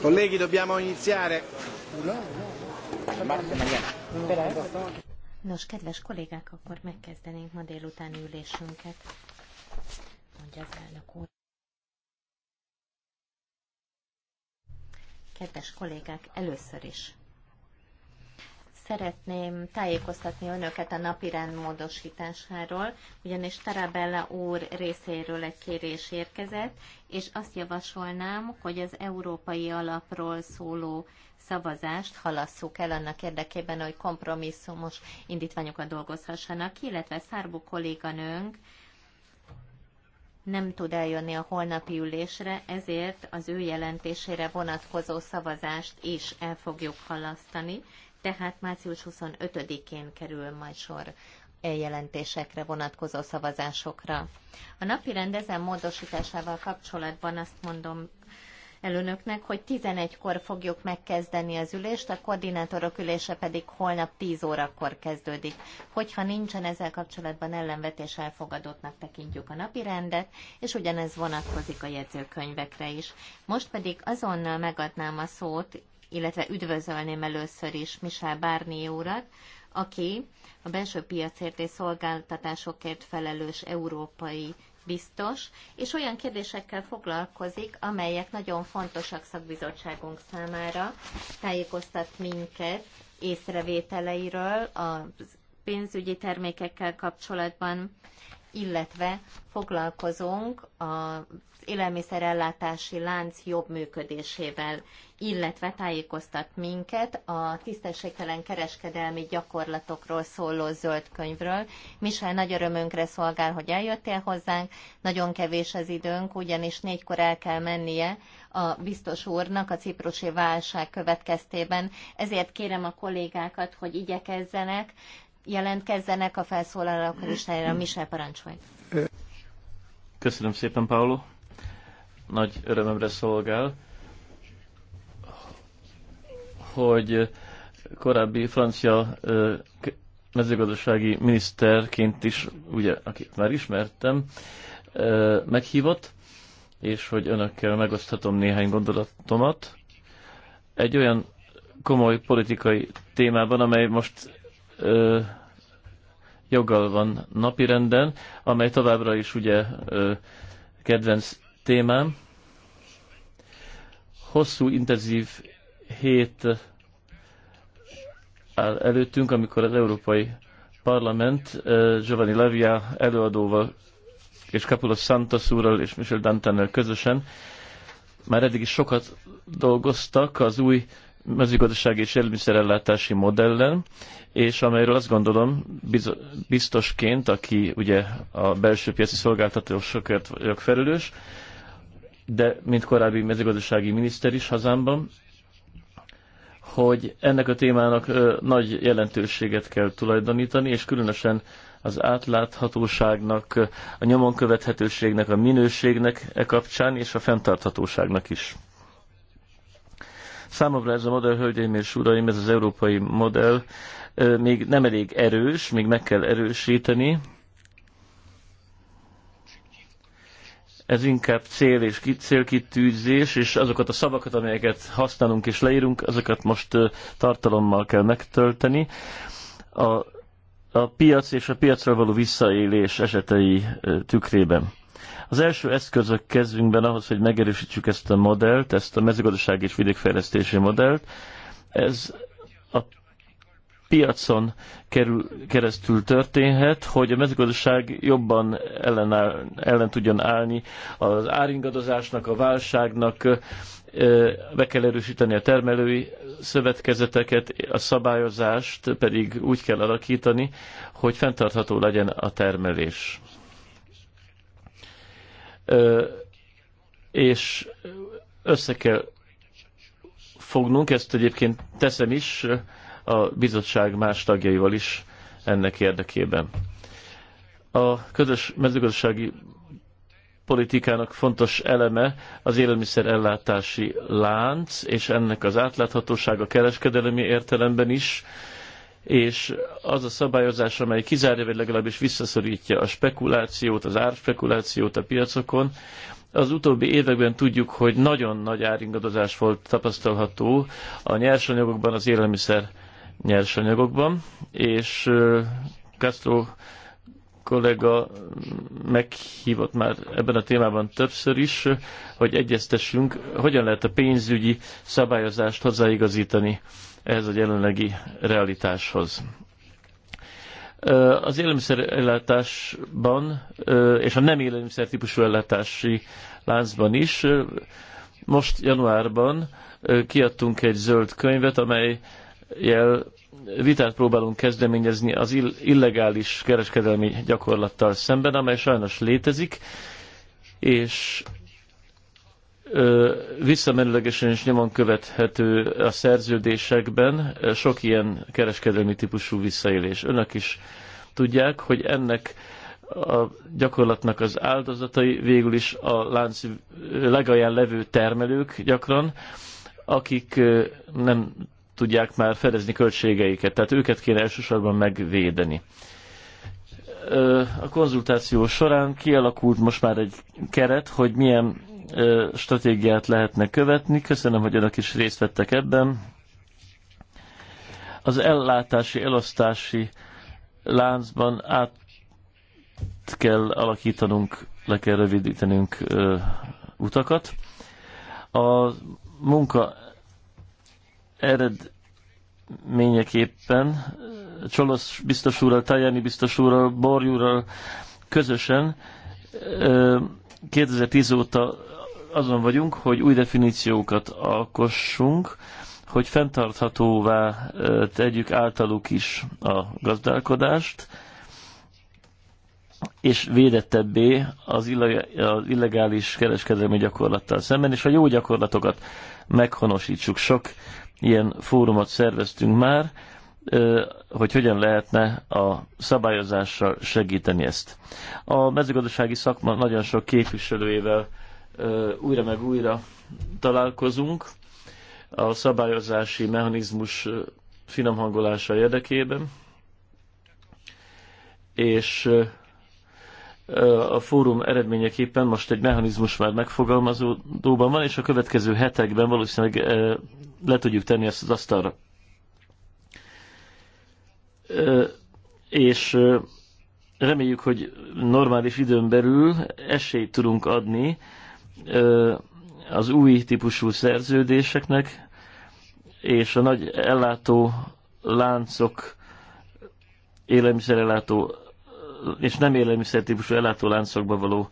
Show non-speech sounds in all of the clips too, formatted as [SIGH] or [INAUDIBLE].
Colleghi, dobbiamo iniziare. Nos, kedves kollégák, akkor megkezdenénk ma délutáni ülésünket, mondja az elnök úr. Kedves kollégák, először is Szeretném tájékoztatni önöket a napirend módosításáról, ugyanis Tarabella úr részéről egy kérés érkezett, és azt javasolnám, hogy az európai alapról szóló szavazást halasszuk el annak érdekében, hogy kompromisszumos indítványokat dolgozhassanak illetve Szárbu kolléganőnk nem tud eljönni a holnapi ülésre, ezért az ő jelentésére vonatkozó szavazást is el fogjuk halasztani tehát március 25-én kerül majd sor e jelentésekre vonatkozó szavazásokra. A napi rendezem ezen módosításával kapcsolatban azt mondom elnöknek, hogy 11-kor fogjuk megkezdeni az ülést, a koordinátorok ülése pedig holnap 10 órakor kezdődik. Hogyha nincsen ezzel kapcsolatban ellenvetés elfogadottnak tekintjük a napi rendet, és ugyanez vonatkozik a jegyzőkönyvekre is. Most pedig azonnal megadnám a szót illetve üdvözölném először is Michel Barnier urat, aki a belső piacért és szolgáltatásokért felelős európai biztos, és olyan kérdésekkel foglalkozik, amelyek nagyon fontosak szakbizottságunk számára. Tájékoztat minket észrevételeiről a pénzügyi termékekkel kapcsolatban, illetve foglalkozunk az élelmiszerellátási lánc jobb működésével, illetve tájékoztat minket a tisztességtelen kereskedelmi gyakorlatokról szóló zöld könyvről. Misel nagy örömünkre szolgál, hogy eljöttél hozzánk. Nagyon kevés az időnk, ugyanis négykor el kell mennie a biztos úrnak a ciprusi válság következtében. Ezért kérem a kollégákat, hogy igyekezzenek jelentkezzenek a felszólalók a hmm. Michel, parancsolj! Köszönöm szépen, Paulo! Nagy örömömre szolgál, hogy korábbi francia mezőgazdasági miniszterként is, ugye, akit már ismertem, meghívott, és hogy önökkel megoszthatom néhány gondolatomat. Egy olyan komoly politikai témában, amely most ö, joggal van napirenden, amely továbbra is ugye ö, kedvenc témám. Hosszú, intenzív hét áll előttünk, amikor az Európai Parlament Giovanni Levia előadóval és Capulos Santos úrral és Michel Dantannel közösen már eddig is sokat dolgoztak az új mezőgazdasági és élelmiszerellátási modellen, és amelyről azt gondolom biztosként, aki ugye a belső piaci szolgáltatásokért vagyok felelős, de mint korábbi mezőgazdasági miniszter is hazámban, hogy ennek a témának nagy jelentőséget kell tulajdonítani, és különösen az átláthatóságnak, a nyomon követhetőségnek, a minőségnek e kapcsán, és a fenntarthatóságnak is. Számomra ez a modell, hölgyeim és uraim, ez az európai modell még nem elég erős, még meg kell erősíteni. Ez inkább cél és célkitűzés, és azokat a szavakat, amelyeket használunk és leírunk, azokat most tartalommal kell megtölteni. A, a piac és a piacra való visszaélés esetei tükrében. Az első eszközök kezünkben ahhoz, hogy megerősítsük ezt a modellt, ezt a mezőgazdaság és vidékfejlesztési modellt, ez a piacon kerül, keresztül történhet, hogy a mezőgazdaság jobban áll, ellen tudjon állni az áringadozásnak, a válságnak, be kell erősíteni a termelői szövetkezeteket, a szabályozást pedig úgy kell alakítani, hogy fenntartható legyen a termelés és össze kell fognunk, ezt egyébként teszem is a bizottság más tagjaival is ennek érdekében. A közös mezőgazdasági politikának fontos eleme az élelmiszerellátási lánc, és ennek az átláthatósága kereskedelmi értelemben is, és az a szabályozás, amely kizárja, vagy legalábbis visszaszorítja a spekulációt, az árspekulációt a piacokon, az utóbbi években tudjuk, hogy nagyon nagy áringadozás volt tapasztalható a nyersanyagokban, az élelmiszer nyersanyagokban, és Castro kollega meghívott már ebben a témában többször is, hogy egyeztessünk, hogyan lehet a pénzügyi szabályozást hozzáigazítani ez a jelenlegi realitáshoz. Az élelmiszerellátásban és a nem élelmiszer típusú ellátási láncban is most januárban kiadtunk egy zöld könyvet, amely jel vitát próbálunk kezdeményezni az illegális kereskedelmi gyakorlattal szemben, amely sajnos létezik, és visszamenőlegesen is nyomon követhető a szerződésekben sok ilyen kereskedelmi típusú visszaélés. Önök is tudják, hogy ennek a gyakorlatnak az áldozatai végül is a lánc legalján levő termelők gyakran, akik nem tudják már fedezni költségeiket, tehát őket kéne elsősorban megvédeni. A konzultáció során kialakult most már egy keret, hogy milyen stratégiát lehetne követni. Köszönöm, hogy önök is részt vettek ebben. Az ellátási, elosztási láncban át kell alakítanunk, le kell rövidítenünk ö, utakat. A munka eredményeképpen Csolosz biztos úrral, Tajani biztos úrral, Borjúrral közösen 2010 óta azon vagyunk, hogy új definíciókat alkossunk, hogy fenntarthatóvá tegyük általuk is a gazdálkodást, és védettebbé az illegális kereskedelmi gyakorlattal szemben, és a jó gyakorlatokat meghonosítsuk. Sok ilyen fórumot szerveztünk már, hogy hogyan lehetne a szabályozással segíteni ezt. A mezőgazdasági szakma nagyon sok képviselőjével újra meg újra találkozunk a szabályozási mechanizmus finomhangolása érdekében, és a fórum eredményeképpen most egy mechanizmus már megfogalmazódóban van, és a következő hetekben valószínűleg le tudjuk tenni ezt az asztalra. És reméljük, hogy normális időn belül esélyt tudunk adni az új típusú szerződéseknek, és a nagy ellátó láncok, élelmiszerellátó és nem élelmiszer típusú ellátó láncokba való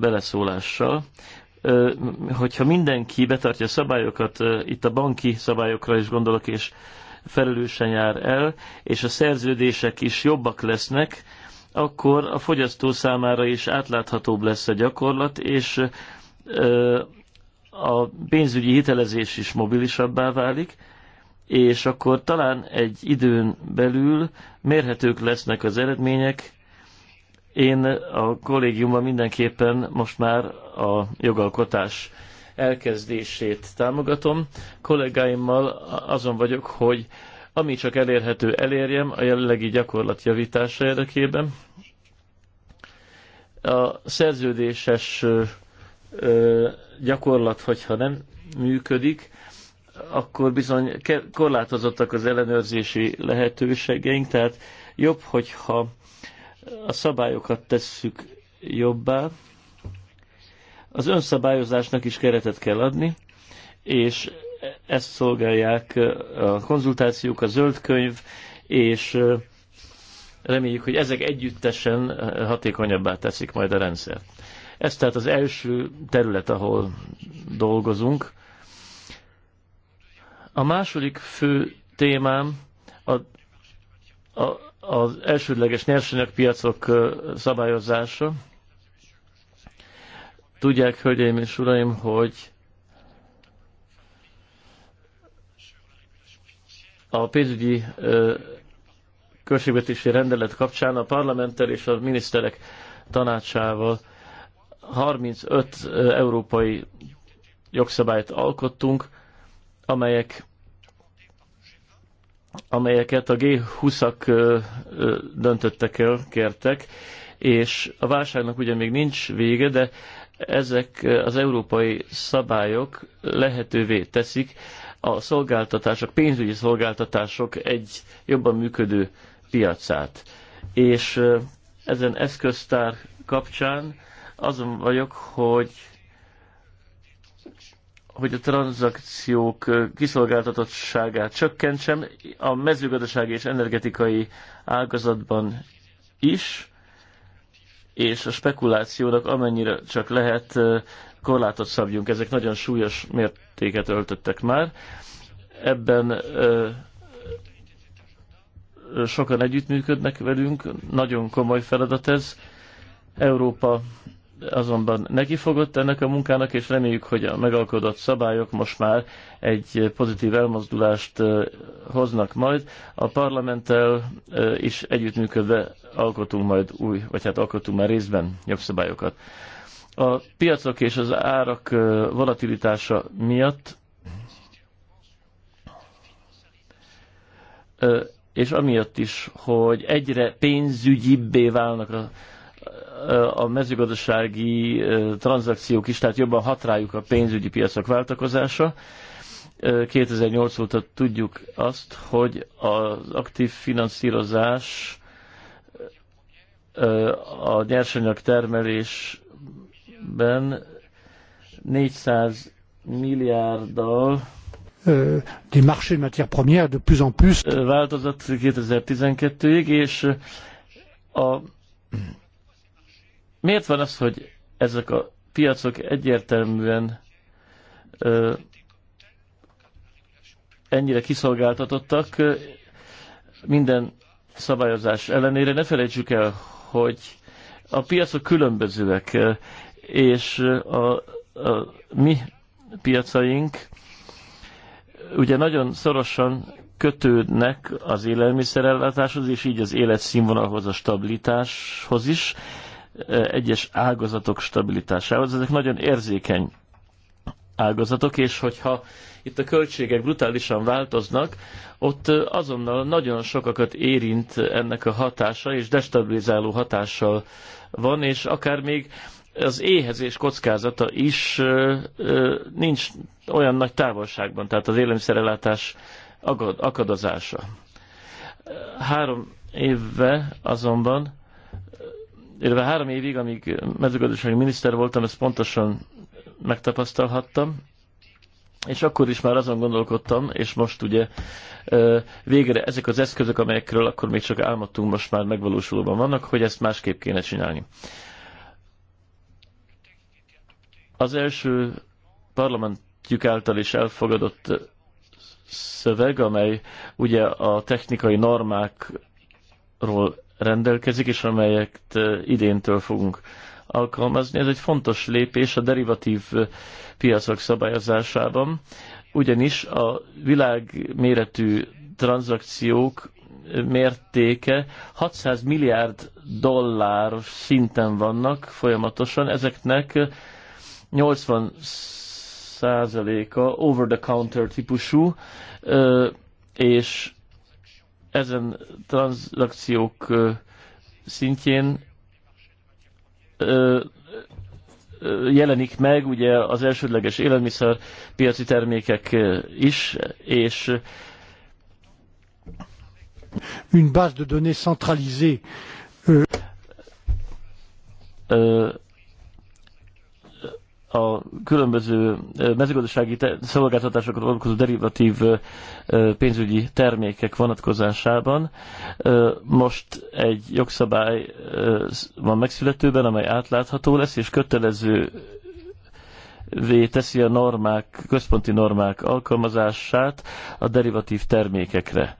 beleszólással. Hogyha mindenki betartja a szabályokat, itt a banki szabályokra is gondolok, és felelősen jár el, és a szerződések is jobbak lesznek, akkor a fogyasztó számára is átláthatóbb lesz a gyakorlat, és a pénzügyi hitelezés is mobilisabbá válik, és akkor talán egy időn belül mérhetők lesznek az eredmények. Én a kollégiumban mindenképpen most már a jogalkotás elkezdését támogatom. Kollégáimmal azon vagyok, hogy ami csak elérhető, elérjem a jelenlegi gyakorlat javítása érdekében. A szerződéses gyakorlat, hogyha nem működik, akkor bizony korlátozottak az ellenőrzési lehetőségeink, tehát jobb, hogyha a szabályokat tesszük jobbá, az önszabályozásnak is keretet kell adni, és ezt szolgálják a konzultációk, a zöld könyv, és reméljük, hogy ezek együttesen hatékonyabbá teszik majd a rendszer. Ez tehát az első terület, ahol dolgozunk. A második fő témám a, a, az elsődleges nyersanyagpiacok szabályozása. Tudják, hölgyeim és uraim, hogy a pénzügyi költségvetési rendelet kapcsán a parlamenttel és a miniszterek tanácsával 35 európai jogszabályt alkottunk, amelyek amelyeket a G20-ak döntöttek el, kértek, és a válságnak ugye még nincs vége, de ezek az európai szabályok lehetővé teszik a szolgáltatások, pénzügyi szolgáltatások egy jobban működő piacát. És ezen eszköztár kapcsán azon vagyok, hogy hogy a tranzakciók kiszolgáltatottságát csökkentsem, a mezőgazdasági és energetikai ágazatban is, és a spekulációnak amennyire csak lehet korlátot szabjunk, ezek nagyon súlyos mértéket öltöttek már. Ebben ö, sokan együttműködnek velünk, nagyon komoly feladat ez. Európa azonban nekifogott ennek a munkának, és reméljük, hogy a megalkodott szabályok most már egy pozitív elmozdulást hoznak majd. A parlamenttel is együttműködve alkotunk majd új, vagy hát alkotunk már részben jobb szabályokat a piacok és az árak volatilitása miatt és amiatt is, hogy egyre pénzügyibbé válnak a, a mezőgazdasági tranzakciók is, tehát jobban hat rájuk a pénzügyi piacok váltakozása. 2008 óta tudjuk azt, hogy az aktív finanszírozás a nyersanyag termelés évben 400 milliárddal euh, des marchés de matières premières de plus en plus. Euh, változott 2012-ig, és euh, a... miért van az, hogy ezek a piacok egyértelműen ö, ennyire kiszolgáltatottak minden szabályozás ellenére? Ne felejtsük el, hogy a piacok különbözőek, és a, a mi piacaink ugye nagyon szorosan kötődnek az élelmiszerellátáshoz, és így az életszínvonalhoz, a stabilitáshoz is, egyes ágazatok stabilitásához. Ezek nagyon érzékeny ágazatok, és hogyha itt a költségek brutálisan változnak, ott azonnal nagyon sokakat érint ennek a hatása, és destabilizáló hatással van, és akár még az éhezés kockázata is ö, ö, nincs olyan nagy távolságban, tehát az élelmiszerellátás agad, akadozása. Három évve azonban, illetve három évig, amíg mezőgazdasági miniszter voltam, ezt pontosan megtapasztalhattam, és akkor is már azon gondolkodtam, és most ugye végre ezek az eszközök, amelyekről akkor még csak álmodtunk, most már megvalósulóban vannak, hogy ezt másképp kéne csinálni. Az első parlamentjük által is elfogadott szöveg, amely ugye a technikai normákról rendelkezik, és amelyet eh, idéntől fogunk alkalmazni. Ez egy fontos lépés a derivatív eh, piacok szabályozásában, ugyanis a világ méretű tranzakciók mértéke 600 milliárd dolláros szinten vannak folyamatosan, ezeknek 80%-a over-the-counter típusú, és ezen tranzakciók szintjén jelenik meg ugye az elsődleges élelmiszer piaci termékek is, és une base de données centralisée. Euh, a különböző mezőgazdasági szolgáltatásokra vonatkozó derivatív pénzügyi termékek vonatkozásában. Most egy jogszabály van megszületőben, amely átlátható lesz, és kötelező teszi a normák, központi normák alkalmazását a derivatív termékekre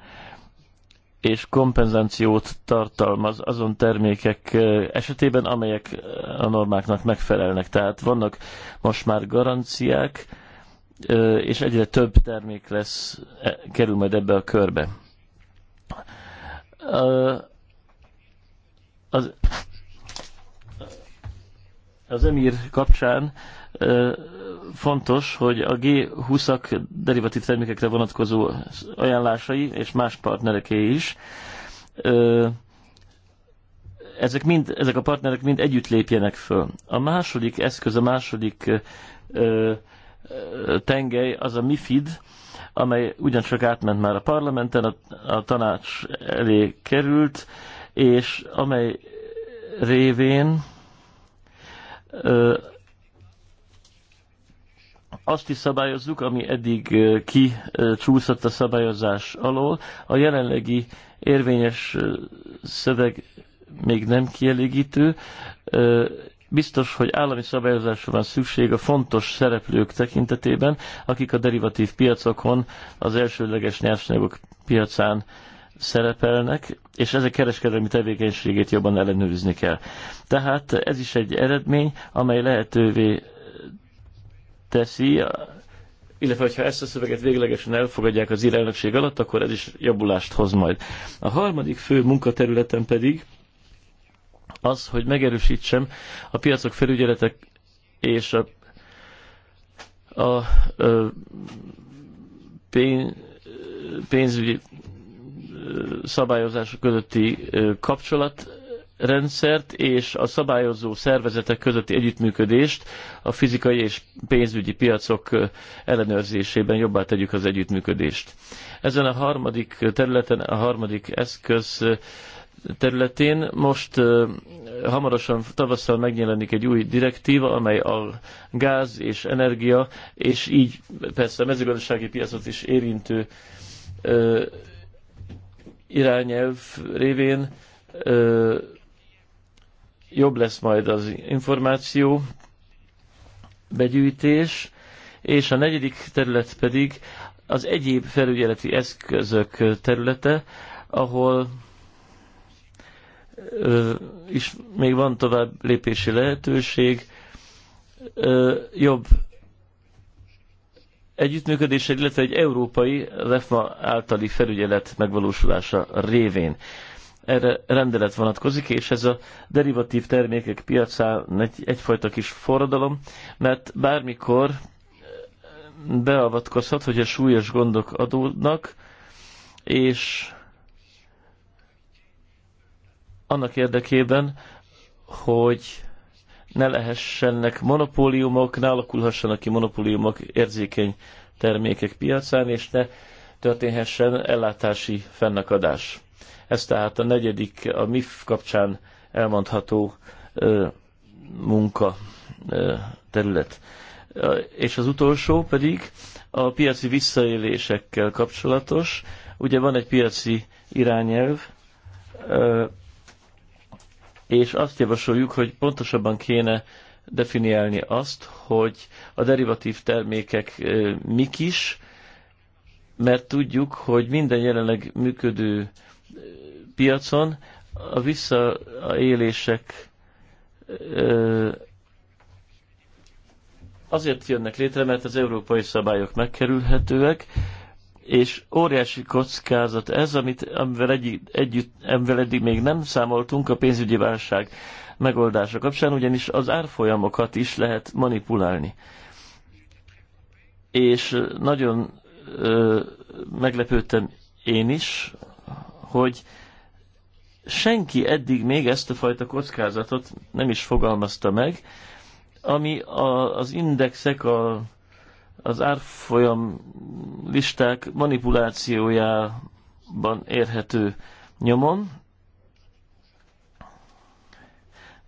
és kompenzációt tartalmaz azon termékek esetében, amelyek a normáknak megfelelnek. Tehát vannak most már garanciák, és egyre több termék lesz, e, kerül majd ebbe a körbe. Az, az emír kapcsán fontos, hogy a G20-ak derivatív termékekre vonatkozó ajánlásai és más partnereké is, ezek, mind, ezek a partnerek mind együtt lépjenek föl. A második eszköz, a második tengely az a MIFID, amely ugyancsak átment már a parlamenten, a, a tanács elé került, és amely révén ö, azt is szabályozzuk, ami eddig kicsúszott a szabályozás alól. A jelenlegi érvényes szöveg még nem kielégítő. Biztos, hogy állami szabályozásra van szükség a fontos szereplők tekintetében, akik a derivatív piacokon, az elsődleges nyersanyagok piacán szerepelnek, és ezek kereskedelmi tevékenységét jobban ellenőrizni kell. Tehát ez is egy eredmény, amely lehetővé teszi, illetve hogyha ezt a szöveget véglegesen elfogadják az irányelvség alatt, akkor ez is jobbulást hoz majd. A harmadik fő munkaterületen pedig az, hogy megerősítsem a piacok felügyeletek és a, a, a pén, pénzügyi szabályozások közötti kapcsolat rendszert és a szabályozó szervezetek közötti együttműködést a fizikai és pénzügyi piacok ellenőrzésében jobbá tegyük az együttműködést. Ezen a harmadik területen, a harmadik eszköz területén most hamarosan tavasszal megjelenik egy új direktíva, amely a gáz és energia, és így persze a mezőgazdasági piacot is érintő irányelv révén jobb lesz majd az információ begyűjtés, és a negyedik terület pedig az egyéb felügyeleti eszközök területe, ahol ö, is még van tovább lépési lehetőség, ö, jobb együttműködésre, illetve egy európai lefma általi felügyelet megvalósulása révén erre rendelet vonatkozik, és ez a derivatív termékek piacán egy, egyfajta kis forradalom, mert bármikor beavatkozhat, hogy a súlyos gondok adódnak, és annak érdekében, hogy ne lehessenek monopóliumok, ne alakulhassanak ki monopóliumok érzékeny termékek piacán, és ne történhessen ellátási fennakadás. Ez tehát a negyedik, a MIF kapcsán elmondható ö, munka ö, terület. És az utolsó pedig a piaci visszaélésekkel kapcsolatos. Ugye van egy piaci irányelv, és azt javasoljuk, hogy pontosabban kéne definiálni azt, hogy a derivatív termékek mik is, mert tudjuk, hogy minden jelenleg működő piacon a visszaélések azért jönnek létre, mert az európai szabályok megkerülhetőek, és óriási kockázat ez, amit, amivel, egy, együtt, amivel eddig még nem számoltunk a pénzügyi válság megoldása kapcsán, ugyanis az árfolyamokat is lehet manipulálni. És nagyon ö, meglepődtem én is, hogy senki eddig még ezt a fajta kockázatot nem is fogalmazta meg, ami a, az indexek, a, az árfolyam listák manipulációjában érhető nyomon,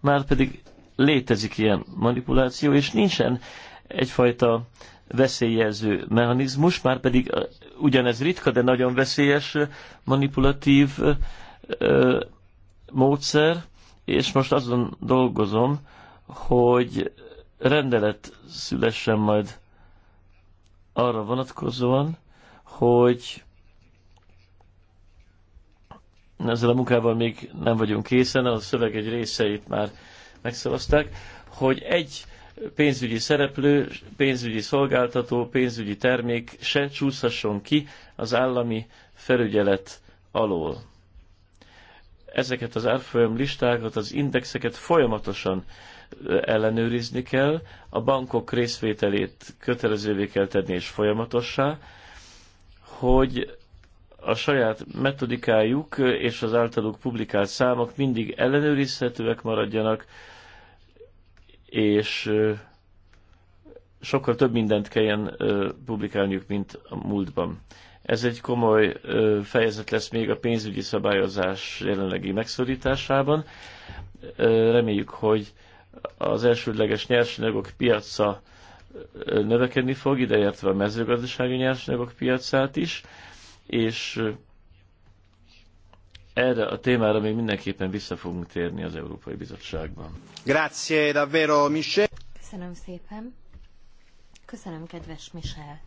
már pedig létezik ilyen manipuláció, és nincsen egyfajta veszélyező mechanizmus, már pedig uh, ugyanez ritka, de nagyon veszélyes uh, manipulatív uh, módszer, és most azon dolgozom, hogy rendelet szülessen majd arra vonatkozóan, hogy ezzel a munkával még nem vagyunk készen, a szöveg egy részeit már megszavazták, hogy egy pénzügyi szereplő, pénzügyi szolgáltató, pénzügyi termék se csúszhasson ki az állami felügyelet alól ezeket az árfolyam listákat, az indexeket folyamatosan ellenőrizni kell, a bankok részvételét kötelezővé kell tenni és folyamatossá, hogy a saját metodikájuk és az általuk publikált számok mindig ellenőrizhetőek maradjanak, és sokkal több mindent kelljen publikálniuk, mint a múltban. Ez egy komoly fejezet lesz még a pénzügyi szabályozás jelenlegi megszorításában. Reméljük, hogy az elsődleges nyersanyagok piaca növekedni fog, ideértve a mezőgazdasági nyersanyagok piacát is, és erre a témára még mindenképpen vissza fogunk térni az Európai Bizottságban. Grazie davvero, Michel. Köszönöm szépen. Köszönöm, kedves Michel.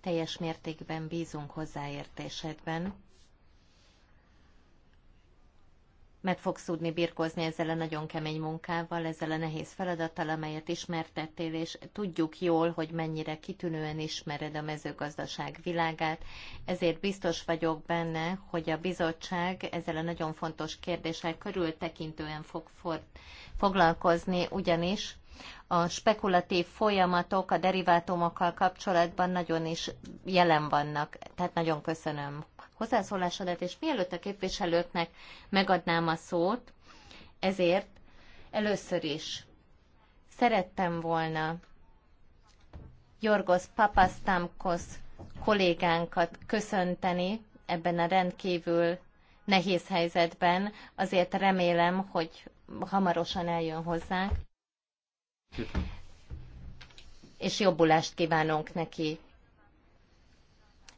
Teljes mértékben bízunk hozzáértésedben. Meg fogsz tudni birkózni ezzel a nagyon kemény munkával, ezzel a nehéz feladattal, amelyet ismertettél, és tudjuk jól, hogy mennyire kitűnően ismered a mezőgazdaság világát, ezért biztos vagyok benne, hogy a bizottság ezzel a nagyon fontos kérdéssel körültekintően fog foglalkozni, ugyanis a spekulatív folyamatok a derivátumokkal kapcsolatban nagyon is jelen vannak. Tehát nagyon köszönöm hozzászólásodat, és mielőtt a képviselőknek megadnám a szót, ezért először is szerettem volna Jorgos Papasztámkos kollégánkat köszönteni ebben a rendkívül nehéz helyzetben, azért remélem, hogy hamarosan eljön hozzánk és jobbulást kívánunk neki.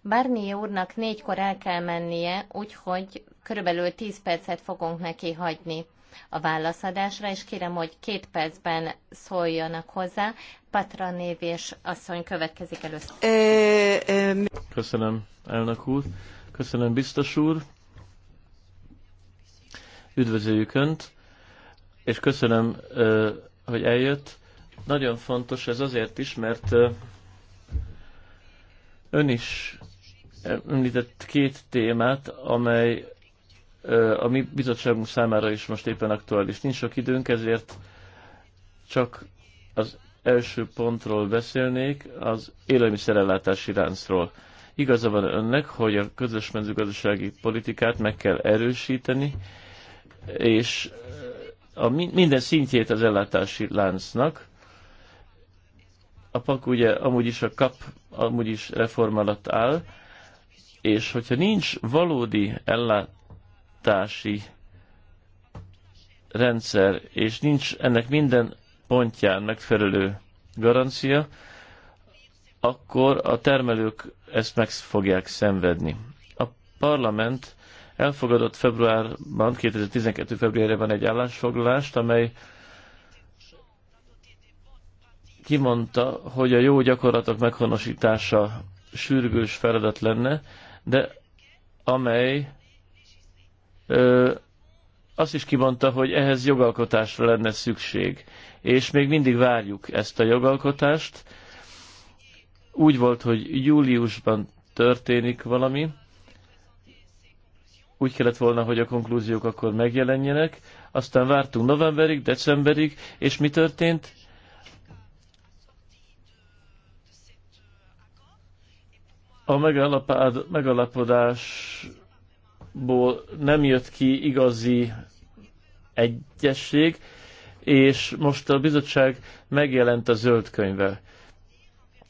Barney úrnak négykor el kell mennie, úgyhogy körülbelül tíz percet fogunk neki hagyni a válaszadásra, és kérem, hogy két percben szóljanak hozzá. Patra és asszony következik először. Köszönöm, elnök úr. Köszönöm, biztos úr. Üdvözöljük Önt, és köszönöm, hogy eljött nagyon fontos ez azért is, mert ön is említett két témát, amely a mi bizottságunk számára is most éppen aktuális. Nincs sok időnk, ezért csak az első pontról beszélnék, az élelmiszerellátási ráncról. Igaza van önnek, hogy a közös mezőgazdasági politikát meg kell erősíteni, és a minden szintjét az ellátási láncnak, a pak ugye amúgy is a kap amúgy is reform alatt áll, és hogyha nincs valódi ellátási rendszer, és nincs ennek minden pontján megfelelő garancia, akkor a termelők ezt meg fogják szenvedni. A parlament elfogadott februárban, 2012. februárjában egy állásfoglalást, amely kimondta, hogy a jó gyakorlatok meghonosítása sürgős feladat lenne, de amely ö, azt is kimondta, hogy ehhez jogalkotásra lenne szükség. És még mindig várjuk ezt a jogalkotást. Úgy volt, hogy júliusban történik valami. Úgy kellett volna, hogy a konklúziók akkor megjelenjenek. Aztán vártunk novemberig, decemberig, és mi történt? a megalapodásból nem jött ki igazi egyesség, és most a bizottság megjelent a zöld könyvvel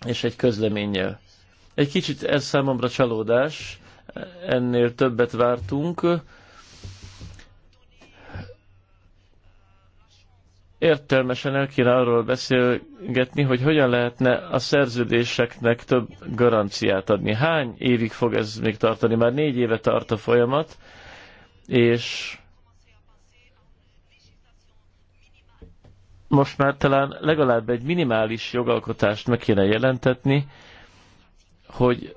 és egy közleménnyel. Egy kicsit ez számomra csalódás, ennél többet vártunk, értelmesen el kéne arról beszélgetni, hogy hogyan lehetne a szerződéseknek több garanciát adni. Hány évig fog ez még tartani? Már négy éve tart a folyamat, és most már talán legalább egy minimális jogalkotást meg kéne jelentetni, hogy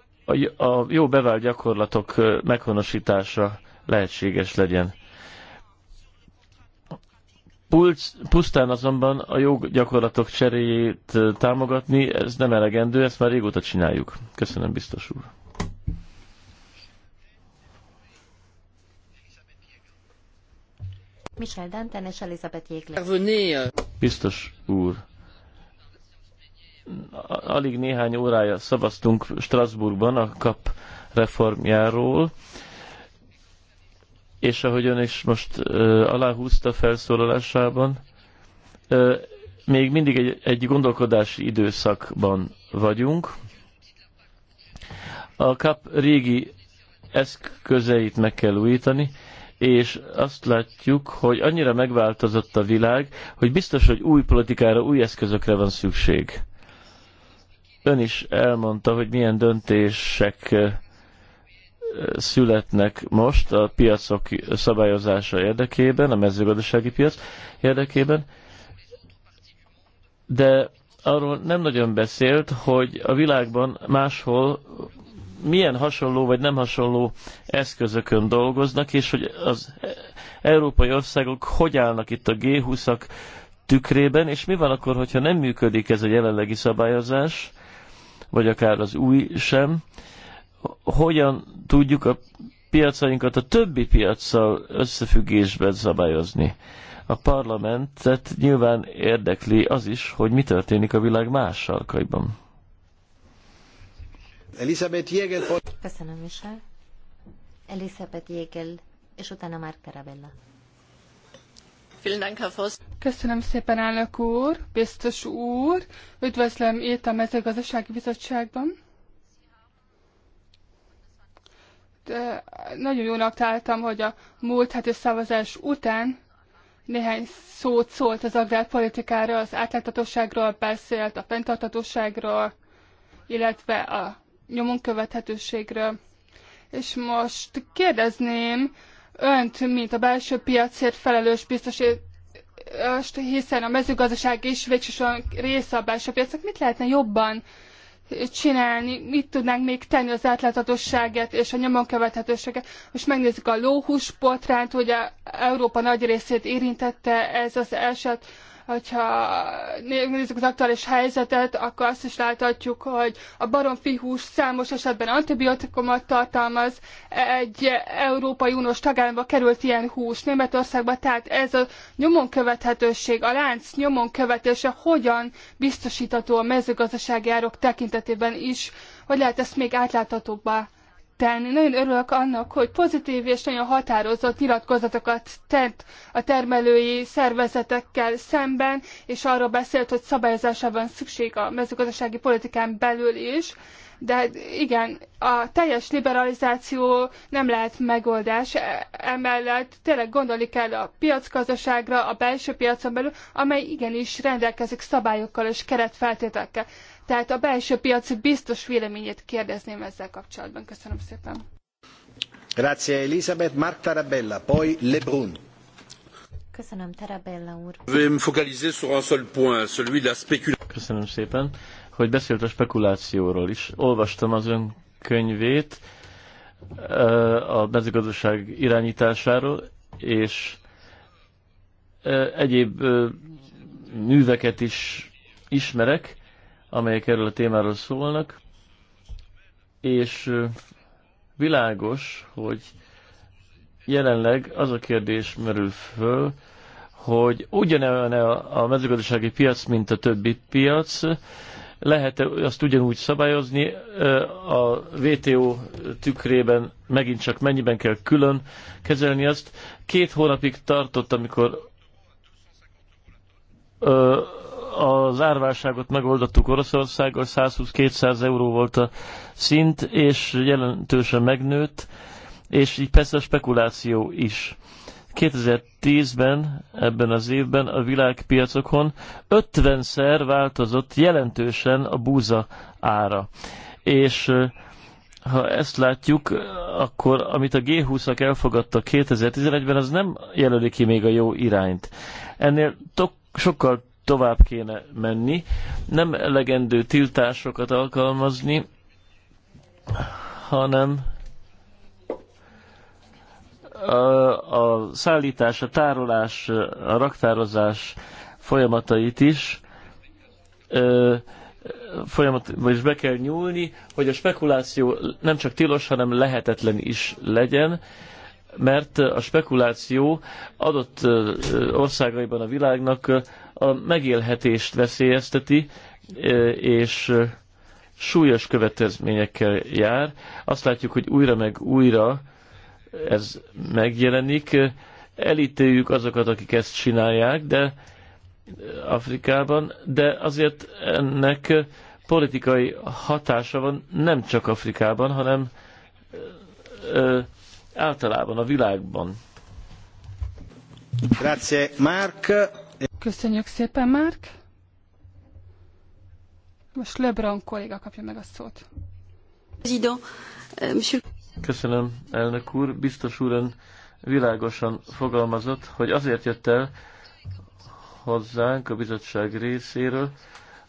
a jó bevált gyakorlatok meghonosítása lehetséges legyen. Pulc, pusztán azonban a gyakorlatok cseréjét támogatni, ez nem elegendő, ezt már régóta csináljuk. Köszönöm, biztos úr. Michel Danten és Elizabeth Jégler. Euh. Biztos úr. Alig néhány órája szavaztunk Strasbourgban a kap reformjáról, és ahogy ön is most ö, aláhúzta felszólalásában, ö, még mindig egy, egy gondolkodási időszakban vagyunk. A kap régi eszközeit meg kell újítani, és azt látjuk, hogy annyira megváltozott a világ, hogy biztos, hogy új politikára, új eszközökre van szükség. Ön is elmondta, hogy milyen döntések születnek most a piacok szabályozása érdekében, a mezőgazdasági piac érdekében, de arról nem nagyon beszélt, hogy a világban máshol milyen hasonló vagy nem hasonló eszközökön dolgoznak, és hogy az európai országok hogy állnak itt a G20-ak tükrében, és mi van akkor, hogyha nem működik ez a jelenlegi szabályozás, vagy akár az új sem, hogyan tudjuk a piacainkat a többi piacsal összefüggésben szabályozni. A parlamentet nyilván érdekli az is, hogy mi történik a világ más sarkaiban. Elizabeth Jégel. Köszönöm, Michel. Elizabeth Jégel, és utána már Carabella. Köszönöm szépen, elnök úr, biztos úr. Üdvözlöm itt a mezőgazdasági bizottságban. nagyon jónak találtam, hogy a múlt heti szavazás után néhány szót szólt az agrárpolitikáról, az átláthatóságról beszélt, a fenntarthatóságról, illetve a nyomon követhetőségről. És most kérdezném önt, mint a belső piacért felelős biztos, hiszen a mezőgazdaság is végsősorban része a belső piacnak, mit lehetne jobban csinálni, mit tudnánk még tenni az átláthatóságát és a nyomon követhetőséget. Most megnézzük a lóhús hogy a Európa nagy részét érintette ez az eset, hogyha nézzük az aktuális helyzetet, akkor azt is láthatjuk, hogy a baromfi hús számos esetben antibiotikumot tartalmaz. Egy Európai Uniós tagállamba került ilyen hús Németországba, tehát ez a nyomon követhetőség, a lánc nyomon követése hogyan biztosítható a mezőgazdasági árok tekintetében is, hogy lehet ezt még átláthatóbbá tenni. Nagyon örülök annak, hogy pozitív és nagyon határozott nyilatkozatokat tett a termelői szervezetekkel szemben, és arról beszélt, hogy szabályozásra van szükség a mezőgazdasági politikán belül is. De igen, a teljes liberalizáció nem lehet megoldás. E, emellett tényleg gondolni kell a piacgazdaságra, a belső piacon belül, amely igenis rendelkezik szabályokkal és keretfeltételekkel. Tehát a belső piac biztos véleményét kérdezném ezzel kapcsolatban. Köszönöm szépen. Grazie Elisabeth, Mark Tarabella, poi Lebrun. Köszönöm, Tarabella úr. Köszönöm szépen, hogy beszélt a spekulációról is. Olvastam az ön könyvét a mezőgazdaság irányításáról, és egyéb műveket is ismerek, amelyek erről a témáról szólnak, és világos, hogy jelenleg az a kérdés merül föl, hogy ugyanolyan a mezőgazdasági piac, mint a többi piac, lehet-e azt ugyanúgy szabályozni, a WTO tükrében megint csak mennyiben kell külön kezelni azt. Két hónapig tartott, amikor az árválságot megoldottuk Oroszországgal, 120-200 euró volt a szint, és jelentősen megnőtt, és így persze a spekuláció is. 2010-ben, ebben az évben a világpiacokon 50-szer változott jelentősen a búza ára. És ha ezt látjuk, akkor amit a G20-ak elfogadtak 2011-ben, az nem jelöli ki még a jó irányt. Ennél sokkal tovább kéne menni, nem elegendő tiltásokat alkalmazni, hanem a, a szállítás, a tárolás, a raktározás folyamatait is ö, folyamat, vagyis be kell nyúlni, hogy a spekuláció nem csak tilos, hanem lehetetlen is legyen. Ö, mert a spekuláció adott országaiban a világnak a megélhetést veszélyezteti, és súlyos következményekkel jár. Azt látjuk, hogy újra meg újra ez megjelenik. Elítéljük azokat, akik ezt csinálják, de Afrikában, de azért ennek politikai hatása van nem csak Afrikában, hanem általában a világban. Grazie, Mark. Köszönjük szépen, Mark. Most Lebron kolléga kapja meg a szót. Euh, Köszönöm, elnök úr. Biztos úrön világosan fogalmazott, hogy azért jött el hozzánk a bizottság részéről,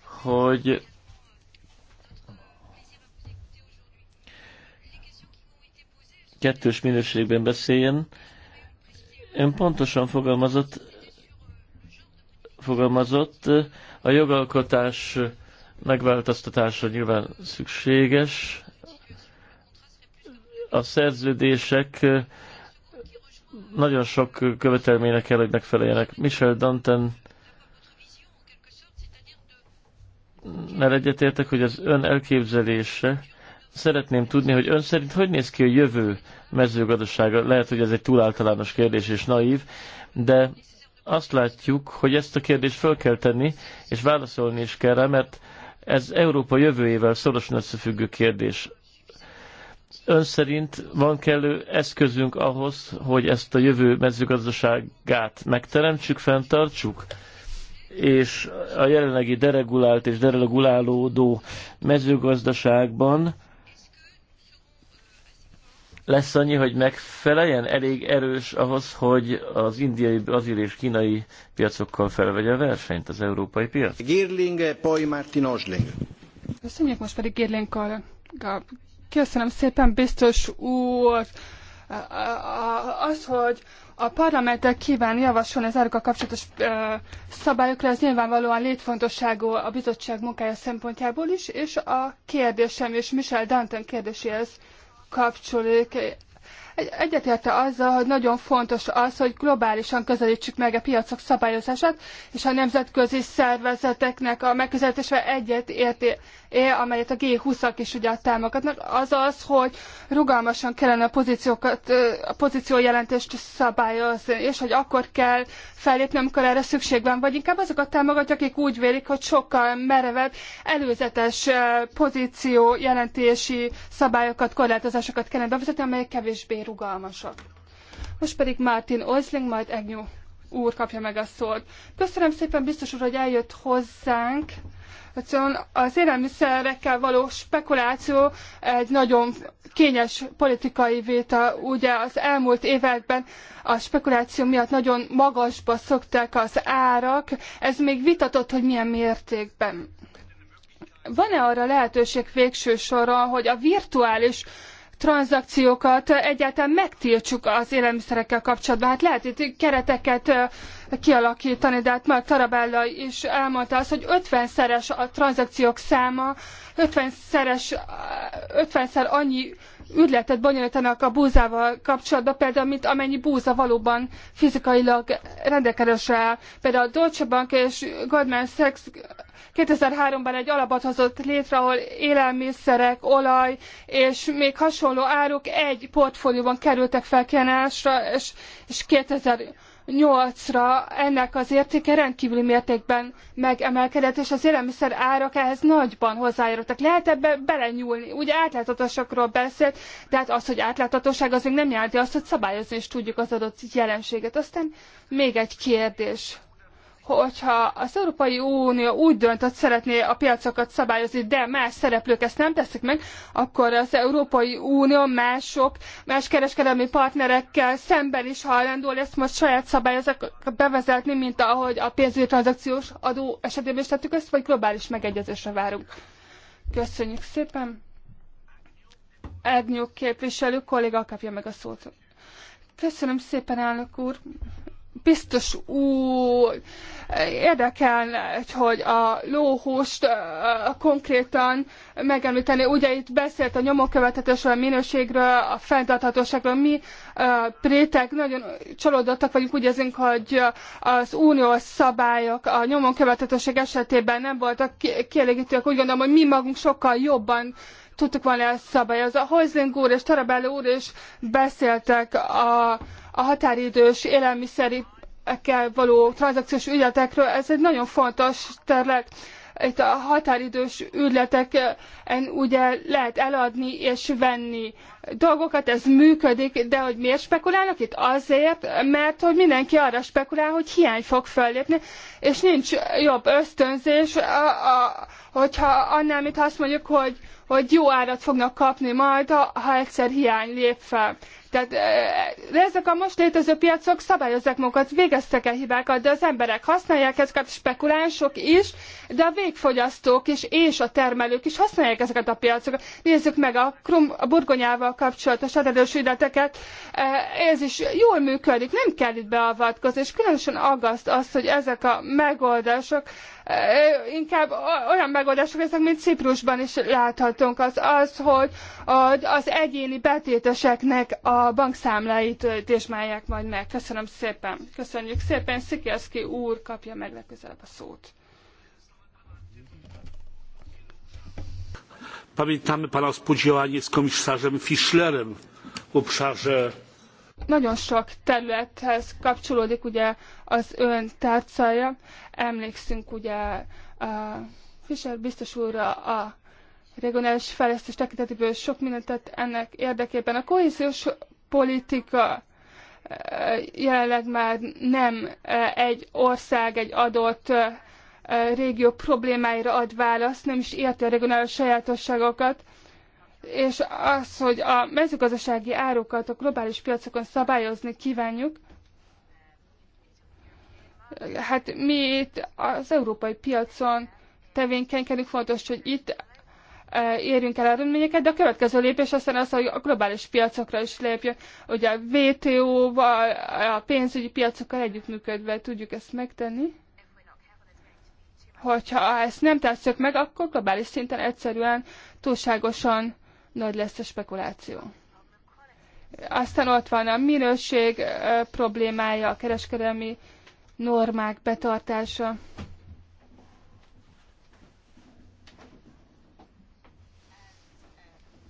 hogy kettős minőségben beszéljen. Ön pontosan fogalmazott, fogalmazott a jogalkotás megváltoztatása nyilván szükséges. A szerződések nagyon sok követelménynek kell, hogy megfeleljenek. Michel Danten mert egyetértek, hogy az ön elképzelése szeretném tudni, hogy ön szerint hogy néz ki a jövő mezőgazdasága? Lehet, hogy ez egy túl általános kérdés és naív, de azt látjuk, hogy ezt a kérdést föl kell tenni, és válaszolni is kell rá, mert ez Európa jövőjével szorosan összefüggő kérdés. Ön szerint van kellő eszközünk ahhoz, hogy ezt a jövő mezőgazdaságát megteremtsük, fenntartsuk? És a jelenlegi deregulált és deregulálódó mezőgazdaságban lesz annyi, hogy megfeleljen elég erős ahhoz, hogy az indiai, brazil és kínai piacokkal felvegye a versenyt az európai piac? Girling, eh, poi Martin Osling. Köszönjük most pedig Girling kollega. Köszönöm szépen, biztos úr. Az, hogy a parlamentek kíván javasolni az árukkal kapcsolatos szabályokra, az nyilvánvalóan létfontosságú a bizottság munkája szempontjából is, és a kérdésem és Michel Danton kérdéséhez kapcsolódik. Egy, egyetérte azzal, hogy nagyon fontos az, hogy globálisan közelítsük meg a piacok szabályozását, és a nemzetközi szervezeteknek a megközelítése egyet érti amelyet a G20-ak is ugye támogatnak, az az, hogy rugalmasan kellene a pozíciókat, a pozíciójelentést szabályozni, és hogy akkor kell fellépni, amikor erre szükség van, vagy inkább azokat támogatja, akik úgy vélik, hogy sokkal merevebb, előzetes pozíciójelentési szabályokat, korlátozásokat kellene bevezetni, amelyek kevésbé rugalmasak. Most pedig Martin Oisling, majd Egnyú úr kapja meg a szót. Köszönöm szépen, biztos úr, hogy eljött hozzánk. Szóval az élelmiszerekkel való spekuláció egy nagyon kényes politikai véta. Ugye az elmúlt években a spekuláció miatt nagyon magasba szokták az árak. Ez még vitatott, hogy milyen mértékben. Van-e arra lehetőség végső soron, hogy a virtuális tranzakciókat egyáltalán megtiltsuk az élelmiszerekkel kapcsolatban. Hát lehet itt kereteket kialakítani, de hát már Tarabella is elmondta azt, hogy 50-szeres a tranzakciók száma, 50-szeres, 50-szer annyi ügyletet bonyolítanak a búzával kapcsolatban, például mint amennyi búza valóban fizikailag rendelkezésre áll. Például a Deutsche Bank és Goldman Sachs 2003-ban egy alapot hozott létre, ahol élelmiszerek, olaj és még hasonló áruk egy portfólióban kerültek fel kínálásra, és, és 2000 2008-ra ennek az értéke rendkívüli mértékben megemelkedett, és az élelmiszer árak ehhez nagyban hozzájárultak. Lehet ebbe belenyúlni. Ugye átláthatóságról beszélt, de hát az, hogy átláthatóság az még nem jelenti azt, hogy szabályozni is tudjuk az adott jelenséget. Aztán még egy kérdés hogyha az Európai Unió úgy dönt, hogy szeretné a piacokat szabályozni, de más szereplők ezt nem teszik meg, akkor az Európai Unió mások, más kereskedelmi partnerekkel szemben is hajlandó lesz most saját szabályozásokat bevezetni, mint ahogy a pénzügyi tranzakciós adó esetében is tettük ezt, vagy globális megegyezésre várunk. Köszönjük szépen. Ednyúk képviselő kolléga kapja meg a szót. Köszönöm szépen, elnök úr biztos úr, érdekelne, hogy a lóhúst konkrétan megemlíteni. Ugye itt beszélt a nyomókövetetésről, a minőségről, a fenntarthatóságról. Mi prétek nagyon csalódottak vagyunk, úgy érzünk, hogy az uniós szabályok a nyomonkövetetőség esetében nem voltak kielégítőek. Úgy gondolom, hogy mi magunk sokkal jobban tudtuk volna ezt szabályozni. A Hozling úr és Tarabella úr is beszéltek a a határidős élelmiszeri való tranzakciós ügyletekről, ez egy nagyon fontos terület itt a határidős ügyleteken ugye lehet eladni és venni dolgokat, ez működik, de hogy miért spekulálnak itt? Azért, mert hogy mindenki arra spekulál, hogy hiány fog fellépni, és nincs jobb ösztönzés, a, a, hogyha annál, mint azt mondjuk, hogy, hogy jó árat fognak kapni majd, ha egyszer hiány lép fel. Tehát de ezek a most létező piacok szabályozzák magukat, végeztek el hibákat, de az emberek használják ezeket, a spekulánsok is, de a végfogyasztók is, és a termelők is használják ezeket a piacokat. Nézzük meg a, krum, a burgonyával kapcsolatos adatős ügyleteket. Ez is jól működik, nem kell itt beavatkozni, és különösen aggaszt az, hogy ezek a megoldások. Inkább olyan megoldások ezek, mint Ciprusban is láthatunk, az az, hogy az egyéni betéteseknek a bankszámláit tésmálják majd meg. Köszönöm szépen. Köszönjük szépen. Szikerszki úr kapja meg legközelebb a szót. Pamiętamy Pana współdziałanie z komisarzem Fischlerem w obszarze nagyon sok területhez kapcsolódik ugye az ön tárcája. Emlékszünk ugye a Fischer biztos úrra a regionális fejlesztés tekintetéből sok mindent tett ennek érdekében. A kohéziós politika eh, jelenleg már nem eh, egy ország, egy adott eh, régió problémáira ad választ, nem is érti a regionális sajátosságokat, és az, hogy a mezőgazdasági árukat a globális piacokon szabályozni kívánjuk, hát mi itt az európai piacon tevékenykedünk, fontos, hogy itt e, érjünk el eredményeket, de a következő lépés aztán az, hogy a globális piacokra is lépjön. hogy a WTO-val, a pénzügyi piacokkal együttműködve tudjuk ezt megtenni. Hogyha ezt nem tetszük meg, akkor globális szinten egyszerűen túlságosan nagy lesz a spekuláció. Aztán ott van a minőség problémája, a kereskedelmi normák betartása.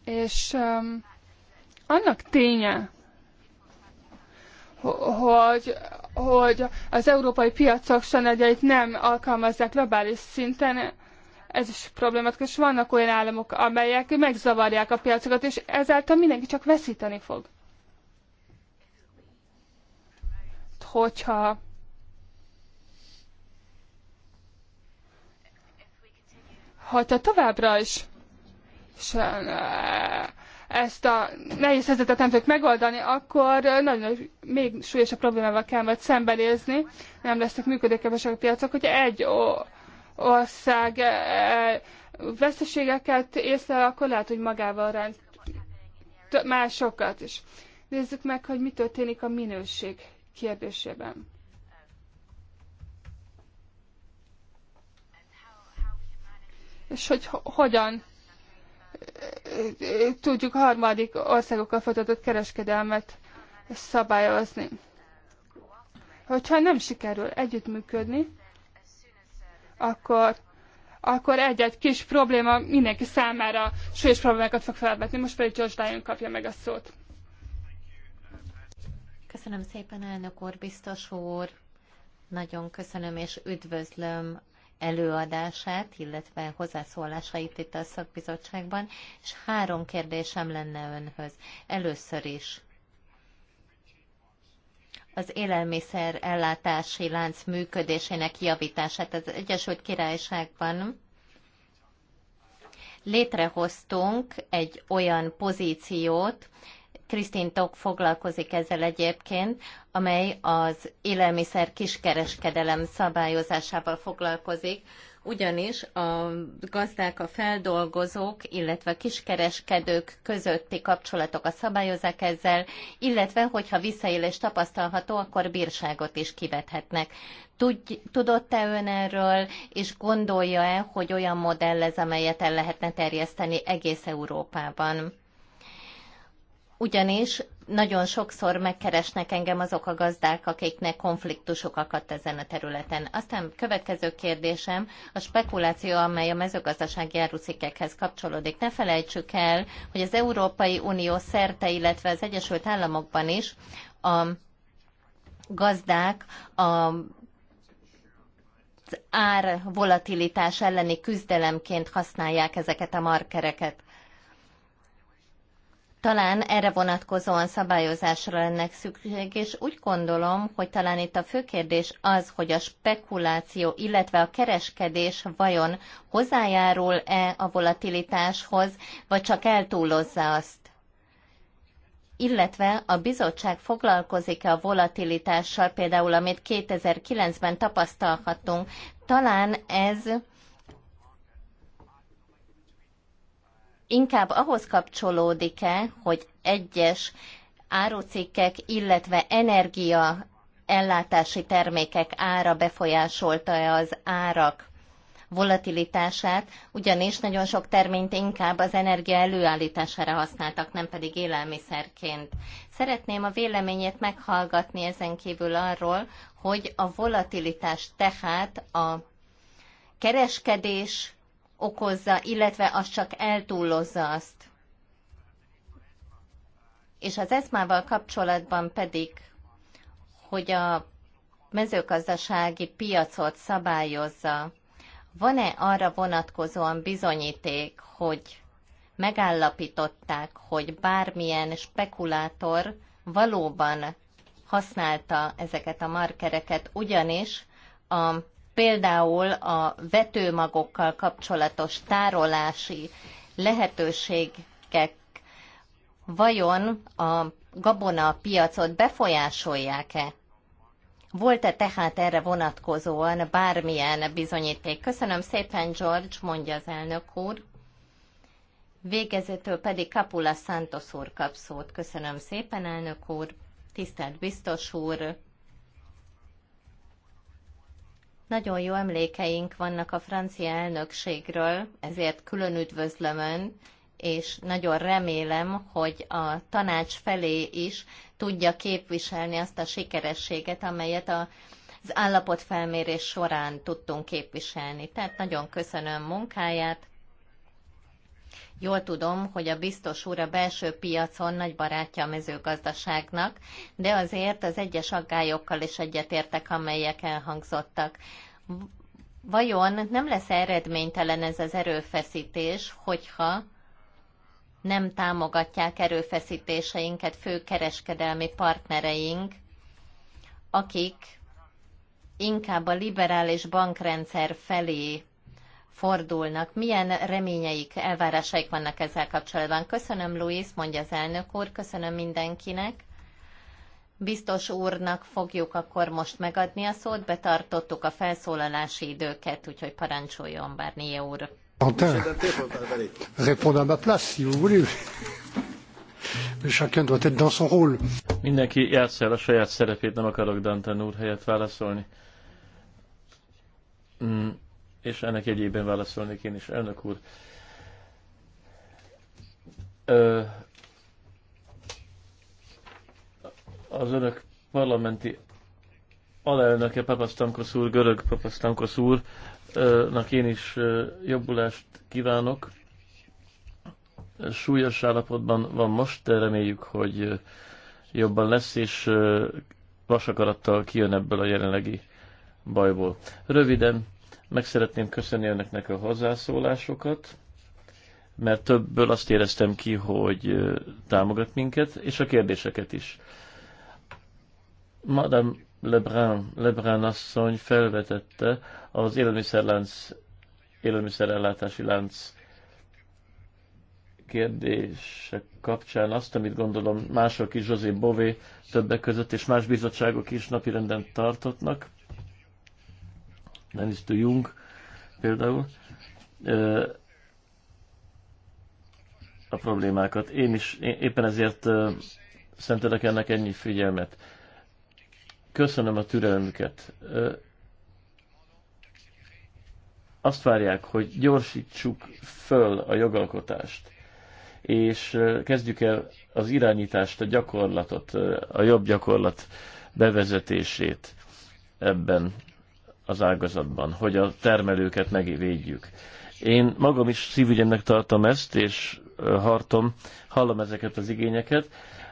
És um, annak ténye, hogy, hogy az európai piacok sanegyeit nem alkalmazzák globális szinten, ez is és Vannak olyan államok, amelyek megzavarják a piacokat, és ezáltal mindenki csak veszíteni fog. Hogyha hogyha továbbra is és, ezt a nehéz helyzetet nem tudjuk megoldani, akkor nagyon -nagy, még súlyosabb problémával kell majd szembenézni, nem lesznek működőképesek a piacok, hogyha egy ó, ország e, veszteségeket észlel, akkor lehet, hogy magával rend másokat is. Nézzük meg, hogy mi történik a minőség kérdésében. És hogy hogyan e, e, tudjuk a harmadik országokkal folytatott kereskedelmet szabályozni. Hogyha nem sikerül együttműködni, akkor akkor egy-egy kis probléma mindenki számára súlyos problémákat fog felvetni. Most pedig George Lyon kapja meg a szót. Köszönöm szépen, elnök úr, biztos úr. Nagyon köszönöm és üdvözlöm előadását, illetve hozzászólásait itt a szakbizottságban, és három kérdésem lenne önhöz. Először is, az élelmiszer ellátási lánc működésének javítását az Egyesült Királyságban létrehoztunk egy olyan pozíciót, Krisztin Tok foglalkozik ezzel egyébként, amely az élelmiszer kiskereskedelem szabályozásával foglalkozik, ugyanis a gazdák, a feldolgozók, illetve a kiskereskedők közötti a szabályozák ezzel, illetve hogyha visszaélés tapasztalható, akkor bírságot is kivethetnek. Tudott-e ön erről, és gondolja-e, hogy olyan modell ez, amelyet el lehetne terjeszteni egész Európában? Ugyanis nagyon sokszor megkeresnek engem azok a gazdák, akiknek konfliktusok akadt ezen a területen. Aztán következő kérdésem, a spekuláció, amely a mezőgazdasági árucikkekhez kapcsolódik. Ne felejtsük el, hogy az Európai Unió szerte, illetve az Egyesült Államokban is a gazdák a ár volatilitás elleni küzdelemként használják ezeket a markereket talán erre vonatkozóan szabályozásra lenne szükség, és úgy gondolom, hogy talán itt a fő kérdés az, hogy a spekuláció, illetve a kereskedés vajon hozzájárul-e a volatilitáshoz, vagy csak eltúlozza azt. Illetve a bizottság foglalkozik-e a volatilitással, például amit 2009-ben tapasztalhattunk, talán ez inkább ahhoz kapcsolódik-e, hogy egyes árucikkek, illetve energia ellátási termékek ára befolyásolta-e az árak volatilitását, ugyanis nagyon sok terményt inkább az energia előállítására használtak, nem pedig élelmiszerként. Szeretném a véleményét meghallgatni ezen kívül arról, hogy a volatilitás tehát a kereskedés okozza, illetve az csak eltúllozza azt. És az eszmával kapcsolatban pedig, hogy a mezőgazdasági piacot szabályozza, van-e arra vonatkozóan bizonyíték, hogy megállapították, hogy bármilyen spekulátor valóban használta ezeket a markereket, ugyanis a Például a vetőmagokkal kapcsolatos tárolási lehetőségek vajon a gabona piacot befolyásolják-e? Volt-e tehát erre vonatkozóan bármilyen bizonyíték? Köszönöm szépen, George, mondja az elnök úr. Végezetől pedig Kapula Santos úr kap szót. Köszönöm szépen, elnök úr. Tisztelt biztos úr, nagyon jó emlékeink vannak a francia elnökségről, ezért külön üdvözlöm Ön, és nagyon remélem, hogy a tanács felé is tudja képviselni azt a sikerességet, amelyet a az állapotfelmérés során tudtunk képviselni. Tehát nagyon köszönöm munkáját, Jól tudom, hogy a biztos úr a belső piacon nagy barátja a mezőgazdaságnak, de azért az egyes aggályokkal is egyetértek, amelyek elhangzottak. Vajon nem lesz eredménytelen ez az erőfeszítés, hogyha nem támogatják erőfeszítéseinket fő kereskedelmi partnereink, akik inkább a liberális bankrendszer felé fordulnak. Milyen reményeik, elvárásaik vannak ezzel kapcsolatban? Köszönöm, Luis, mondja az elnök úr, köszönöm mindenkinek. Biztos úrnak fogjuk akkor most megadni a szót, betartottuk a felszólalási időket, úgyhogy parancsoljon Barnier úr. Antin, répond à ma place, si vous voulez. Chacun doit être dans son rôle. Mindenki játssz el a saját szerepét, nem akarok Dantan úr helyett válaszolni. Mm és ennek egyében válaszolnék én is, elnök úr. Ö, az önök parlamenti alelnöke, Papasztankosz úr, görög Papasztamkosz úrnak én is jobbulást kívánok. Súlyos állapotban van most, de reméljük, hogy jobban lesz, és vasakarattal kijön ebből a jelenlegi bajból. Röviden meg szeretném köszönni önöknek a hozzászólásokat, mert többből azt éreztem ki, hogy támogat minket, és a kérdéseket is. Madame Lebrun, Lebrun asszony felvetette az élelmiszerlánc, élelmiszerellátási lánc kérdések kapcsán azt, amit gondolom mások is, José Bové többek között, és más bizottságok is napirenden tartotnak nem is tudjunk például, a problémákat. Én is én éppen ezért szentelek ennek ennyi figyelmet. Köszönöm a türelmüket. Azt várják, hogy gyorsítsuk föl a jogalkotást, és kezdjük el az irányítást, a gyakorlatot, a jobb gyakorlat bevezetését ebben az ágazatban, hogy a termelőket megvédjük. Én magam is szívügyemnek tartom ezt, és hartom, hallom ezeket az igényeket.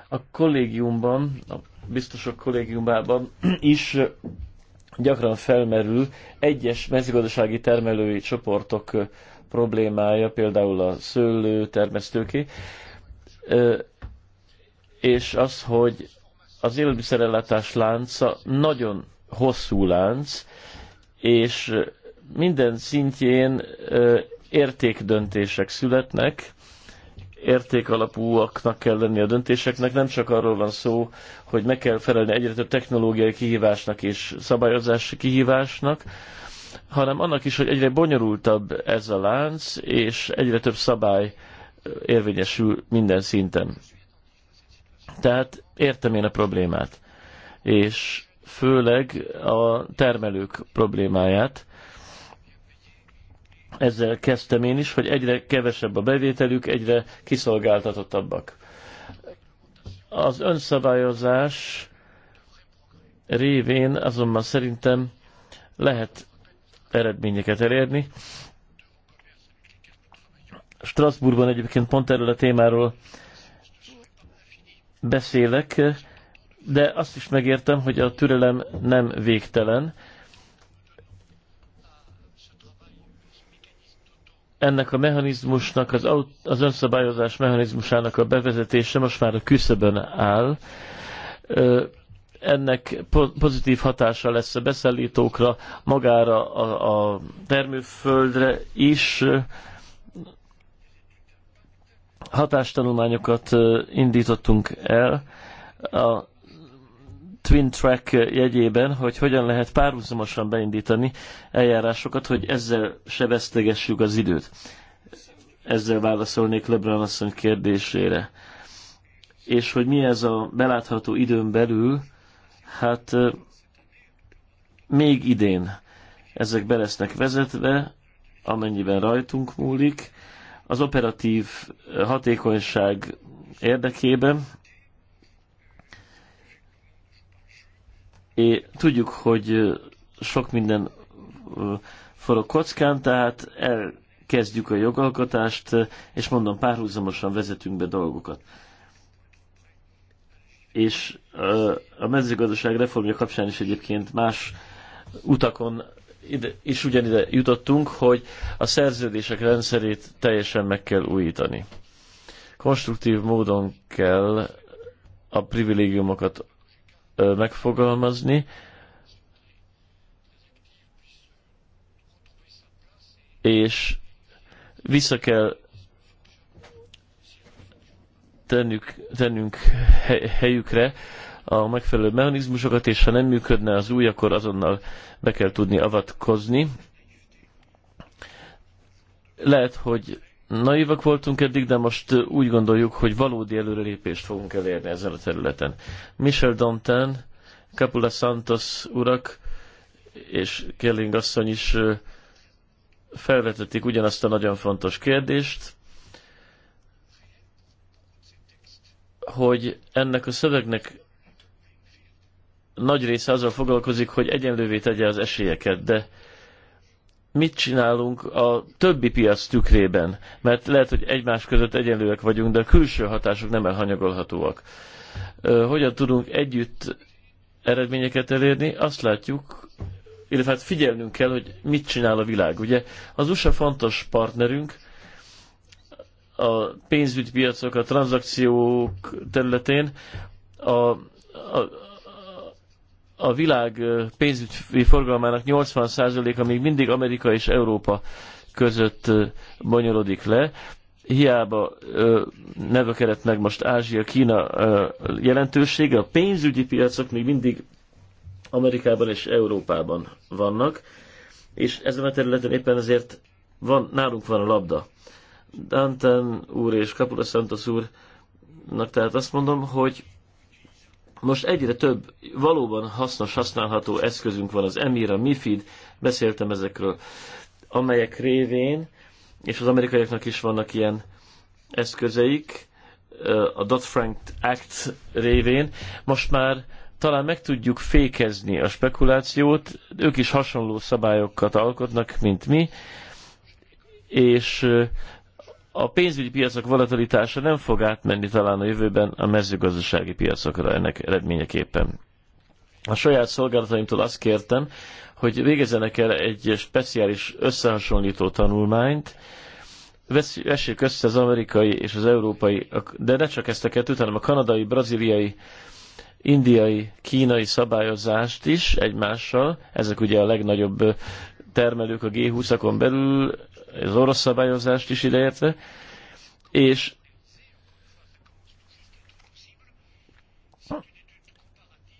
A kollégiumban, a biztosok kollégiumában [CLEARS THROAT] is gyakran felmerül egyes mezőgazdasági termelői csoportok problémája, például a szőlő termesztőké, és az, hogy az élelmiszerellátás lánca nagyon hosszú lánc, és minden szintjén értékdöntések születnek, értékalapúaknak kell lenni a döntéseknek, nem csak arról van szó, hogy meg kell felelni egyre több technológiai kihívásnak és szabályozási kihívásnak, hanem annak is, hogy egyre bonyolultabb ez a lánc, és egyre több szabály érvényesül minden szinten. Tehát értem én a problémát. És főleg a termelők problémáját. Ezzel kezdtem én is, hogy egyre kevesebb a bevételük, egyre kiszolgáltatottabbak. Az önszabályozás révén azonban szerintem lehet eredményeket elérni. Strasbourgban egyébként pont erről a témáról beszélek, de azt is megértem, hogy a türelem nem végtelen. Ennek a mechanizmusnak, az, az önszabályozás mechanizmusának a bevezetése most már a küszöbön áll. Ennek pozitív hatása lesz a beszállítókra, magára a, a termőföldre is. Hatástanulmányokat indítottunk el. A Twin Track jegyében, hogy hogyan lehet párhuzamosan beindítani eljárásokat, hogy ezzel se vesztegessük az időt. Ezzel válaszolnék Lebron asszony kérdésére. És hogy mi ez a belátható időn belül, hát még idén ezek be lesznek vezetve, amennyiben rajtunk múlik, az operatív hatékonyság érdekében, É, tudjuk, hogy sok minden forog kockán, tehát elkezdjük a jogalkotást, és mondom, párhuzamosan vezetünk be dolgokat. És a mezőgazdaság reformja kapcsán is egyébként más utakon ide, is ugyanide jutottunk, hogy a szerződések rendszerét teljesen meg kell újítani. Konstruktív módon kell a privilégiumokat megfogalmazni, és vissza kell tennük, tennünk helyükre a megfelelő mechanizmusokat, és ha nem működne az új, akkor azonnal be kell tudni avatkozni. Lehet, hogy naivak voltunk eddig, de most úgy gondoljuk, hogy valódi előrelépést fogunk elérni ezen a területen. Michel Dantin, Capula Santos urak és Kelling asszony is felvetették ugyanazt a nagyon fontos kérdést, hogy ennek a szövegnek nagy része azzal foglalkozik, hogy egyenlővé tegye az esélyeket, de mit csinálunk a többi piac tükrében, mert lehet, hogy egymás között egyenlőek vagyunk, de a külső hatások nem elhanyagolhatóak. Hogyan tudunk együtt eredményeket elérni? Azt látjuk, illetve hát figyelnünk kell, hogy mit csinál a világ. Ugye az USA fontos partnerünk a pénzügypiacok, a tranzakciók területén, a, a, a világ pénzügyi forgalmának 80%-a még mindig Amerika és Európa között bonyolodik le. Hiába növekedett meg most Ázsia, Kína jelentősége, a pénzügyi piacok még mindig Amerikában és Európában vannak, és ezen a területen éppen ezért van, nálunk van a labda. Danten úr és Kapula Santos úrnak tehát azt mondom, hogy most egyre több valóban hasznos, használható eszközünk van az EMIR, a MIFID, beszéltem ezekről, amelyek révén, és az amerikaiaknak is vannak ilyen eszközeik, eh, a Dodd-Frank Act révén, most már talán meg tudjuk fékezni a spekulációt, ők is hasonló szabályokat alkotnak, mint mi, és eh, a pénzügyi piacok volatilitása nem fog átmenni talán a jövőben a mezőgazdasági piacokra ennek eredményeképpen. A saját szolgálataimtól azt kértem, hogy végezzenek el egy speciális összehasonlító tanulmányt, vessék össze az amerikai és az európai, de ne csak ezt a kettőt, hanem a kanadai, braziliai, indiai, kínai szabályozást is egymással. Ezek ugye a legnagyobb termelők a G20-akon belül, az orosz szabályozást is ideértve, és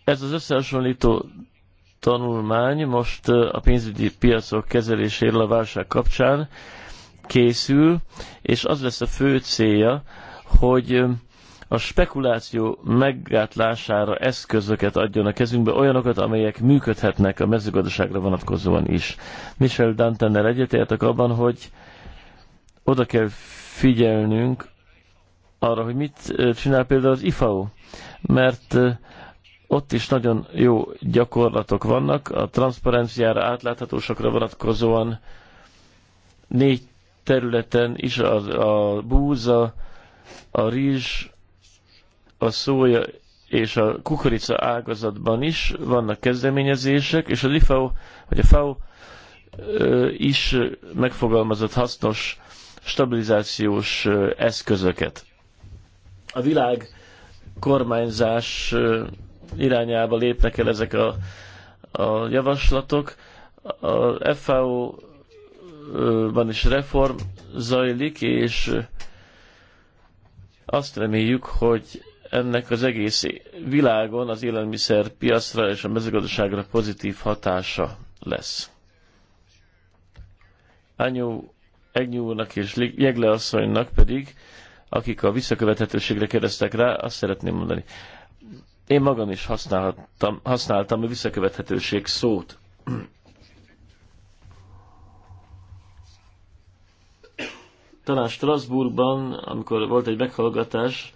ez az összehasonlító tanulmány most a pénzügyi piacok kezeléséről a válság kapcsán készül, és az lesz a fő célja, hogy a spekuláció meggátlására eszközöket adjon a kezünkbe, olyanokat, amelyek működhetnek a mezőgazdaságra vonatkozóan is. Michel Dantennel egyetértek abban, hogy oda kell figyelnünk arra, hogy mit csinál például az IFAO, mert ott is nagyon jó gyakorlatok vannak, a transzparenciára, átláthatósakra vonatkozóan négy területen is az, a búza, a rizs, a szója és a kukorica ágazatban is vannak kezdeményezések, és a LIFAO, vagy a FAO is megfogalmazott hasznos stabilizációs eszközöket. A világ kormányzás irányába lépnek el ezek a, a javaslatok. A FAO-ban is reform zajlik, és azt reméljük, hogy ennek az egész világon az élelmiszer piacra és a mezőgazdaságra pozitív hatása lesz. Anyu Egnyú úrnak és Jegle asszonynak pedig, akik a visszakövethetőségre kérdeztek rá, azt szeretném mondani. Én magam is használtam, használtam a visszakövethetőség szót. Talán Strasbourgban, amikor volt egy meghallgatás,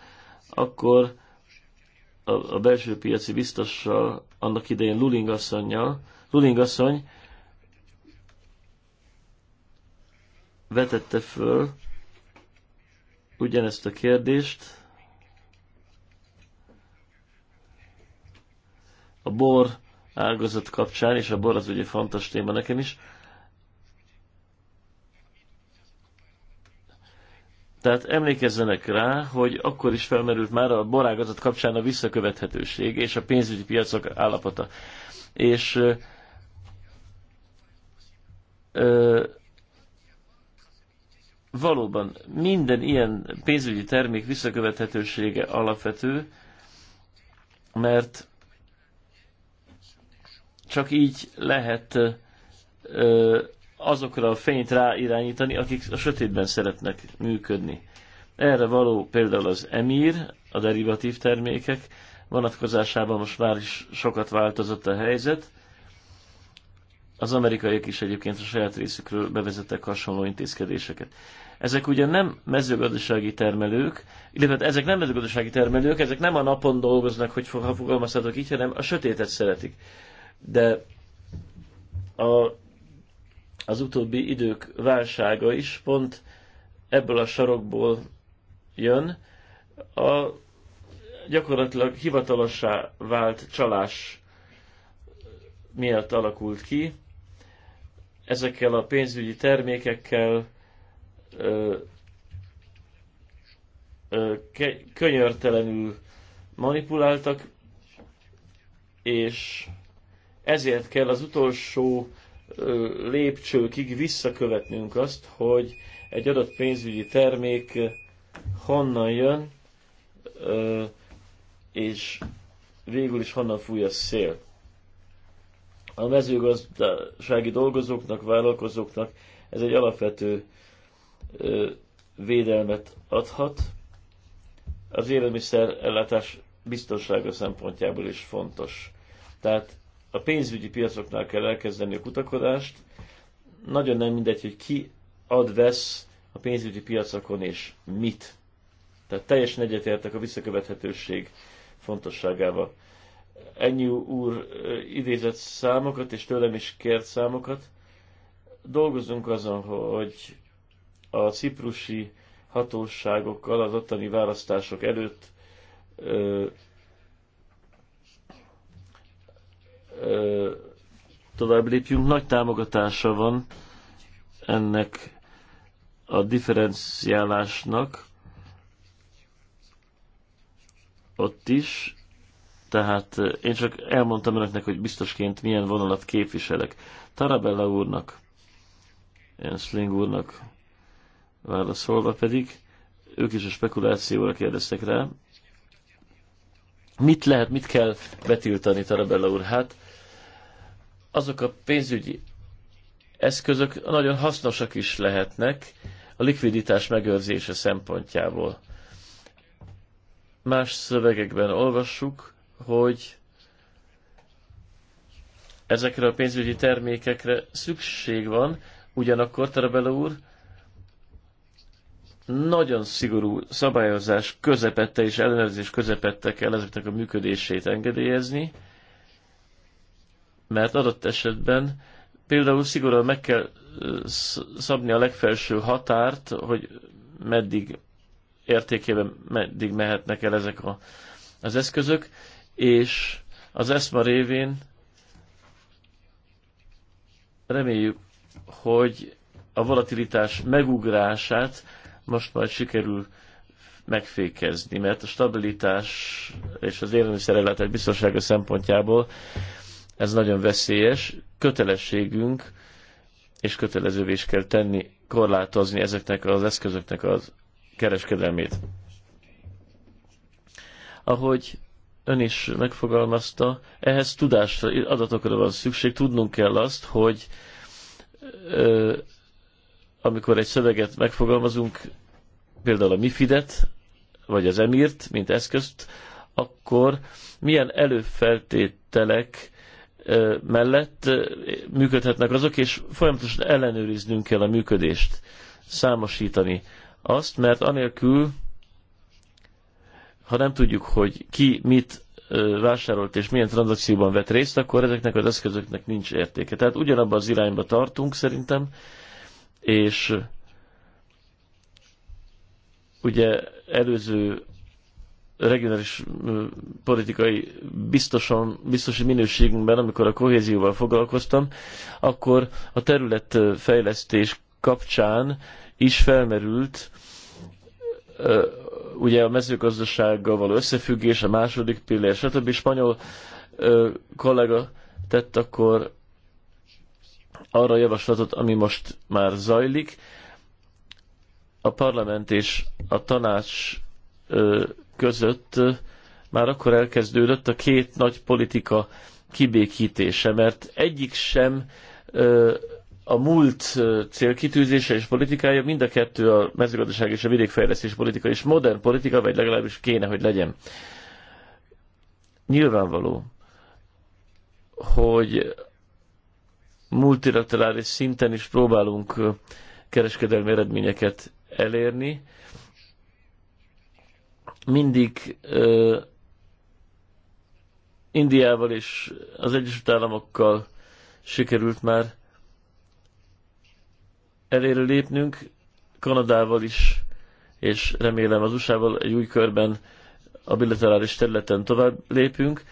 akkor a, a belső piaci biztossal, annak idején Luling asszonynal, Luling asszony vetette föl ugyanezt a kérdést, a bor ágazat kapcsán, és a bor az ugye fontos téma nekem is, Tehát emlékezzenek rá, hogy akkor is felmerült már a borágazat kapcsán a visszakövethetőség és a pénzügyi piacok állapota. És ö, ö, valóban minden ilyen pénzügyi termék visszakövethetősége alapvető, mert csak így lehet ö, azokra a fényt ráirányítani, akik a sötétben szeretnek működni. Erre való például az emír, a derivatív termékek vonatkozásában most már is sokat változott a helyzet. Az amerikaiak is egyébként a saját részükről bevezettek hasonló intézkedéseket. Ezek ugye nem mezőgazdasági termelők, illetve hát ezek nem mezőgazdasági termelők, ezek nem a napon dolgoznak, hogy ha fogalmazhatok így, hanem a sötétet szeretik. De a az utóbbi idők válsága is pont ebből a sarokból jön. A gyakorlatilag hivatalossá vált csalás miatt alakult ki. Ezekkel a pénzügyi termékekkel ö, ö, könyörtelenül manipuláltak, és ezért kell az utolsó lépcsőkig visszakövetnünk azt, hogy egy adott pénzügyi termék honnan jön, és végül is honnan fúj a szél. A mezőgazdasági dolgozóknak, vállalkozóknak ez egy alapvető védelmet adhat. Az élelmiszer ellátás biztonsága szempontjából is fontos. Tehát a pénzügyi piacoknál kell elkezdeni a kutakodást. Nagyon nem mindegy, hogy ki ad, vesz a pénzügyi piacokon és mit. Tehát teljesen egyetértek a visszakövethetőség fontosságával. Ennyi úr idézett számokat, és tőlem is kért számokat. Dolgozunk azon, hogy a ciprusi hatóságokkal az ottani választások előtt tovább lépjünk. Nagy támogatása van ennek a differenciálásnak ott is, tehát én csak elmondtam önöknek, hogy biztosként milyen vonalat képviselek. Tarabella úrnak, Ensling úrnak válaszolva pedig, ők is a spekulációra kérdeztek rá. Mit lehet, mit kell betiltani, Tarabella úr? Hát azok a pénzügyi eszközök nagyon hasznosak is lehetnek a likviditás megőrzése szempontjából. Más szövegekben olvassuk, hogy ezekre a pénzügyi termékekre szükség van, ugyanakkor Tarabella úr nagyon szigorú szabályozás közepette és ellenőrzés közepette kell ezeknek a működését engedélyezni, mert adott esetben például szigorúan meg kell szabni a legfelső határt, hogy meddig értékében meddig mehetnek el ezek a, az eszközök, és az ESMA révén reméljük, hogy a volatilitás megugrását most majd sikerül megfékezni, mert a stabilitás és az élelmiszerellátás biztonsága szempontjából ez nagyon veszélyes. Kötelességünk, és kötelezővé is kell tenni, korlátozni ezeknek az eszközöknek az kereskedelmét. Ahogy ön is megfogalmazta, ehhez tudásra, adatokra van szükség, tudnunk kell azt, hogy ö, amikor egy szöveget megfogalmazunk, például a MIFID-et, vagy az EMIR-t, mint eszközt, akkor milyen előfeltételek mellett működhetnek azok, és folyamatosan ellenőriznünk kell a működést, számosítani azt, mert anélkül, ha nem tudjuk, hogy ki mit vásárolt és milyen tranzakcióban vett részt, akkor ezeknek az eszközöknek nincs értéke. Tehát ugyanabban az irányba tartunk szerintem, és ugye előző regionális politikai biztosan, biztosi minőségünkben, amikor a kohézióval foglalkoztam, akkor a területfejlesztés kapcsán is felmerült ugye a mezőgazdasággal való összefüggés, a második pillér, stb. spanyol kollega tett akkor arra a javaslatot, ami most már zajlik. A parlament és a tanács között már akkor elkezdődött a két nagy politika kibékítése, mert egyik sem a múlt célkitűzése és politikája, mind a kettő a mezőgazdaság és a vidékfejlesztés politika, és modern politika, vagy legalábbis kéne, hogy legyen. Nyilvánvaló, hogy multilaterális szinten is próbálunk kereskedelmi eredményeket elérni, mindig ö, Indiával és az Egyesült Államokkal sikerült már elérő lépnünk, Kanadával is, és remélem az USA-val egy új körben a bilaterális területen tovább lépünk,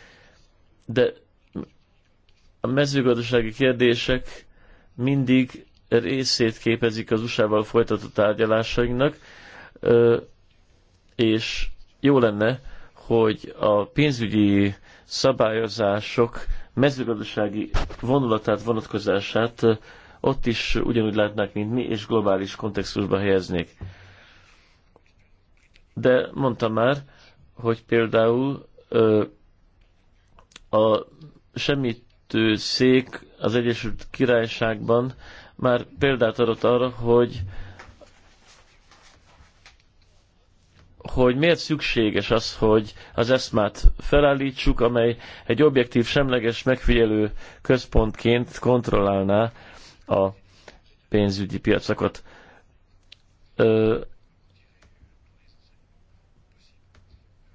de a mezőgazdasági kérdések mindig részét képezik az USA-val folytatott tárgyalásainknak, és jó lenne, hogy a pénzügyi szabályozások mezőgazdasági vonulatát, vonatkozását ott is ugyanúgy látnák, mint mi, és globális kontextusba helyeznék. De mondtam már, hogy például a semmitő szék az Egyesült Királyságban már példát adott arra, hogy hogy miért szükséges az, hogy az eszmát felállítsuk, amely egy objektív, semleges megfigyelő központként kontrollálná a pénzügyi piacokat.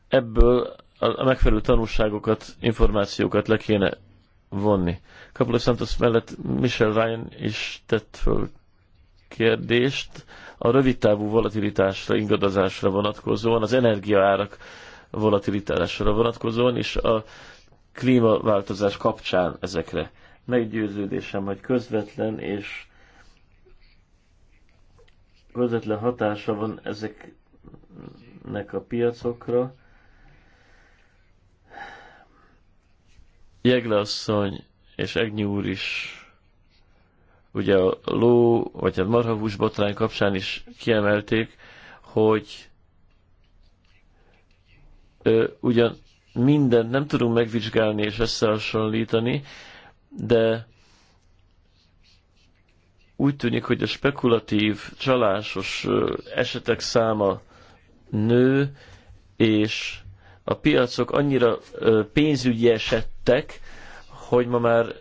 Ebből a megfelelő tanulságokat, információkat le kéne vonni. Kapoló Santos mellett Michel Ryan is tett föl kérdést a rövidtávú volatilitásra, ingadozásra vonatkozóan, az energiaárak volatilitásra vonatkozóan, és a klímaváltozás kapcsán ezekre. Meggyőződésem, hogy közvetlen és közvetlen hatása van ezeknek a piacokra. Jegle asszony és Egnyúr is ugye a ló vagy a hát marhahús botrány kapcsán is kiemelték, hogy ö, ugyan mindent nem tudunk megvizsgálni és összehasonlítani, de úgy tűnik, hogy a spekulatív, csalásos esetek száma nő, és a piacok annyira pénzügyi esettek, hogy ma már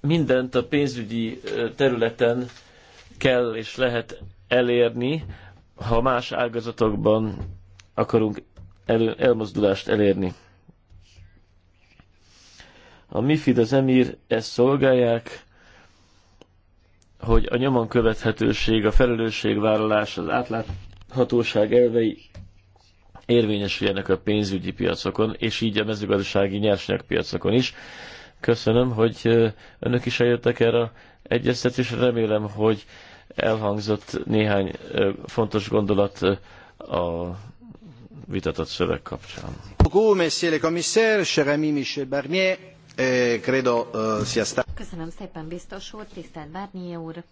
mindent a pénzügyi területen kell és lehet elérni, ha más ágazatokban akarunk elő, elmozdulást elérni. A MIFID, az EMIR ezt szolgálják, hogy a nyomon követhetőség, a felelősségvállalás, az átláthatóság elvei érvényesüljenek a pénzügyi piacokon, és így a mezőgazdasági nyersanyagpiacokon is köszönöm, hogy önök is eljöttek erre a egyeztetésre. Remélem, hogy elhangzott néhány fontos gondolat a vitatott szöveg kapcsán. Eh, eh, köszönöm szépen, biztos úr, tisztelt Barnier úr.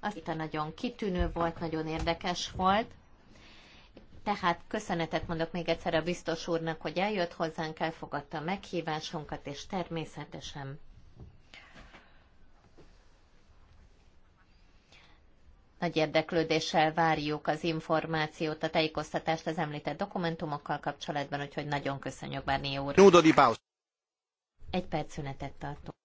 Azt nagyon kitűnő volt, nagyon érdekes volt. Tehát köszönetet mondok még egyszer a biztos úrnak, hogy eljött hozzánk, elfogadta a meghívásunkat, és természetesen Nagy érdeklődéssel várjuk az információt, a tájékoztatást az említett dokumentumokkal kapcsolatban, úgyhogy nagyon köszönjük, Bárnyi úr. Egy perc szünetet tartunk.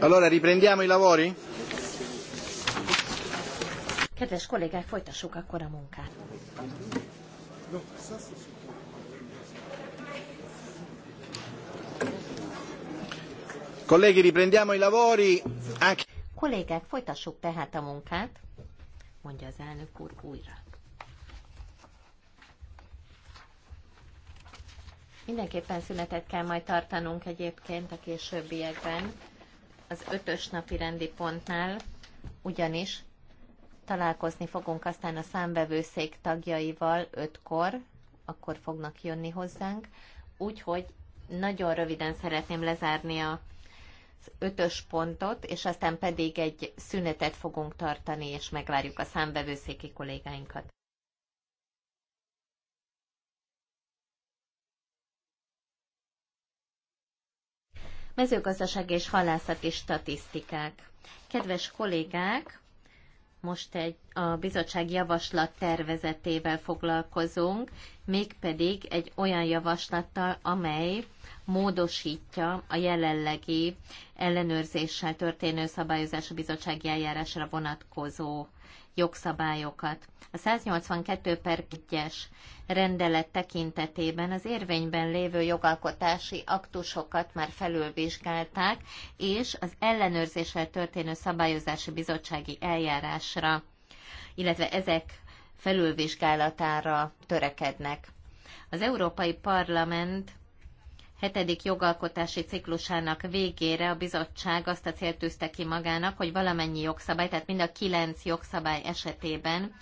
Allora riprendiamo i lavori? Kedves kollégák, folytassuk akkor a munkát. riprendiamo i lavori. Kollégák, folytassuk tehát a munkát, mondja az elnök úr újra. Mindenképpen szünetet kell majd tartanunk egyébként a későbbiekben, az ötös napi rendi pontnál, ugyanis találkozni fogunk aztán a számbevőszék tagjaival ötkor, akkor fognak jönni hozzánk, úgyhogy nagyon röviden szeretném lezárni a ötös pontot, és aztán pedig egy szünetet fogunk tartani, és megvárjuk a számbevőszéki kollégáinkat. mezőgazdaság és halászati statisztikák. Kedves kollégák, most egy, a bizottság javaslat tervezetével foglalkozunk, mégpedig egy olyan javaslattal, amely módosítja a jelenlegi ellenőrzéssel történő a bizottsági eljárásra vonatkozó jogszabályokat. A 182 per 2 es rendelet tekintetében az érvényben lévő jogalkotási aktusokat már felülvizsgálták, és az ellenőrzéssel történő szabályozási bizottsági eljárásra, illetve ezek felülvizsgálatára törekednek. Az Európai Parlament hetedik jogalkotási ciklusának végére a bizottság azt a célt tűzte ki magának, hogy valamennyi jogszabály, tehát mind a kilenc jogszabály esetében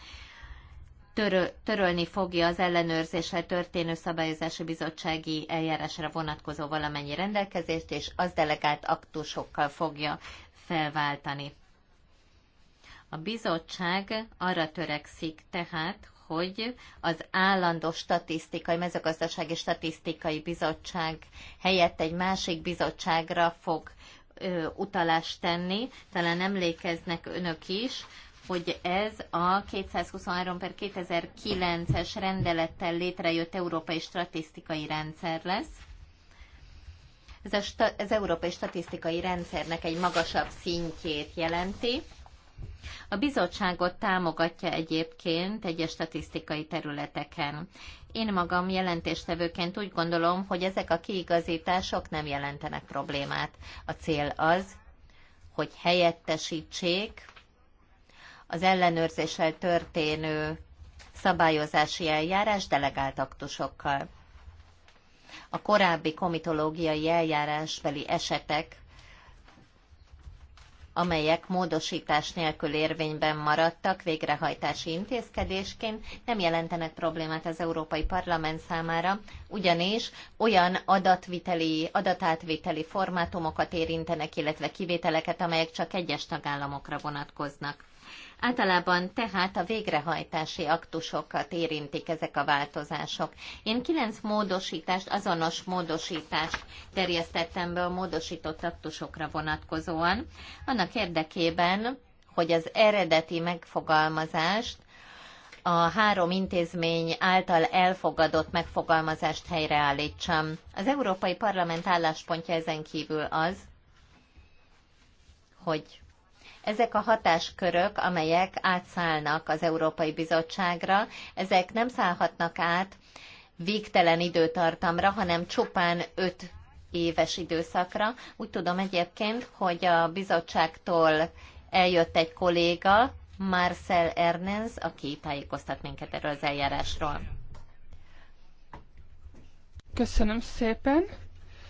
törölni fogja az ellenőrzésre történő szabályozási bizottsági eljárásra vonatkozó valamennyi rendelkezést, és az delegált aktusokkal fogja felváltani. A bizottság arra törekszik tehát, hogy az állandó statisztikai, mezőgazdasági statisztikai bizottság helyett egy másik bizottságra fog ö, utalást tenni. Talán emlékeznek önök is, hogy ez a 223 per 2009-es rendelettel létrejött európai statisztikai rendszer lesz. Ez, a, ez európai statisztikai rendszernek egy magasabb szintjét jelenti, a bizottságot támogatja egyébként egyes statisztikai területeken. Én magam jelentéstevőként úgy gondolom, hogy ezek a kiigazítások nem jelentenek problémát. A cél az, hogy helyettesítsék az ellenőrzéssel történő szabályozási eljárás delegált aktusokkal. A korábbi komitológiai eljárásbeli esetek amelyek módosítás nélkül érvényben maradtak végrehajtási intézkedésként, nem jelentenek problémát az Európai Parlament számára, ugyanis olyan adatviteli, adatátviteli formátumokat érintenek, illetve kivételeket, amelyek csak egyes tagállamokra vonatkoznak. Általában tehát a végrehajtási aktusokat érintik ezek a változások. Én kilenc módosítást, azonos módosítást terjesztettem be a módosított aktusokra vonatkozóan, annak érdekében, hogy az eredeti megfogalmazást a három intézmény által elfogadott megfogalmazást helyreállítsam. Az Európai Parlament álláspontja ezen kívül az, hogy ezek a hatáskörök, amelyek átszállnak az Európai Bizottságra, ezek nem szállhatnak át végtelen időtartamra, hanem csupán öt éves időszakra. Úgy tudom egyébként, hogy a bizottságtól eljött egy kolléga, Marcel Ernens, aki tájékoztat minket erről az eljárásról. Köszönöm szépen.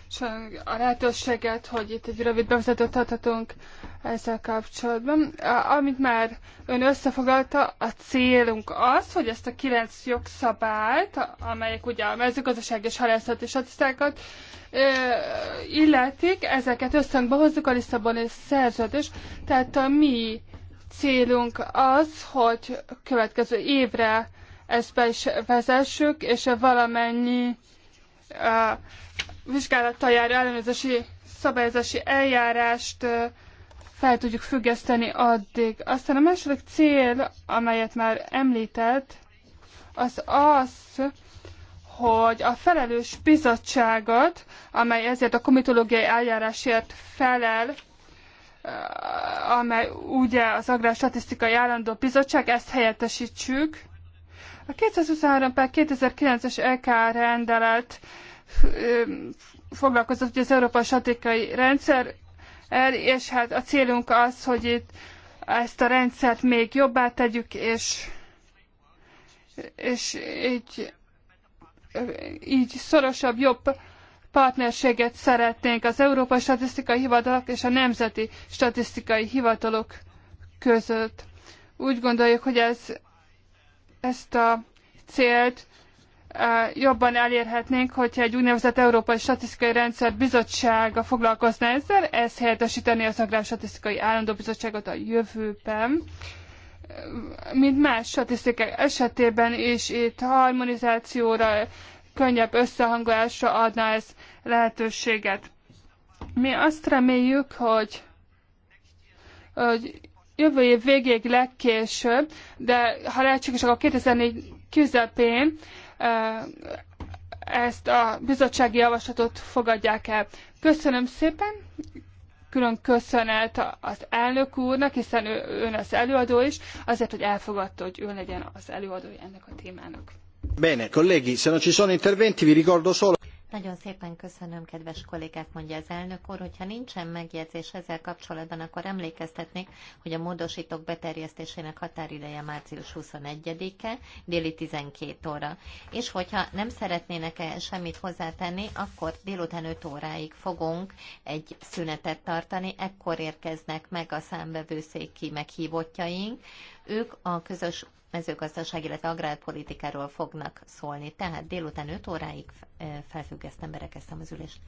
És a lehetőséget, hogy itt egy rövid bevezetőt adhatunk ezzel kapcsolatban. Amit már ön összefoglalta, a célunk az, hogy ezt a kilenc jogszabályt, amelyek ugye a mezőgazdaság és halászati statisztikákat illetik, ezeket összhangba hozzuk a Lisszaboni szerződés. Tehát a mi célunk az, hogy következő évre ezt be is vezessük, és valamennyi uh, vizsgálattal járó ellenőrzési szabályozási eljárást uh, fel tudjuk függeszteni addig. Aztán a második cél, amelyet már említett, az az, hogy a felelős bizottságot, amely ezért a komitológiai eljárásért felel, eh, amely ugye az Agrárstatisztikai Állandó Bizottság, ezt helyettesítsük. A 223 per 2009-es EK rendelet eh, foglalkozott, hogy az Európai Statikai Rendszer el, és hát a célunk az, hogy itt ezt a rendszert még jobbá tegyük, és, és így, így szorosabb, jobb partnerséget szeretnénk az Európai Statisztikai Hivatalok és a Nemzeti Statisztikai Hivatalok között. Úgy gondoljuk, hogy ez, ezt a célt jobban elérhetnénk, hogyha egy úgynevezett Európai Statisztikai Rendszer Bizottsága foglalkozna ezzel, ez helyettesíteni az Agrárstatisztikai Állandó Bizottságot a jövőben. Mint más statisztikák esetében is itt harmonizációra, könnyebb összehangolásra adna ez lehetőséget. Mi azt reméljük, hogy, hogy jövő év végéig legkésőbb, de ha lehetséges, akkor 2004 közepén ezt a bizottsági javaslatot fogadják el. Köszönöm szépen, külön köszönet az elnök úrnak, hiszen ő, ön az előadó is, azért, hogy elfogadta, hogy ő legyen az előadója ennek a témának. Bene, colleghi, se non ci sono interventi, vi ricordo solo... Nagyon szépen köszönöm, kedves kollégák, mondja az elnök úr. Hogyha nincsen megjegyzés ezzel kapcsolatban, akkor emlékeztetnék, hogy a módosítók beterjesztésének határideje március 21-e, déli 12 óra. És hogyha nem szeretnének -e semmit hozzátenni, akkor délután 5 óráig fogunk egy szünetet tartani. Ekkor érkeznek meg a számbevőszéki meghívottjaink. Ők a közös mezőgazdaság, illetve agrárpolitikáról fognak szólni. Tehát délután 5 óráig eh, felfüggesztem, berekeztem az ülést.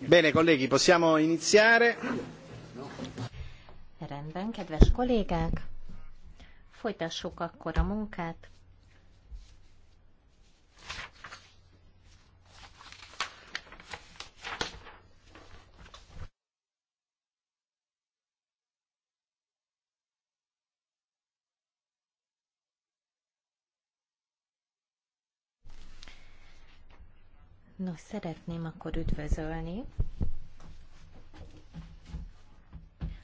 Bene, colleghi, possiamo iniziare. Rendben, kedves kollégák, folytassuk akkor a munkát. Nos, szeretném akkor üdvözölni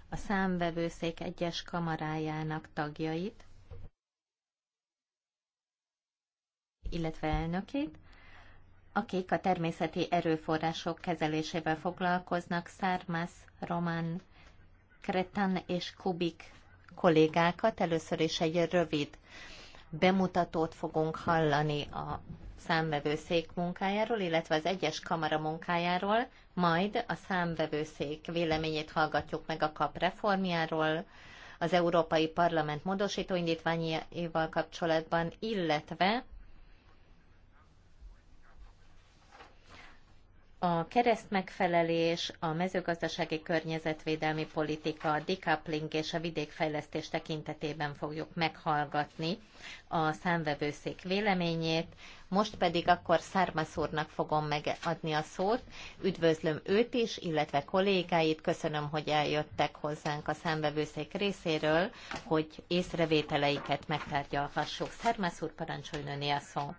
a számvevőszék egyes kamarájának tagjait, illetve elnökét, akik a természeti erőforrások kezelésével foglalkoznak, Szármász, Román, Kretan és Kubik kollégákat. Először is egy rövid bemutatót fogunk hallani a számvevőszék munkájáról, illetve az egyes kamara munkájáról, majd a számvevőszék véleményét hallgatjuk meg a kap reformjáról, az Európai Parlament módosító indítványaival kapcsolatban, illetve a keresztmegfelelés, a mezőgazdasági környezetvédelmi politika, a decoupling és a vidékfejlesztés tekintetében fogjuk meghallgatni a számvevőszék véleményét. Most pedig akkor Szármasz úrnak fogom megadni a szót. Üdvözlöm őt is, illetve kollégáit. Köszönöm, hogy eljöttek hozzánk a számvevőszék részéről, hogy észrevételeiket megtárgyalhassuk. Szármasz úr, parancsoljon a szó.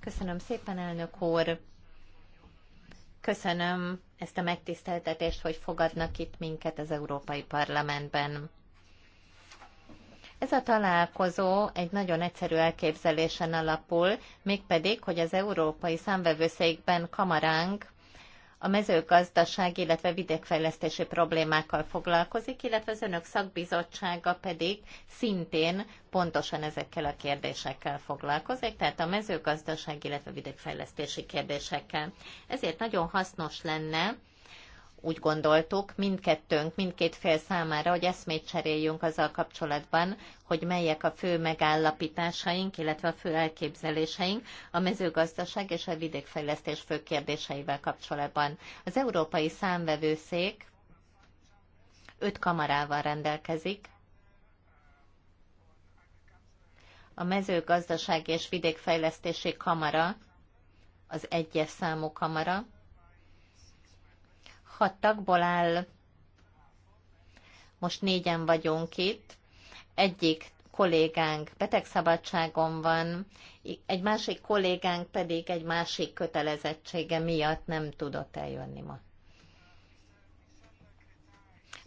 Köszönöm szépen, elnök úr! Köszönöm ezt a megtiszteltetést, hogy fogadnak itt minket az Európai Parlamentben. Ez a találkozó egy nagyon egyszerű elképzelésen alapul, mégpedig, hogy az Európai Számvevőszékben kamaránk a mezőgazdaság, illetve vidékfejlesztési problémákkal foglalkozik, illetve az önök szakbizottsága pedig szintén pontosan ezekkel a kérdésekkel foglalkozik, tehát a mezőgazdaság, illetve vidékfejlesztési kérdésekkel. Ezért nagyon hasznos lenne, úgy gondoltuk, mindkettőnk, mindkét fél számára, hogy eszmét cseréljünk azzal kapcsolatban, hogy melyek a fő megállapításaink, illetve a fő elképzeléseink a mezőgazdaság és a vidékfejlesztés fő kérdéseivel kapcsolatban. Az Európai Számvevőszék öt kamarával rendelkezik, a mezőgazdaság és vidékfejlesztési kamara, az egyes számú kamara, hat tagból áll. Most négyen vagyunk itt. Egyik kollégánk betegszabadságon van, egy másik kollégánk pedig egy másik kötelezettsége miatt nem tudott eljönni ma.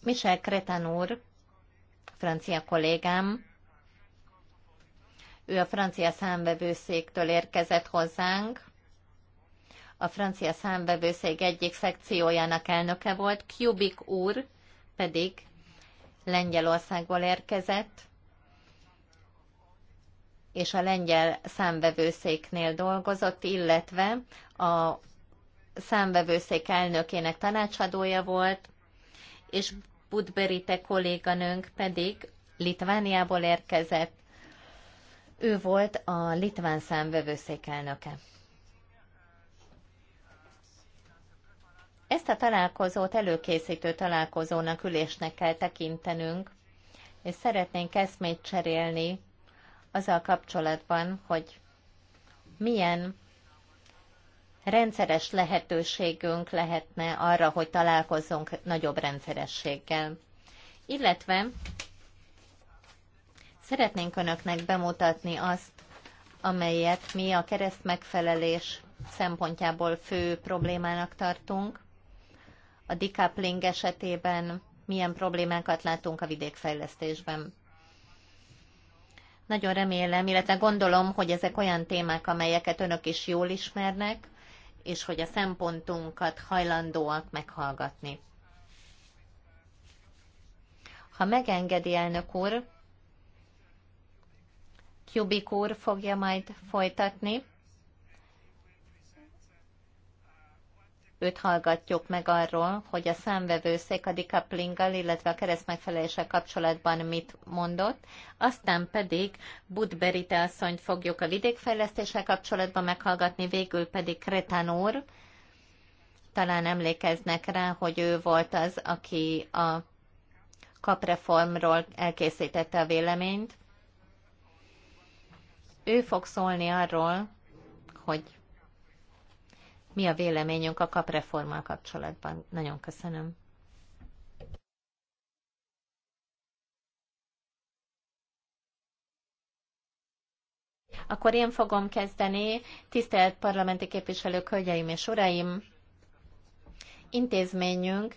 Michel Kretan úr, francia kollégám, ő a francia számvevőszéktől érkezett hozzánk, a francia számvevőszék egyik szekciójának elnöke volt, Kubik úr pedig Lengyelországból érkezett, és a lengyel számvevőszéknél dolgozott, illetve a számvevőszék elnökének tanácsadója volt, és Budberite kolléganőnk pedig Litvániából érkezett. Ő volt a litván számvevőszék elnöke. Ezt a találkozót előkészítő találkozónak ülésnek kell tekintenünk, és szeretnénk eszmét cserélni azzal kapcsolatban, hogy milyen rendszeres lehetőségünk lehetne arra, hogy találkozzunk nagyobb rendszerességgel. Illetve szeretnénk Önöknek bemutatni azt, amelyet mi a kereszt megfelelés szempontjából fő problémának tartunk, a decoupling esetében milyen problémákat látunk a vidékfejlesztésben. Nagyon remélem, illetve gondolom, hogy ezek olyan témák, amelyeket önök is jól ismernek, és hogy a szempontunkat hajlandóak meghallgatni. Ha megengedi elnök úr, Kubik úr fogja majd folytatni, Őt hallgatjuk meg arról, hogy a számvevőszék a decouplinggal, illetve a keresztmegfeleléssel kapcsolatban mit mondott. Aztán pedig Budberite asszonyt fogjuk a vidékfejlesztéssel kapcsolatban meghallgatni, végül pedig Kretán úr. Talán emlékeznek rá, hogy ő volt az, aki a kapreformról elkészítette a véleményt. Ő fog szólni arról, hogy mi a véleményünk a kapreformmal kapcsolatban. Nagyon köszönöm. Akkor én fogom kezdeni. Tisztelt parlamenti képviselők, hölgyeim és uraim! Intézményünk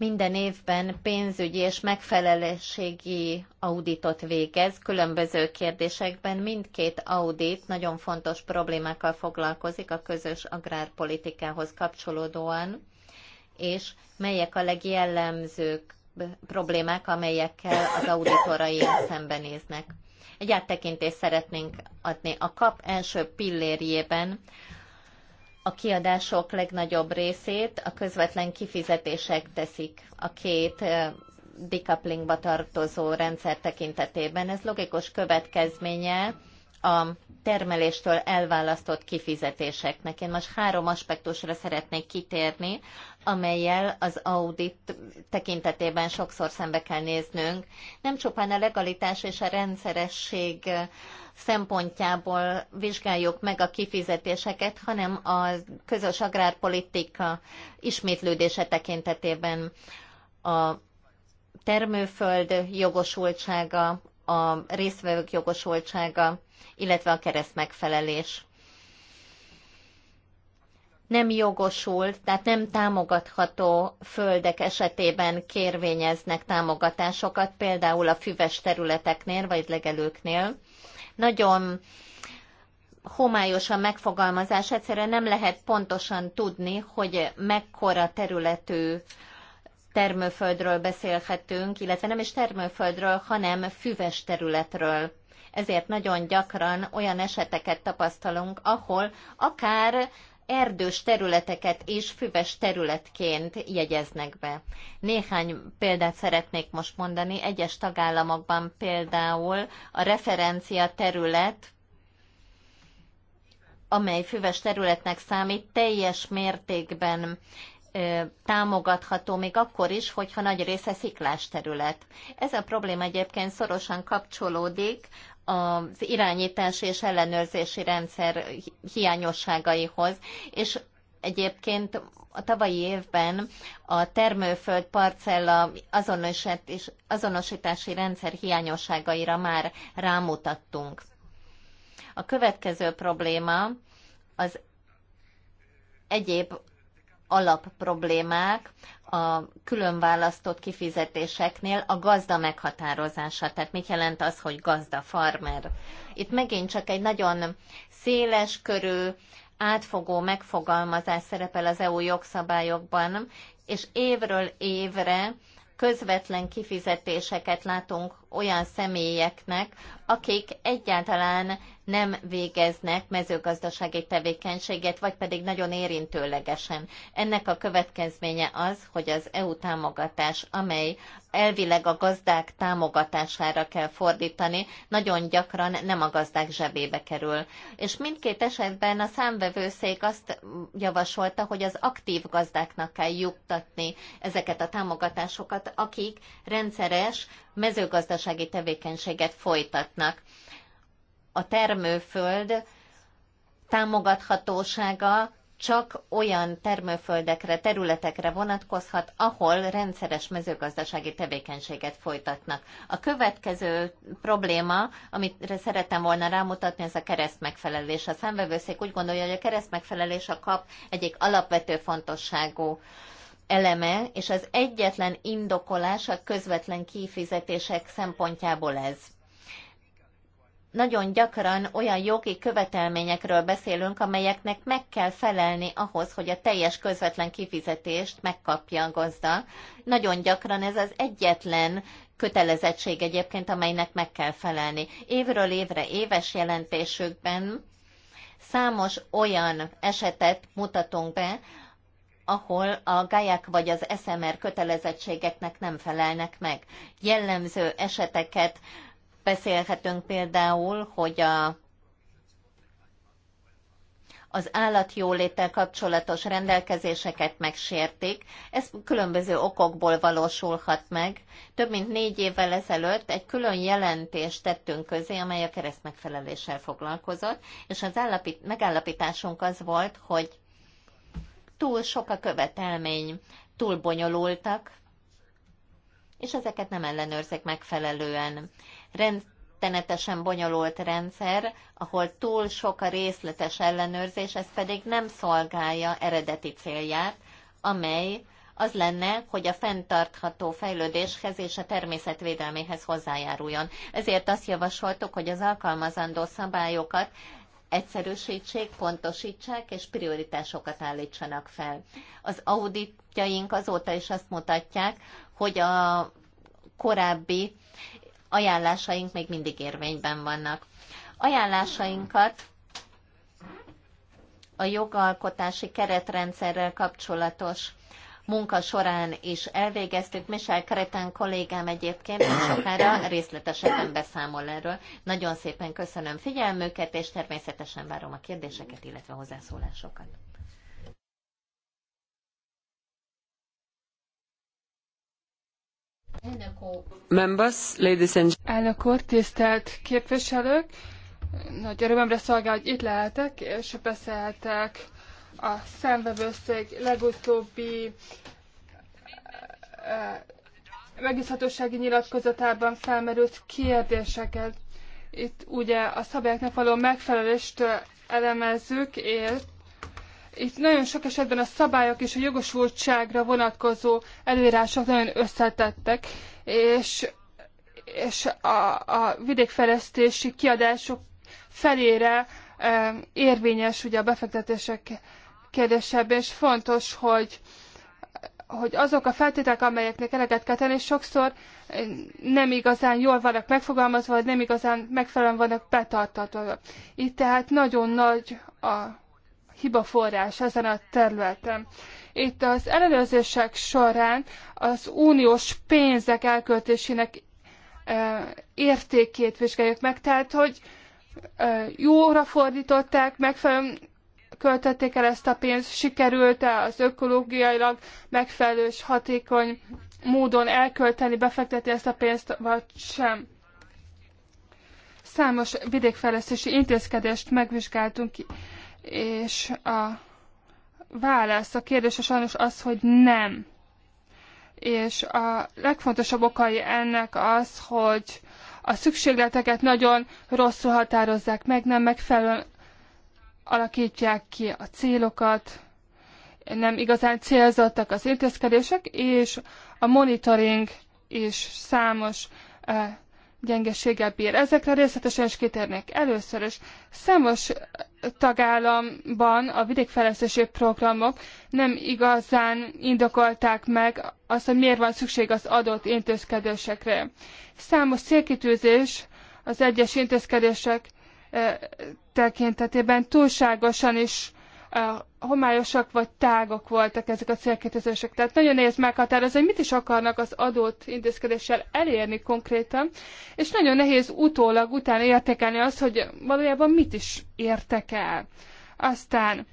minden évben pénzügyi és megfelelőségi auditot végez különböző kérdésekben. Mindkét audit nagyon fontos problémákkal foglalkozik a közös agrárpolitikához kapcsolódóan, és melyek a legjellemzők problémák, amelyekkel az auditorai szembenéznek. Egy áttekintést szeretnénk adni a kap első pillérjében a kiadások legnagyobb részét a közvetlen kifizetések teszik a két decouplingba tartozó rendszer tekintetében. Ez logikus következménye a termeléstől elválasztott kifizetéseknek. Én most három aspektusra szeretnék kitérni, amelyel az audit tekintetében sokszor szembe kell néznünk. Nem csupán a legalitás és a rendszeresség szempontjából vizsgáljuk meg a kifizetéseket, hanem a közös agrárpolitika ismétlődése tekintetében a termőföld jogosultsága, a résztvevők jogosultsága, illetve a kereszt megfelelés nem jogosult, tehát nem támogatható földek esetében kérvényeznek támogatásokat, például a füves területeknél vagy legelőknél. Nagyon homályos a megfogalmazás, egyszerűen nem lehet pontosan tudni, hogy mekkora területű termőföldről beszélhetünk, illetve nem is termőföldről, hanem füves területről ezért nagyon gyakran olyan eseteket tapasztalunk, ahol akár erdős területeket és füves területként jegyeznek be. Néhány példát szeretnék most mondani. Egyes tagállamokban például a referencia terület, amely füves területnek számít, teljes mértékben támogatható még akkor is, hogyha nagy része sziklás terület. Ez a probléma egyébként szorosan kapcsolódik az irányítási és ellenőrzési rendszer hiányosságaihoz, és egyébként a tavalyi évben a termőföld parcella azonosítási rendszer hiányosságaira már rámutattunk. A következő probléma az egyéb alapproblémák, a választott kifizetéseknél a gazda meghatározása. Tehát mit jelent az, hogy gazda, farmer? Itt megint csak egy nagyon széles körű, átfogó megfogalmazás szerepel az EU jogszabályokban, és évről évre közvetlen kifizetéseket látunk olyan személyeknek, akik egyáltalán nem végeznek mezőgazdasági tevékenységet, vagy pedig nagyon érintőlegesen. Ennek a következménye az, hogy az EU támogatás, amely elvileg a gazdák támogatására kell fordítani, nagyon gyakran nem a gazdák zsebébe kerül. És mindkét esetben a számvevőszék azt javasolta, hogy az aktív gazdáknak kell juttatni ezeket a támogatásokat, akik rendszeres mezőgazdasági tevékenységet folytatnak a termőföld támogathatósága csak olyan termőföldekre, területekre vonatkozhat, ahol rendszeres mezőgazdasági tevékenységet folytatnak. A következő probléma, amire szeretem volna rámutatni, ez a keresztmegfelelés. A számvevőszék úgy gondolja, hogy a keresztmegfelelés a kap egyik alapvető fontosságú eleme, és az egyetlen indokolás a közvetlen kifizetések szempontjából ez nagyon gyakran olyan jogi követelményekről beszélünk, amelyeknek meg kell felelni ahhoz, hogy a teljes közvetlen kifizetést megkapja a gazda. Nagyon gyakran ez az egyetlen kötelezettség egyébként, amelynek meg kell felelni. Évről évre éves jelentésükben számos olyan esetet mutatunk be, ahol a gályák vagy az SMR kötelezettségeknek nem felelnek meg. Jellemző eseteket Beszélhetünk például, hogy a az állatjóléttel kapcsolatos rendelkezéseket megsértik. Ez különböző okokból valósulhat meg. Több mint négy évvel ezelőtt egy külön jelentést tettünk közé, amely a keresztmegfeleléssel foglalkozott, és az állapít, megállapításunk az volt, hogy túl sok a követelmény, túl bonyolultak, és ezeket nem ellenőrzik megfelelően rendtenetesen bonyolult rendszer, ahol túl sok a részletes ellenőrzés, ez pedig nem szolgálja eredeti célját, amely az lenne, hogy a fenntartható fejlődéshez és a természetvédelméhez hozzájáruljon. Ezért azt javasoltuk, hogy az alkalmazandó szabályokat egyszerűsítsék, pontosítsák és prioritásokat állítsanak fel. Az auditjaink azóta is azt mutatják, hogy a korábbi ajánlásaink még mindig érvényben vannak. Ajánlásainkat a jogalkotási keretrendszerrel kapcsolatos munka során is elvégeztük. Michel Kreten kollégám egyébként sokára részletesebben beszámol erről. Nagyon szépen köszönöm figyelmüket, és természetesen várom a kérdéseket, illetve hozzászólásokat. Members, ladies and... Elnök úr, tisztelt képviselők! Nagy örömömre szolgál, hogy itt lehetek, és beszélhetek a szemvevőszék legutóbbi eh, eh, megbízhatósági nyilatkozatában felmerült kérdéseket. Itt ugye a szabályoknak való megfelelést eh, elemezzük, és itt nagyon sok esetben a szabályok és a jogosultságra vonatkozó előírások nagyon összetettek, és, és a, a vidékfejlesztési kiadások felére e, érvényes ugye a befektetések kérdésében, és fontos, hogy, hogy azok a feltételek, amelyeknek eleget kell tenni, sokszor nem igazán jól vannak megfogalmazva, vagy nem igazán megfelelően vannak betartatva. Itt tehát nagyon nagy a hibaforrás ezen a területen. Itt az ellenőrzések során az uniós pénzek elköltésének értékét vizsgáljuk meg, tehát hogy jóra fordították, megfelelően költötték el ezt a pénzt, sikerült-e az ökológiailag megfelelő és hatékony módon elkölteni, befektetni ezt a pénzt, vagy sem. Számos vidékfejlesztési intézkedést megvizsgáltunk ki és a válasz a kérdésre sajnos az, hogy nem. És a legfontosabb okai ennek az, hogy a szükségleteket nagyon rosszul határozzák meg, nem megfelelően alakítják ki a célokat, nem igazán célzottak az intézkedések, és a monitoring is számos eh, gyengeséggel bír. Ezekre részletesen is kitérnék. Először is számos tagállamban a vidékfejlesztési programok nem igazán indokolták meg azt, hogy miért van szükség az adott intézkedésekre. Számos célkitűzés az egyes intézkedések eh, tekintetében túlságosan is homályosak vagy tágak voltak ezek a célkétezések. Tehát nagyon nehéz meghatározni, hogy mit is akarnak az adott intézkedéssel elérni konkrétan, és nagyon nehéz utólag utána értékelni azt, hogy valójában mit is értek el. Aztán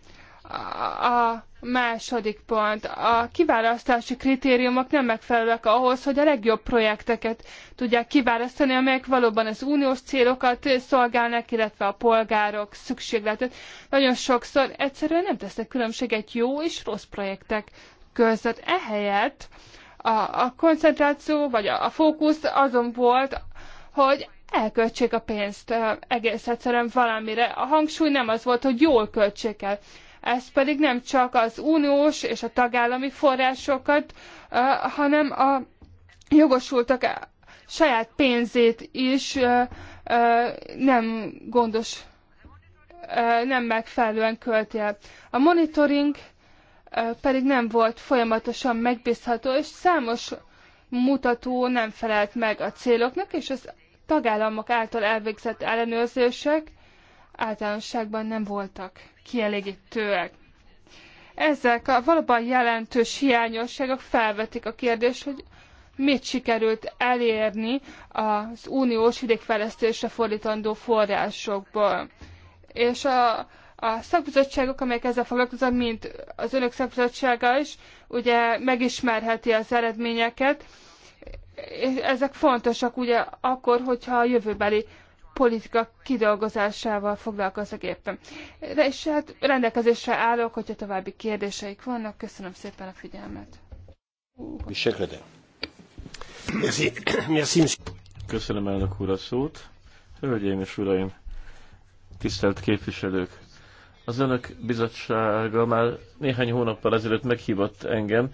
a második pont. A kiválasztási kritériumok nem megfelelőek ahhoz, hogy a legjobb projekteket tudják kiválasztani, amelyek valóban az uniós célokat szolgálnak, illetve a polgárok szükségletét. Nagyon sokszor egyszerűen nem tesznek különbséget jó és rossz projektek között. Ehelyett a, a koncentráció vagy a, a fókusz azon volt, hogy elköltsék a pénzt egész egyszerűen valamire. A hangsúly nem az volt, hogy jól költsék el ez pedig nem csak az uniós és a tagállami forrásokat, hanem a jogosultak saját pénzét is nem gondos, nem megfelelően költi el. A monitoring pedig nem volt folyamatosan megbízható, és számos mutató nem felelt meg a céloknak, és az tagállamok által elvégzett ellenőrzések általánosságban nem voltak kielégítőek. Ezek a valóban jelentős hiányosságok felvetik a kérdést, hogy mit sikerült elérni az uniós vidékfejlesztésre fordítandó forrásokból. És a, a szakbizottságok, amelyek ezzel foglalkoznak, mint az önök szakbizottsága is, ugye megismerheti az eredményeket, és ezek fontosak ugye akkor, hogyha a jövőbeli politika kidolgozásával foglalkozok éppen. De és hát rendelkezésre állok, hogyha további kérdéseik vannak. Köszönöm szépen a figyelmet. Köszönöm elnök úr a szót. Hölgyeim és uraim, tisztelt képviselők! Az önök bizottsága már néhány hónappal ezelőtt meghívott engem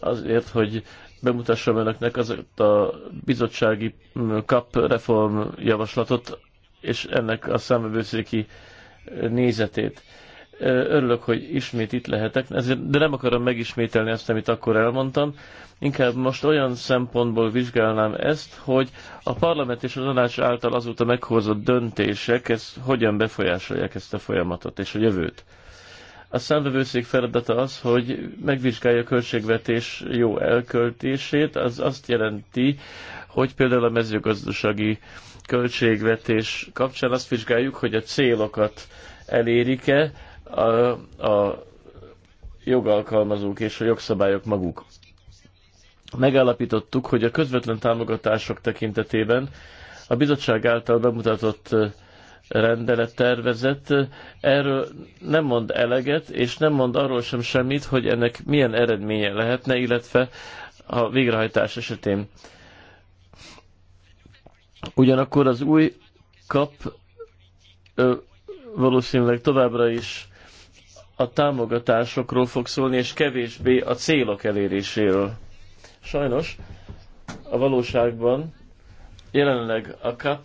azért, hogy bemutassam önöknek azokat a bizottsági mm, kap reform javaslatot, és ennek a számövőszéki nézetét. Örülök, hogy ismét itt lehetek, de nem akarom megismételni azt, amit akkor elmondtam. Inkább most olyan szempontból vizsgálnám ezt, hogy a parlament és a tanács által azóta meghozott döntések, ez hogyan befolyásolják ezt a folyamatot és a jövőt. A számvevőszék feladata az, hogy megvizsgálja a költségvetés jó elköltését. Az azt jelenti, hogy például a mezőgazdasági költségvetés kapcsán azt vizsgáljuk, hogy a célokat elérik-e a, a jogalkalmazók és a jogszabályok maguk. Megállapítottuk, hogy a közvetlen támogatások tekintetében a bizottság által bemutatott tervezett, erről nem mond eleget, és nem mond arról sem semmit, hogy ennek milyen eredménye lehetne, illetve a végrehajtás esetén. Ugyanakkor az új kap ö, valószínűleg továbbra is a támogatásokról fog szólni, és kevésbé a célok eléréséről. Sajnos a valóságban jelenleg a kap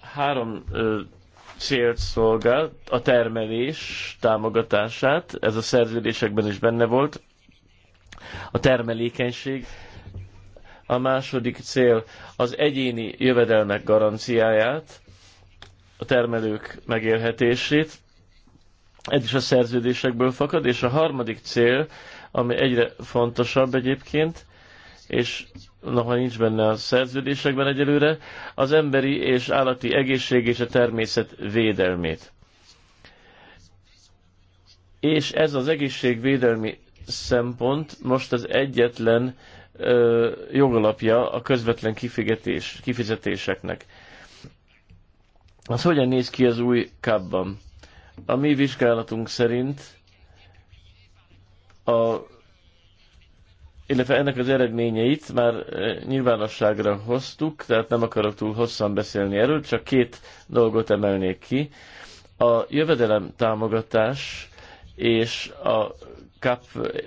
három ö, célt szolgál, a termelés támogatását, ez a szerződésekben is benne volt, a termelékenység. A második cél az egyéni jövedelmek garanciáját, a termelők megélhetését, ez is a szerződésekből fakad, és a harmadik cél, ami egyre fontosabb egyébként, és noha nincs benne a szerződésekben egyelőre, az emberi és állati egészség és a természet védelmét. És ez az egészségvédelmi szempont most az egyetlen ö, jogalapja a közvetlen kifigetés, kifizetéseknek. Az hogyan néz ki az új kábban? A mi vizsgálatunk szerint a illetve ennek az eredményeit már eh, nyilvánosságra hoztuk, tehát nem akarok túl hosszan beszélni erről, csak két dolgot emelnék ki. A jövedelem támogatás és a CAP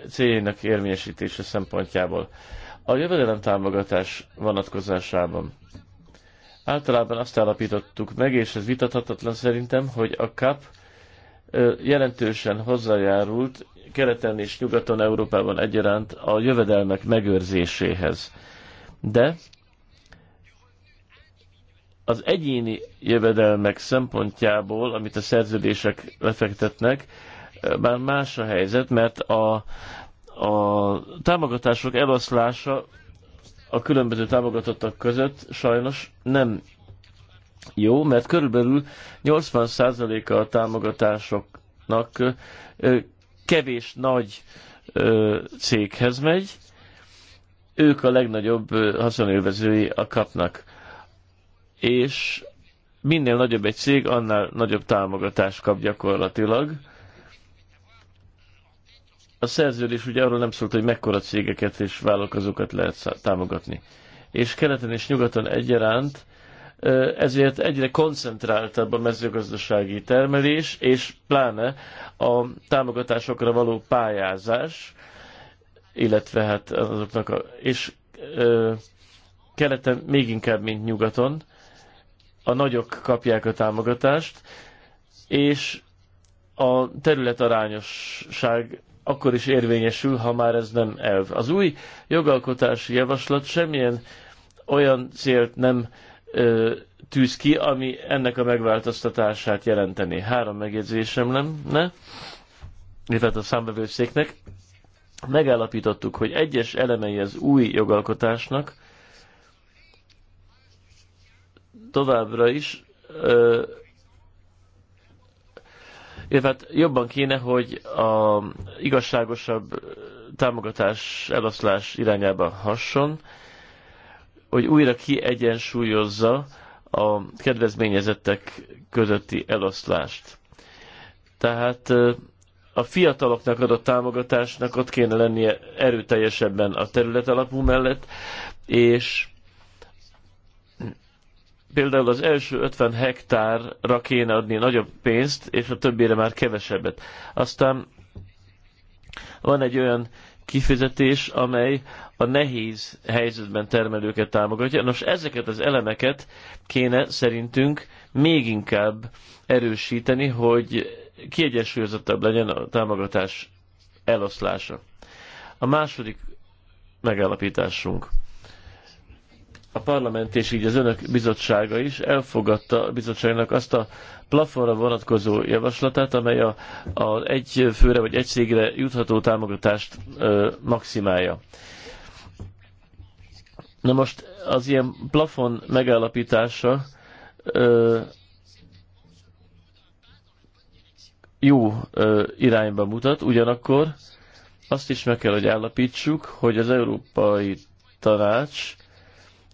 céljének érvényesítése szempontjából. A jövedelem támogatás vonatkozásában általában azt állapítottuk meg, és ez vitathatatlan szerintem, hogy a CAP eh, jelentősen hozzájárult keleten és nyugaton Európában egyaránt a jövedelmek megőrzéséhez. De az egyéni jövedelmek szempontjából, amit a szerződések lefektetnek, már más a helyzet, mert a, a támogatások eloszlása a különböző támogatottak között sajnos nem jó, mert körülbelül 80%-a a támogatásoknak kevés nagy ö, céghez megy, ők a legnagyobb haszonélvezői a kapnak. És minél nagyobb egy cég, annál nagyobb támogatást kap gyakorlatilag. A szerződés ugye arról nem szólt, hogy mekkora cégeket és vállalkozókat lehet támogatni. És keleten és nyugaton egyaránt ezért egyre koncentráltabb a mezőgazdasági termelés, és pláne a támogatásokra való pályázás, illetve hát azoknak a, és ö, keleten még inkább, mint nyugaton, a nagyok kapják a támogatást, és a területarányosság akkor is érvényesül, ha már ez nem elv. Az új jogalkotási javaslat semmilyen olyan célt nem ö, tűz ki, ami ennek a megváltoztatását jelenteni. Három megjegyzésem lenne, illetve a számbevőszéknek. Megállapítottuk, hogy egyes elemei az új jogalkotásnak továbbra is ö, illetve hát jobban kéne, hogy a igazságosabb támogatás eloszlás irányába hasson hogy újra kiegyensúlyozza a kedvezményezettek közötti eloszlást. Tehát a fiataloknak adott támogatásnak ott kéne lennie erőteljesebben a terület alapú mellett, és például az első 50 hektárra kéne adni nagyobb pénzt, és a többére már kevesebbet. Aztán van egy olyan kifizetés, amely a nehéz helyzetben termelőket támogatja. Nos, ezeket az elemeket kéne szerintünk még inkább erősíteni, hogy kiegyensúlyozottabb legyen a támogatás eloszlása. A második megállapításunk. A parlament és így az önök bizottsága is elfogadta a bizottságnak azt a plafonra vonatkozó javaslatát, amely a, a egy főre vagy egy cégre jutható támogatást ö, maximálja. Na most az ilyen plafon megállapítása ö, jó ö, irányba mutat, ugyanakkor azt is meg kell, hogy állapítsuk, hogy az Európai Tanács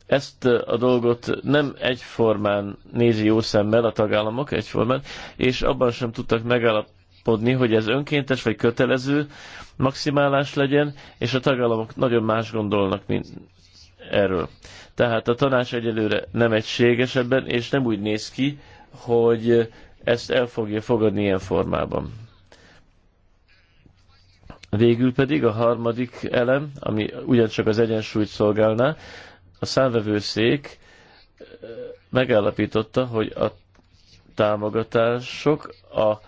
ezt a dolgot nem egyformán nézi jó szemmel a tagállamok egyformán, és abban sem tudtak megállapodni, hogy ez önkéntes vagy kötelező maximálás legyen, és a tagállamok nagyon más gondolnak, mint erről. Tehát a tanács egyelőre nem egységes ebben, és nem úgy néz ki, hogy ezt el fogja fogadni ilyen formában. Végül pedig a harmadik elem, ami ugyancsak az egyensúlyt szolgálná, a számvevőszék eh, megállapította, hogy a támogatások a,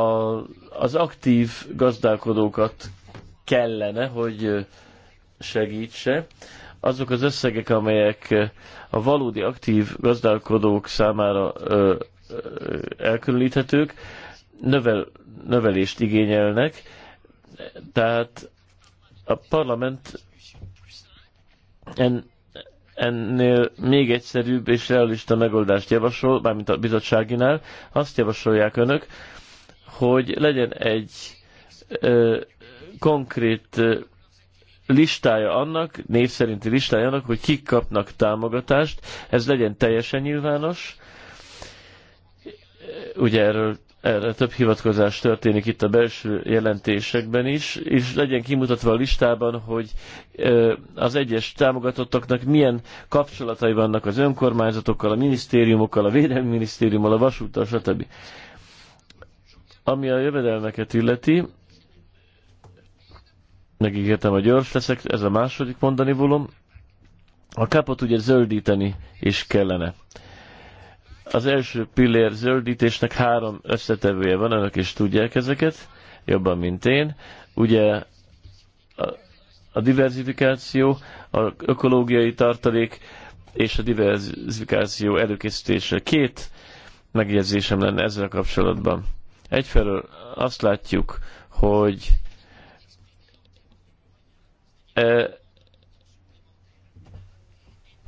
a, az aktív gazdálkodókat kellene, hogy eh, segítse. Azok az összegek, amelyek eh, a valódi aktív gazdálkodók számára eh, eh, elkülöníthetők, növel, növelést igényelnek, tehát a parlament en, ennél még egyszerűbb és realista megoldást javasol, mármint a bizottságinál, azt javasolják önök, hogy legyen egy ö, konkrét listája annak, név szerinti listája annak, hogy kik kapnak támogatást, ez legyen teljesen nyilvános. Ugye erről erre több hivatkozás történik itt a belső jelentésekben is, és legyen kimutatva a listában, hogy az egyes támogatottaknak milyen kapcsolatai vannak az önkormányzatokkal, a minisztériumokkal, a védelmi minisztériummal, a vasúttal, stb. Ami a jövedelmeket illeti, Megígértem, hogy gyors leszek, ez a második mondani volom. A kapot ugye zöldíteni is kellene. Az első pillér zöldítésnek három összetevője van, önök is tudják ezeket, jobban, mint én. Ugye a, a diversifikáció, a ökológiai tartalék és a diversifikáció előkészítése. Két megjegyzésem lenne ezzel kapcsolatban. Egyfelől azt látjuk, hogy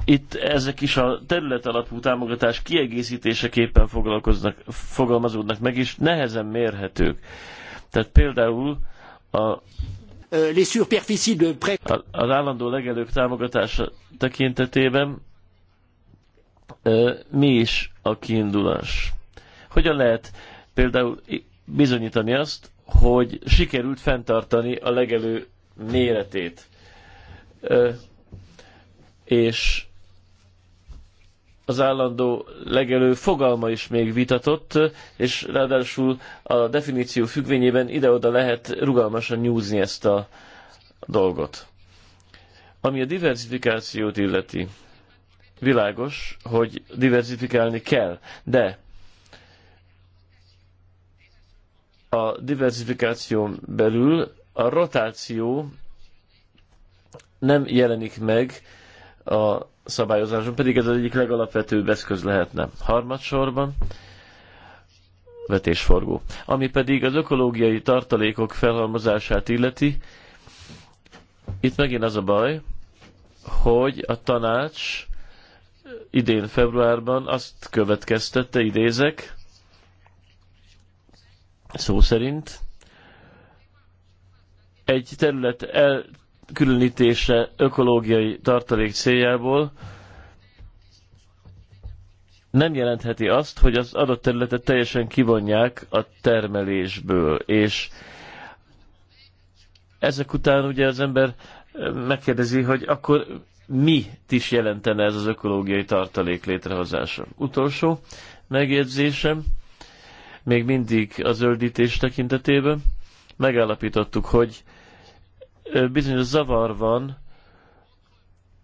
itt ezek is a terület alapú támogatás kiegészítéseképpen foglalkoznak, fogalmazódnak meg, és nehezen mérhetők. Tehát például a az állandó legelők támogatása tekintetében mi is a kiindulás? Hogyan lehet például bizonyítani azt, hogy sikerült fenntartani a legelő méretét? és az állandó legelő fogalma is még vitatott, és ráadásul a definíció függvényében ide-oda lehet rugalmasan nyúzni ezt a dolgot. Ami a diversifikációt illeti, világos, hogy diversifikálni kell, de a diversifikáción belül a rotáció nem jelenik meg a szabályozáson, pedig ez az egyik legalapvetőbb eszköz lehetne. Harmadsorban vetésforgó. Ami pedig az ökológiai tartalékok felhalmozását illeti, itt megint az a baj, hogy a tanács idén februárban azt következtette, idézek, szó szerint, egy terület el különítése ökológiai tartalék céljából nem jelentheti azt, hogy az adott területet teljesen kivonják a termelésből, és ezek után ugye az ember megkérdezi, hogy akkor mi is jelentene ez az ökológiai tartalék létrehozása. Utolsó megjegyzésem, még mindig a zöldítés tekintetében megállapítottuk, hogy bizonyos zavar van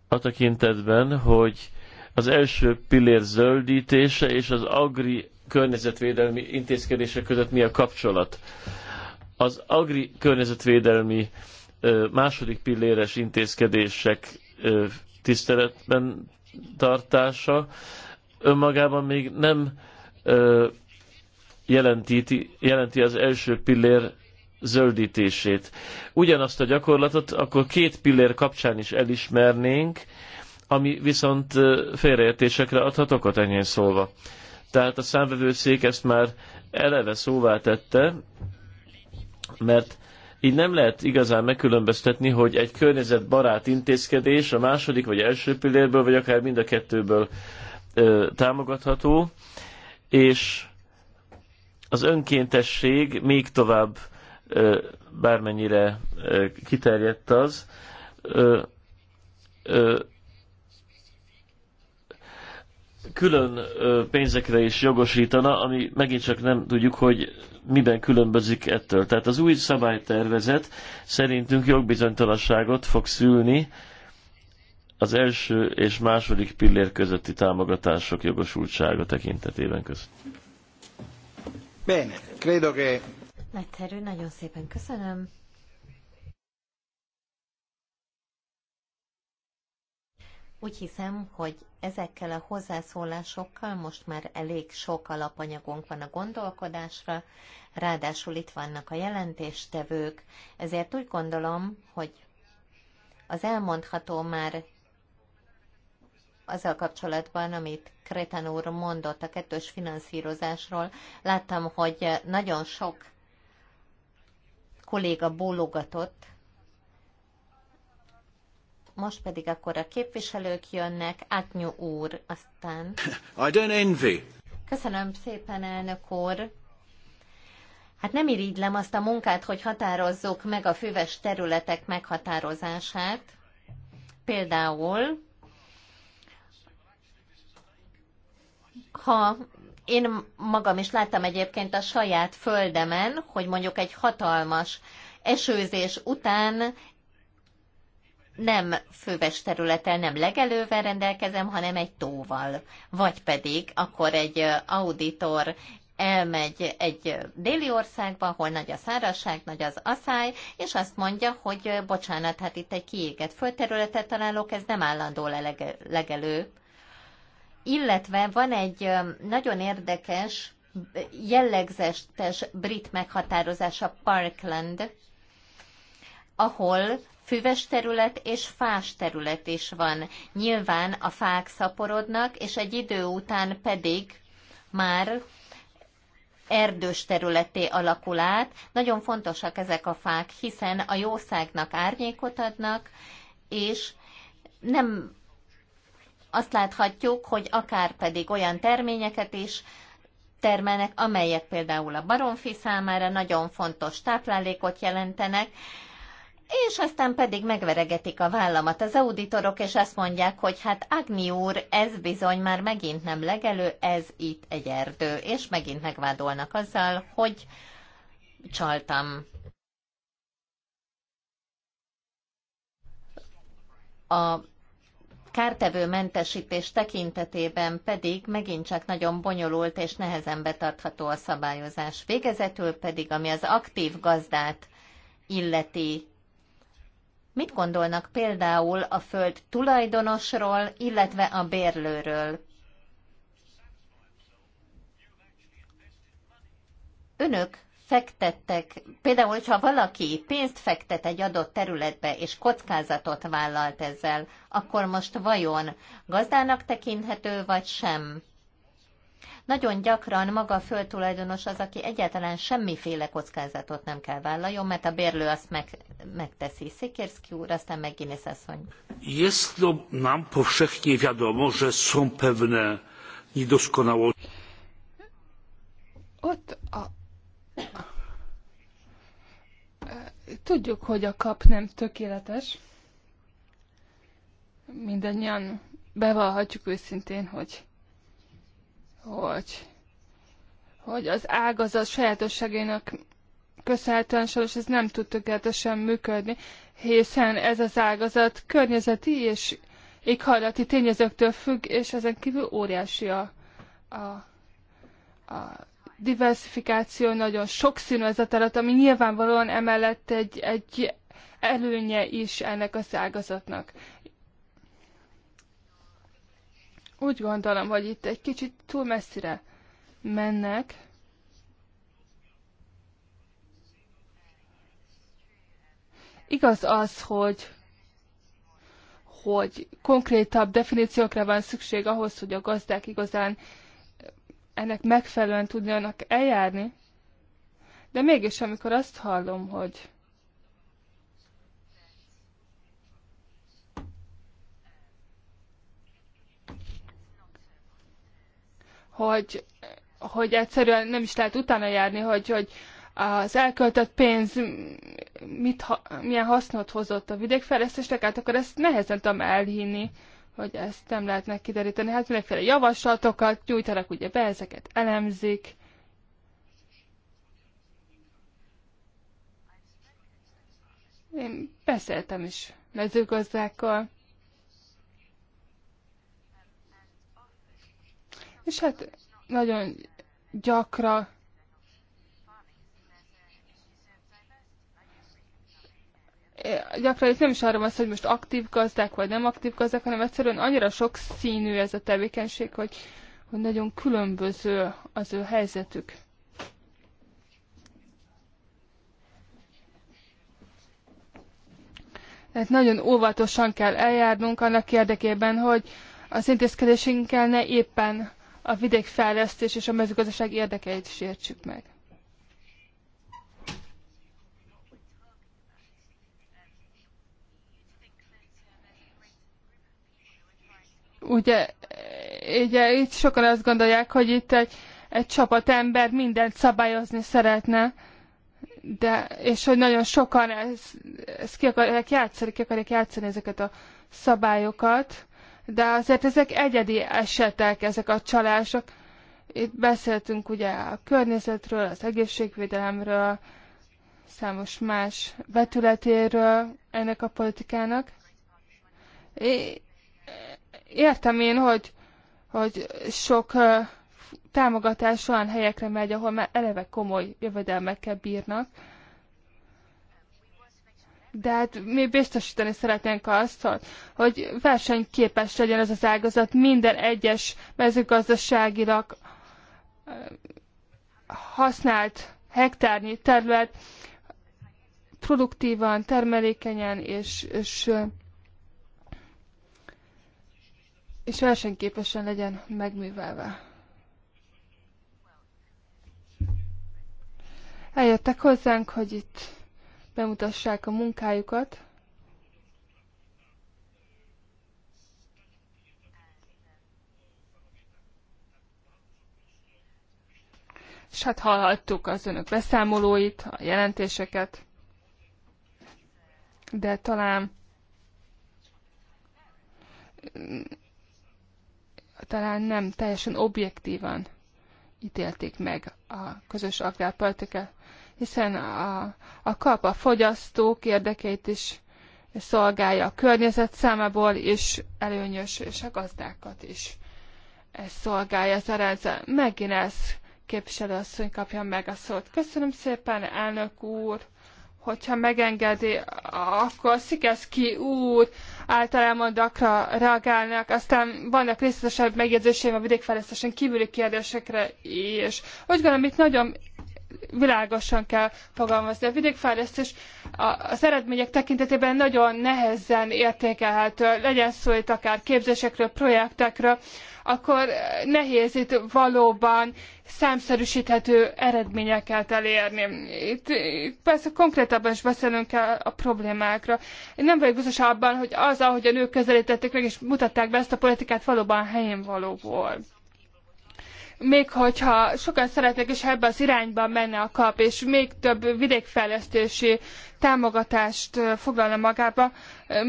a tekintetben, hogy az első pillér zöldítése és az agri környezetvédelmi intézkedések között mi a kapcsolat. Az agri környezetvédelmi második pilléres intézkedések tiszteletben tartása önmagában még nem jelenti, jelenti az első pillér zöldítését. Ugyanazt a gyakorlatot akkor két pillér kapcsán is elismernénk, ami viszont félreértésekre adhat okot enyhén szólva. Tehát a számvevőszék ezt már eleve szóvá tette, mert így nem lehet igazán megkülönböztetni, hogy egy környezetbarát intézkedés a második vagy első pillérből, vagy akár mind a kettőből ö, támogatható, és az önkéntesség még tovább bármennyire kiterjedt az, külön pénzekre is jogosítana, ami megint csak nem tudjuk, hogy miben különbözik ettől. Tehát az új szabálytervezet szerintünk jogbizonytalanságot fog szülni az első és második pillér közötti támogatások jogosultsága tekintetében között. Bene, credo che Nagyszerű, nagyon szépen köszönöm. Úgy hiszem, hogy ezekkel a hozzászólásokkal most már elég sok alapanyagunk van a gondolkodásra, ráadásul itt vannak a jelentéstevők, ezért úgy gondolom, hogy az elmondható már azzal kapcsolatban, amit Kretan úr mondott a kettős finanszírozásról, láttam, hogy nagyon sok kolléga bólogatott. Most pedig akkor a képviselők jönnek, Átnyú úr, aztán... I don't envy. Köszönöm szépen, elnök úr. Hát nem irigylem azt a munkát, hogy határozzuk meg a füves területek meghatározását. Például, ha én magam is láttam egyébként a saját földemen, hogy mondjuk egy hatalmas esőzés után nem főves területen, nem legelővel rendelkezem, hanem egy tóval. Vagy pedig akkor egy auditor elmegy egy déli országba, ahol nagy a szárazság, nagy az aszály, és azt mondja, hogy bocsánat, hát itt egy kiégett földterületet találok, ez nem állandó legelő. Illetve van egy nagyon érdekes, jellegzetes brit meghatározása Parkland, ahol füves terület és fás terület is van. Nyilván a fák szaporodnak, és egy idő után pedig már erdős területé alakul át. Nagyon fontosak ezek a fák, hiszen a jószágnak árnyékot adnak, és nem azt láthatjuk, hogy akár pedig olyan terményeket is termelnek, amelyek például a baromfi számára nagyon fontos táplálékot jelentenek, és aztán pedig megveregetik a vállamat az auditorok, és azt mondják, hogy hát Agni úr, ez bizony már megint nem legelő, ez itt egy erdő, és megint megvádolnak azzal, hogy csaltam. A kártevő mentesítés tekintetében pedig megint csak nagyon bonyolult és nehezen betartható a szabályozás. Végezetül pedig, ami az aktív gazdát illeti, mit gondolnak például a föld tulajdonosról, illetve a bérlőről? Önök fektettek, például, hogyha valaki pénzt fektet egy adott területbe, és kockázatot vállalt ezzel, akkor most vajon gazdának tekinthető, vagy sem? Nagyon gyakran maga a földtulajdonos az, aki egyáltalán semmiféle kockázatot nem kell vállaljon, mert a bérlő azt meg, megteszi. Szikérszki úr, aztán meg Guinness asszony. Jest powszechnie wiadomo, że są pewne niedoskonałości. Ott a Tudjuk, hogy a kap nem tökéletes. Mindannyian bevallhatjuk őszintén, hogy, hogy, hogy az ágazat sajátosságainak köszönhetően sajnos ez nem tud tökéletesen működni, hiszen ez az ágazat környezeti és éghajlati tényezőktől függ, és ezen kívül óriási a, a, a diversifikáció nagyon sokszínű ez a terület, ami nyilvánvalóan emellett egy, egy előnye is ennek a szágazatnak. Úgy gondolom, hogy itt egy kicsit túl messzire mennek. Igaz az, hogy hogy konkrétabb definíciókra van szükség ahhoz, hogy a gazdák igazán uh, ennek megfelelően annak eljárni, de mégis amikor azt hallom, hogy hogy, hogy egyszerűen nem is lehet utána járni, hogy, hogy az elköltött pénz mit, milyen hasznot hozott a vidékfejlesztésnek, hát akkor ezt nehezen tudom elhinni, hogy ezt nem lehet megkideríteni. Hát mindenféle javaslatokat nyújtanak ugye be, ezeket elemzik. Én beszéltem is mezőgazdákkal. És hát nagyon gyakran gyakran ez nem is arra van hogy most aktív gazdák vagy nem aktív gazdák, hanem egyszerűen annyira sok színű ez a tevékenység, hogy, hogy nagyon különböző az ő helyzetük. Tehát nagyon óvatosan kell eljárnunk annak érdekében, hogy az intézkedésünkkel ne éppen a vidékfejlesztés és a mezőgazdaság érdekeit sértsük meg. ugye, ugye itt sokan azt gondolják, hogy itt egy, egy csapat ember mindent szabályozni szeretne, de, és hogy nagyon sokan ezt ez ki akarják játszani, ki akarják játszani ezeket a szabályokat, de azért ezek egyedi esetek, ezek a csalások. Itt beszéltünk ugye a környezetről, az egészségvédelemről, számos más vetületéről ennek a politikának értem én, hogy, hogy sok támogatás olyan helyekre megy, ahol már eleve komoly jövedelmekkel bírnak, de hát mi biztosítani szeretnénk azt, hogy versenyképes legyen ez az ágazat minden egyes mezőgazdaságilag használt hektárnyi terület produktívan, termelékenyen és, és és versenyképesen legyen megművelve. Eljöttek hozzánk, hogy itt bemutassák a munkájukat. És hát hallhattuk az önök beszámolóit, a jelentéseket, de talán talán nem teljesen objektívan ítélték meg a közös agrárpolitikát, hiszen a, a kap a fogyasztók érdekeit is szolgálja a környezet számából, és előnyös, és a gazdákat is ez szolgálja ez a rendszer. Megint ez asszony kapja meg a szót. Köszönöm szépen, elnök úr! hogyha megengedi, akkor Szikeszki úr általában dakra reagálnak, aztán vannak részletesebb megjegyzéseim a vidékfejlesztésen kívüli kérdésekre is. Úgy gondolom, itt nagyon világosan kell fogalmazni. A vidékfejlesztés az eredmények tekintetében nagyon nehezen értékelhető, legyen szó itt akár képzésekről, projektekről, akkor nehéz itt valóban számszerűsíthető eredményeket elérni. Itt, itt persze konkrétabban is beszélünk el a problémákra. Én nem vagyok biztos abban, hogy az, ahogy a nők közelítették meg és mutatták be ezt a politikát, valóban helyén való volt még hogyha sokan szeretnék, és ebbe az irányba menne a kap, és még több vidékfejlesztési támogatást foglalna magába,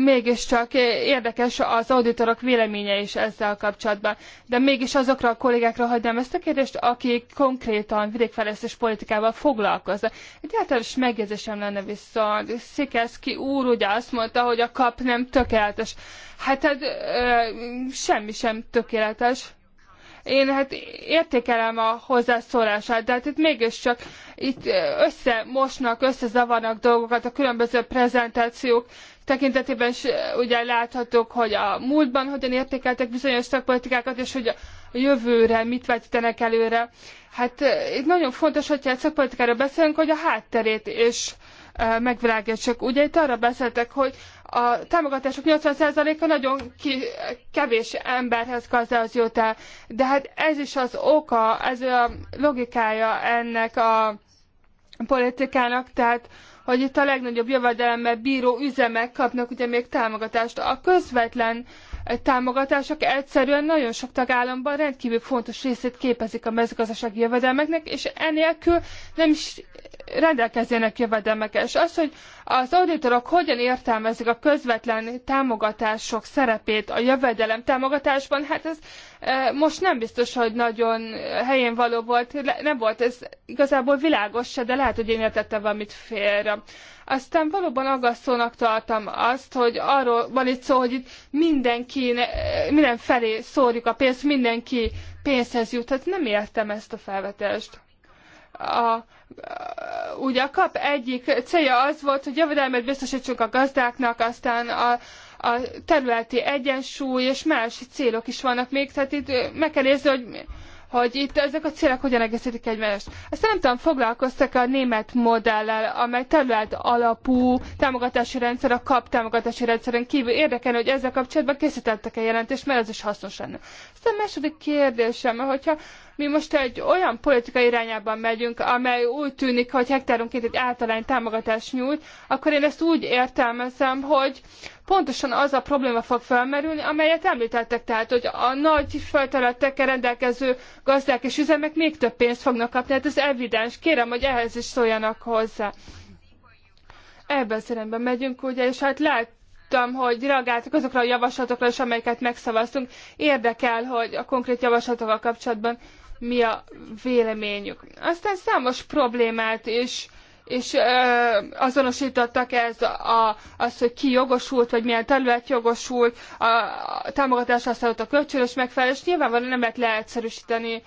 mégiscsak érdekes az auditorok véleménye is ezzel kapcsolatban. De mégis azokra a kollégákra hagynám ezt a kérdést, akik konkrétan vidékfejlesztés politikával foglalkoznak. Egy általános megjegyzésem lenne viszont. Szikerszki úr ugye azt mondta, hogy a kap nem tökéletes. Hát, hát semmi sem tökéletes én hát értékelem a hozzászólását, de hát itt mégiscsak itt összemosnak, összezavarnak dolgokat a különböző prezentációk tekintetében is ugye láthatók, hogy a múltban hogyan értékeltek bizonyos szakpolitikákat, és hogy a jövőre mit vetítenek előre. Hát itt nagyon fontos, hogyha egy szakpolitikáról beszélünk, hogy a hátterét is megvilágítsuk. Ugye itt arra beszéltek, hogy a támogatások 80%-a nagyon ki, kevés emberhez gazdához jut el. De hát ez is az oka, ez a logikája ennek a politikának, tehát hogy itt a legnagyobb jövedelemmel bíró üzemek kapnak ugye még támogatást. A közvetlen támogatások egyszerűen nagyon sok tagállamban rendkívül fontos részét képezik a mezőgazdasági jövedelmeknek, és enélkül nem is rendelkezének jövedelmekkel. És az, hogy az auditorok hogyan értelmezik a közvetlen támogatások szerepét a jövedelem támogatásban, hát ez e, most nem biztos, hogy nagyon helyén való volt, nem volt ez igazából világos se, de lehet, hogy én értettem valamit félre. Aztán valóban aggasztónak tartom azt, hogy arról van itt szó, hogy itt mindenki, mindenfelé szórjuk a pénzt, mindenki pénzhez jut. Hát nem értem ezt a felvetést a, ugye a kap egyik célja az volt, hogy jövedelmet biztosítsunk a gazdáknak, aztán a, a területi egyensúly és más célok is vannak még, tehát itt meg kell nézni, hogy, hogy itt ezek a célok hogyan egészítik egymást. Aztán nem tudom, foglalkoztak a német modellel, amely terület alapú támogatási rendszer, a kap támogatási rendszeren kívül érdekelne, hogy ezzel kapcsolatban készítettek-e jelentést, mert ez is hasznos lenne. Aztán a második kérdésem, hogyha mi most egy olyan politika irányában megyünk, amely úgy tűnik, hogy hektáronként egy általány támogatást nyújt, akkor én ezt úgy értelmezem, hogy pontosan az a probléma fog felmerülni, amelyet említettek, tehát, hogy a nagy földterületekkel rendelkező gazdák és üzemek még több pénzt fognak kapni, hát ez evidens, kérem, hogy ehhez is szóljanak hozzá. Ebben az megyünk, ugye, és hát lehet hogy reagáltak azokra a javaslatokra is, amelyeket megszavaztunk. Érdekel, hogy a konkrét javaslatokkal kapcsolatban mi a véleményük. Aztán számos problémát is és azonosítottak ez a, az, hogy ki jogosult, vagy milyen terület jogosult, a, a támogatásra szállott a kölcsönös megfelelés. Nyilvánvalóan nem lehet leegyszerűsíteni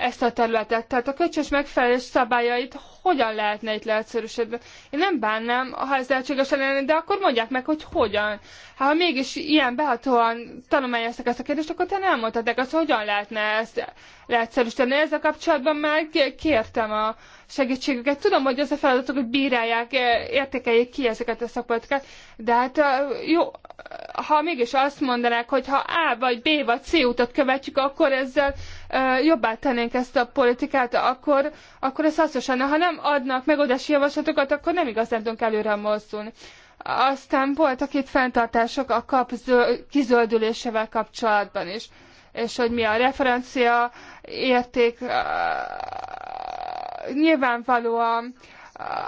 ezt a területet. Tehát a kölcsönös megfelelés szabályait hogyan lehetne itt leegyszerűsíteni? Én nem bánnám, ha ez lehetséges lenne, de akkor mondják meg, hogy hogyan. Ha mégis ilyen behatóan tanulmányoztak ezt a kérdést, akkor te nem mondtad, azt, hogy hogyan lehetne ezt leegyszerűsíteni. Ezzel kapcsolatban már kértem a, segítségüket. Tudom, hogy az a feladatok, hogy bírálják, eh, értékeljék ki ezeket a szakpolitikát, de hát eh, jó, ha mégis azt mondanák, hogy ha A vagy B vagy C utat követjük, akkor ezzel eh, jobbá tennénk ezt a politikát, akkor, akkor ez hasznosan. Ha nem adnak megoldási javaslatokat, akkor nem igazán tudunk előre mozdulni. Aztán voltak itt fenntartások a kap kizöldülésevel kapcsolatban is és hogy mi a referencia érték nyilvánvalóan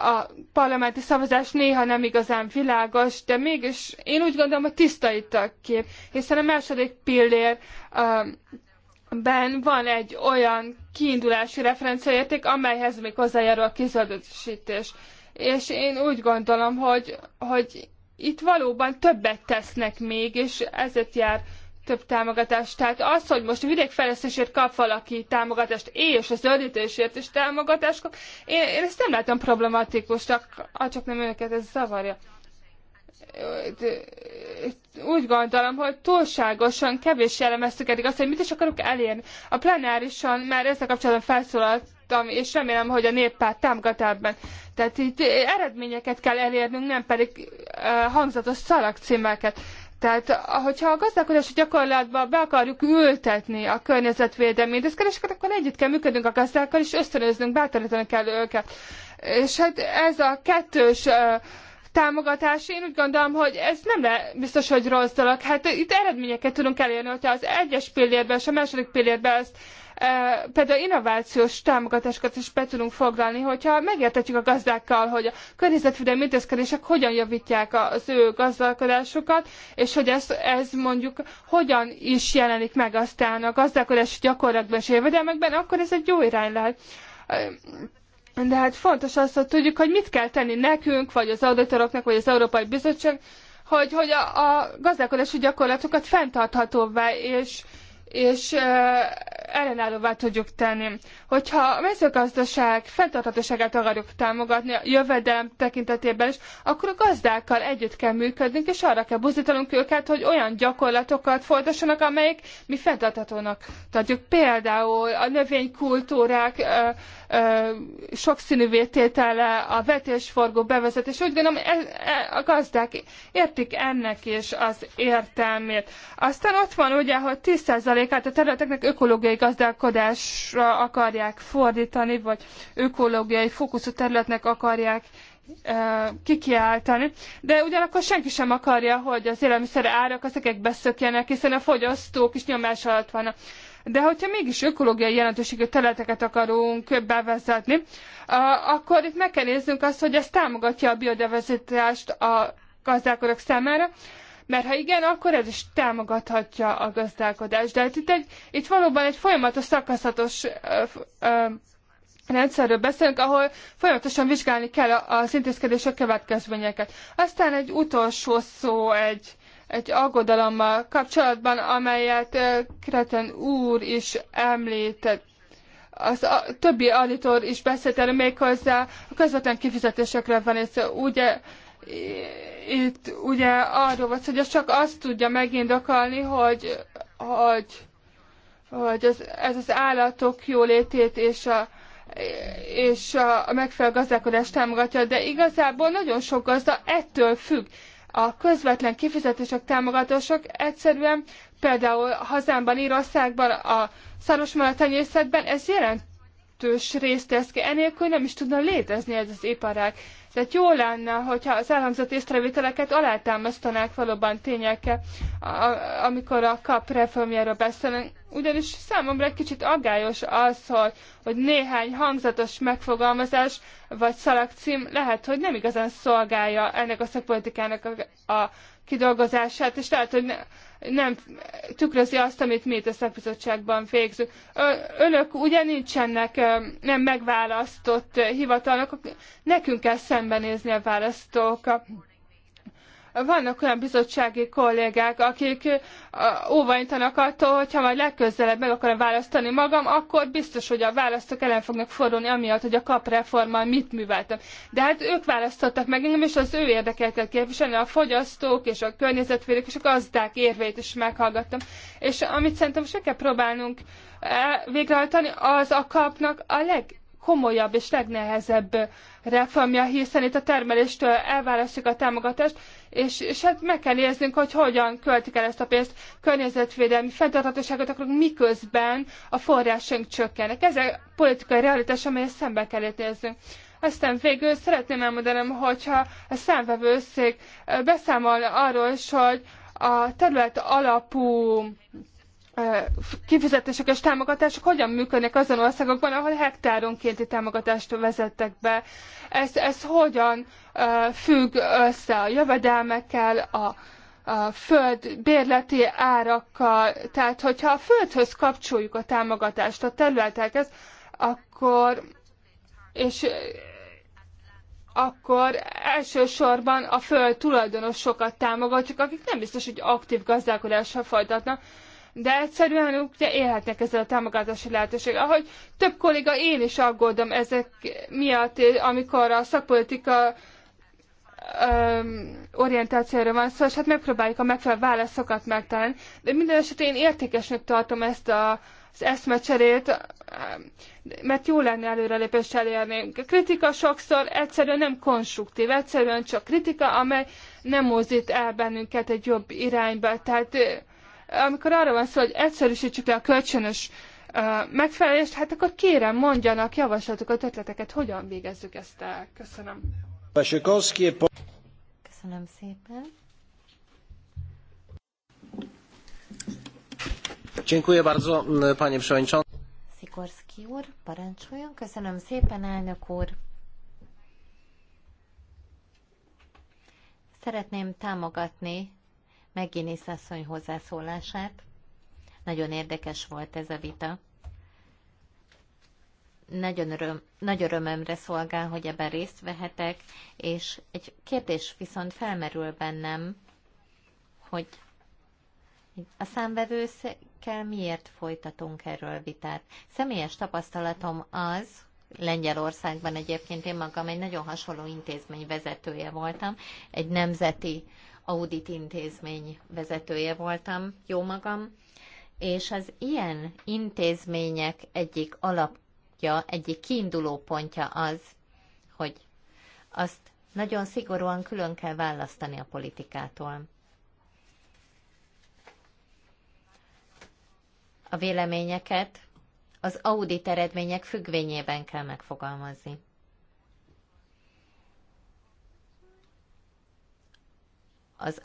a parlamenti szavazás néha nem igazán világos, de mégis én úgy gondolom, hogy tiszta itt a kép, hiszen a második pillér um, ben van egy olyan kiindulási referenciaérték, amelyhez még hozzájárul a kizöldösítés. És én úgy gondolom, hogy, hogy itt valóban többet tesznek még, és ezért jár több támogatást. Tehát az, hogy most a vidékfejlesztésért kap valaki támogatást, és a zöldítésért is támogatást kap, én, én ezt nem látom problematikusnak, csak nem őket ez zavarja. Úgy gondolom, hogy túlságosan kevés jellemeztük eddig azt, hogy mit is akarunk elérni. A plenárison már ezzel kapcsolatban felszólaltam, és remélem, hogy a néppárt támogat ebben. Tehát itt eredményeket kell elérnünk, nem pedig uh, hangzatos szalagcímeket. Tehát, hogyha a gazdálkodási gyakorlatban be akarjuk ültetni a környezetvédelmi intézkedéseket, akkor együtt kell működnünk a gazdákkal, és ösztönöznünk, bátorítani kell őket. És hát ez a kettős támogatás, én úgy gondolom, hogy ez nem le, biztos, hogy rossz dolog. Hát itt eredményeket tudunk elérni, hogyha az egyes pillérben és a második pillérben ezt például innovációs támogatásokat is be tudunk foglalni, hogyha megértetjük a gazdákkal, hogy a környezetvédelmi intézkedések hogyan javítják az ő gazdálkodásukat, és hogy ez, ez mondjuk hogyan is jelenik meg aztán a gazdálkodási gyakorlatban és jövedelmekben, akkor ez egy jó irány lehet. De hát fontos az, hogy tudjuk, hogy mit kell tenni nekünk, vagy az auditoroknak, vagy az Európai Bizottság, hogy, hogy a, a gazdálkodási gyakorlatokat fenntarthatóvá és és ellenállóvá tudjuk tenni hogyha a mezőgazdaság fenntarthatóságát akarjuk támogatni a jövedelem tekintetében is, akkor a gazdákkal együtt kell működnünk, és arra kell buzdítanunk őket, hogy olyan gyakorlatokat folytassanak, amelyek mi fenntarthatónak tartjuk. Például a növénykultúrák ö, ö, sokszínű vététele, a vetésforgó bevezetés, úgy gondolom e, e, a gazdák értik ennek is az értelmét. Aztán ott van ugye, hogy 10%-át a területeknek ökológiai gazdálkodásra akarják akarják fordítani, vagy ökológiai fókuszú területnek akarják kikiáltani, de ugyanakkor senki sem akarja, hogy az élelmiszer árak az beszökjenek, hiszen a fogyasztók is nyomás alatt vannak. De hogyha mégis ökológiai jelentőségű területeket akarunk bevezetni, akkor itt meg kell néznünk azt, hogy ez támogatja a biodiverzitást a gazdálkodók számára, mert ha igen, akkor ez is támogathatja a gazdálkodást. De hát itt, egy, itt valóban egy folyamatos szakaszatos ö, ö, rendszerről beszélünk, ahol folyamatosan vizsgálni kell az intézkedések következményeket. Aztán egy utolsó szó, egy, egy aggodalommal kapcsolatban, amelyet Kreten úr is említett. Az a, többi auditor is beszélt erről méghozzá a közvetlen kifizetésekre van, és ugye itt ugye arról volt, hogy csak azt tudja megindokolni, hogy, hogy, hogy az, ez az állatok jólétét és a, és a megfelelő gazdálkodást támogatja, de igazából nagyon sok gazda ettől függ. A közvetlen kifizetések, támogatások egyszerűen például hazámban, Írországban, a szarvasmala tenyészetben ez jelentős részt tesz ki, enélkül nem is tudna létezni ez az iparág. Tehát jó lenne, hogyha az elhangzott észrevételeket alátámasztanák valóban tényekkel, amikor a kap reformjáról beszélünk. Ugyanis számomra egy kicsit aggályos az, hogy, hogy néhány hangzatos megfogalmazás vagy szalagcím lehet, hogy nem igazán szolgálja ennek a szakpolitikának a, a kidolgozását, és lehet, hogy ne, nem tükrözi azt, amit mi itt a szakbizottságban végzünk. Önök ugye nincsenek nem megválasztott hivatalnak, nekünk kell szembenézni a választókat vannak olyan bizottsági kollégák, akik óvaintanak attól, hogy ha majd legközelebb meg akarom választani magam, akkor biztos, hogy a választók ellen fognak fordulni, amiatt, hogy a kapreformmal mit műveltem. De hát ők választottak meg engem, és az ő érdekeiket képviselni, a fogyasztók és a környezetvédők és a gazdák érvét is meghallgattam. És amit szerintem se kell próbálnunk eh, végrehajtani, az a kapnak a leg legkomolyabb és legnehezebb reformja, hiszen itt a termeléstől elválasztjuk a támogatást, és, és hát meg kell néznünk, hogy hogyan költik el ezt a pénzt környezetvédelmi fenntarthatóságot, akkor miközben a forrásunk csökkennek. Ez a politikai realitás, amelyet szembe kell néznünk. Aztán végül szeretném elmondanom, hogyha a számvevőszék beszámol arról is, hogy a terület alapú kifizetések és támogatások hogyan működnek azon országokban, ahol hektáronkénti támogatást vezettek be. Ez, ez hogyan függ össze a jövedelmekkel, a, a föld bérleti árakkal. Tehát, hogyha a földhöz kapcsoljuk a támogatást, a területekhez, akkor és akkor elsősorban a föld tulajdonosokat támogatjuk, akik nem biztos, hogy aktív gazdálkodással folytatnak, de egyszerűen ugye élhetnek ezzel a támogatási lehetőség. Ahogy több kolléga, én is aggódom ezek miatt, amikor a szakpolitika orientációra van szó, szóval, és hát megpróbáljuk a megfelelő válaszokat megtalálni. De minden esetén én értékesnek tartom ezt a, az eszmecserét, mert jó lenne előrelépést elérni. A kritika sokszor egyszerűen nem konstruktív, egyszerűen csak kritika, amely nem mozdít el bennünket egy jobb irányba. Tehát amikor arra van szó, hogy egyszerűsítsük le a kölcsönös megfelelést, hát akkor kérem, mondjanak javaslatokat, ötleteket, hogyan végezzük ezt el. Köszönöm. Köszönöm szépen. Dziękuję bardzo, panie przewodniczący. Sikorski úr, parancsoljon. Köszönöm szépen, elnök úr. Szeretném támogatni Megginész asszony hozzászólását. Nagyon érdekes volt ez a vita. Nagyon öröm, nagy örömömre szolgál, hogy ebben részt vehetek, és egy kérdés viszont felmerül bennem, hogy a számvevőszekkel miért folytatunk erről vitát. Személyes tapasztalatom az, Lengyelországban egyébként én magam egy nagyon hasonló intézmény vezetője voltam, egy nemzeti uh, audit intézmény vezetője voltam, jó magam, és az ilyen intézmények egyik alapja, egyik kiinduló pontja az, hogy azt nagyon szigorúan külön kell választani a politikától. A véleményeket az audit eredmények függvényében kell megfogalmazni. az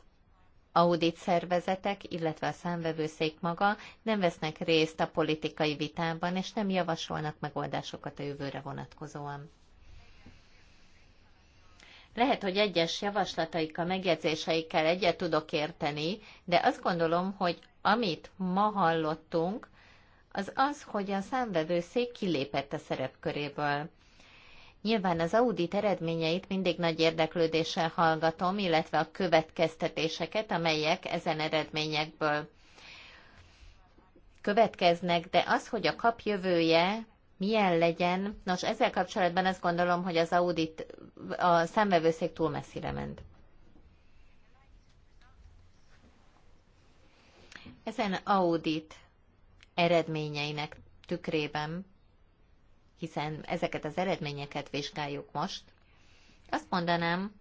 audit szervezetek, illetve a számvevőszék maga nem vesznek részt a politikai vitában, és nem javasolnak megoldásokat a jövőre vonatkozóan. Lehet, hogy egyes javaslataik, megjegyzéseikkel egyet tudok érteni, de azt gondolom, hogy amit ma hallottunk, az az, hogy a számvevőszék kilépett a szerepköréből. Nyilván az audit eredményeit mindig nagy érdeklődéssel hallgatom, illetve a következtetéseket, amelyek ezen eredményekből következnek, de az, hogy a kap jövője milyen legyen, nos, ezzel kapcsolatban azt gondolom, hogy az audit, a számvevőszék túl messzire ment. Ezen audit eredményeinek tükrében hiszen ezeket az eredményeket vizsgáljuk most, azt mondanám,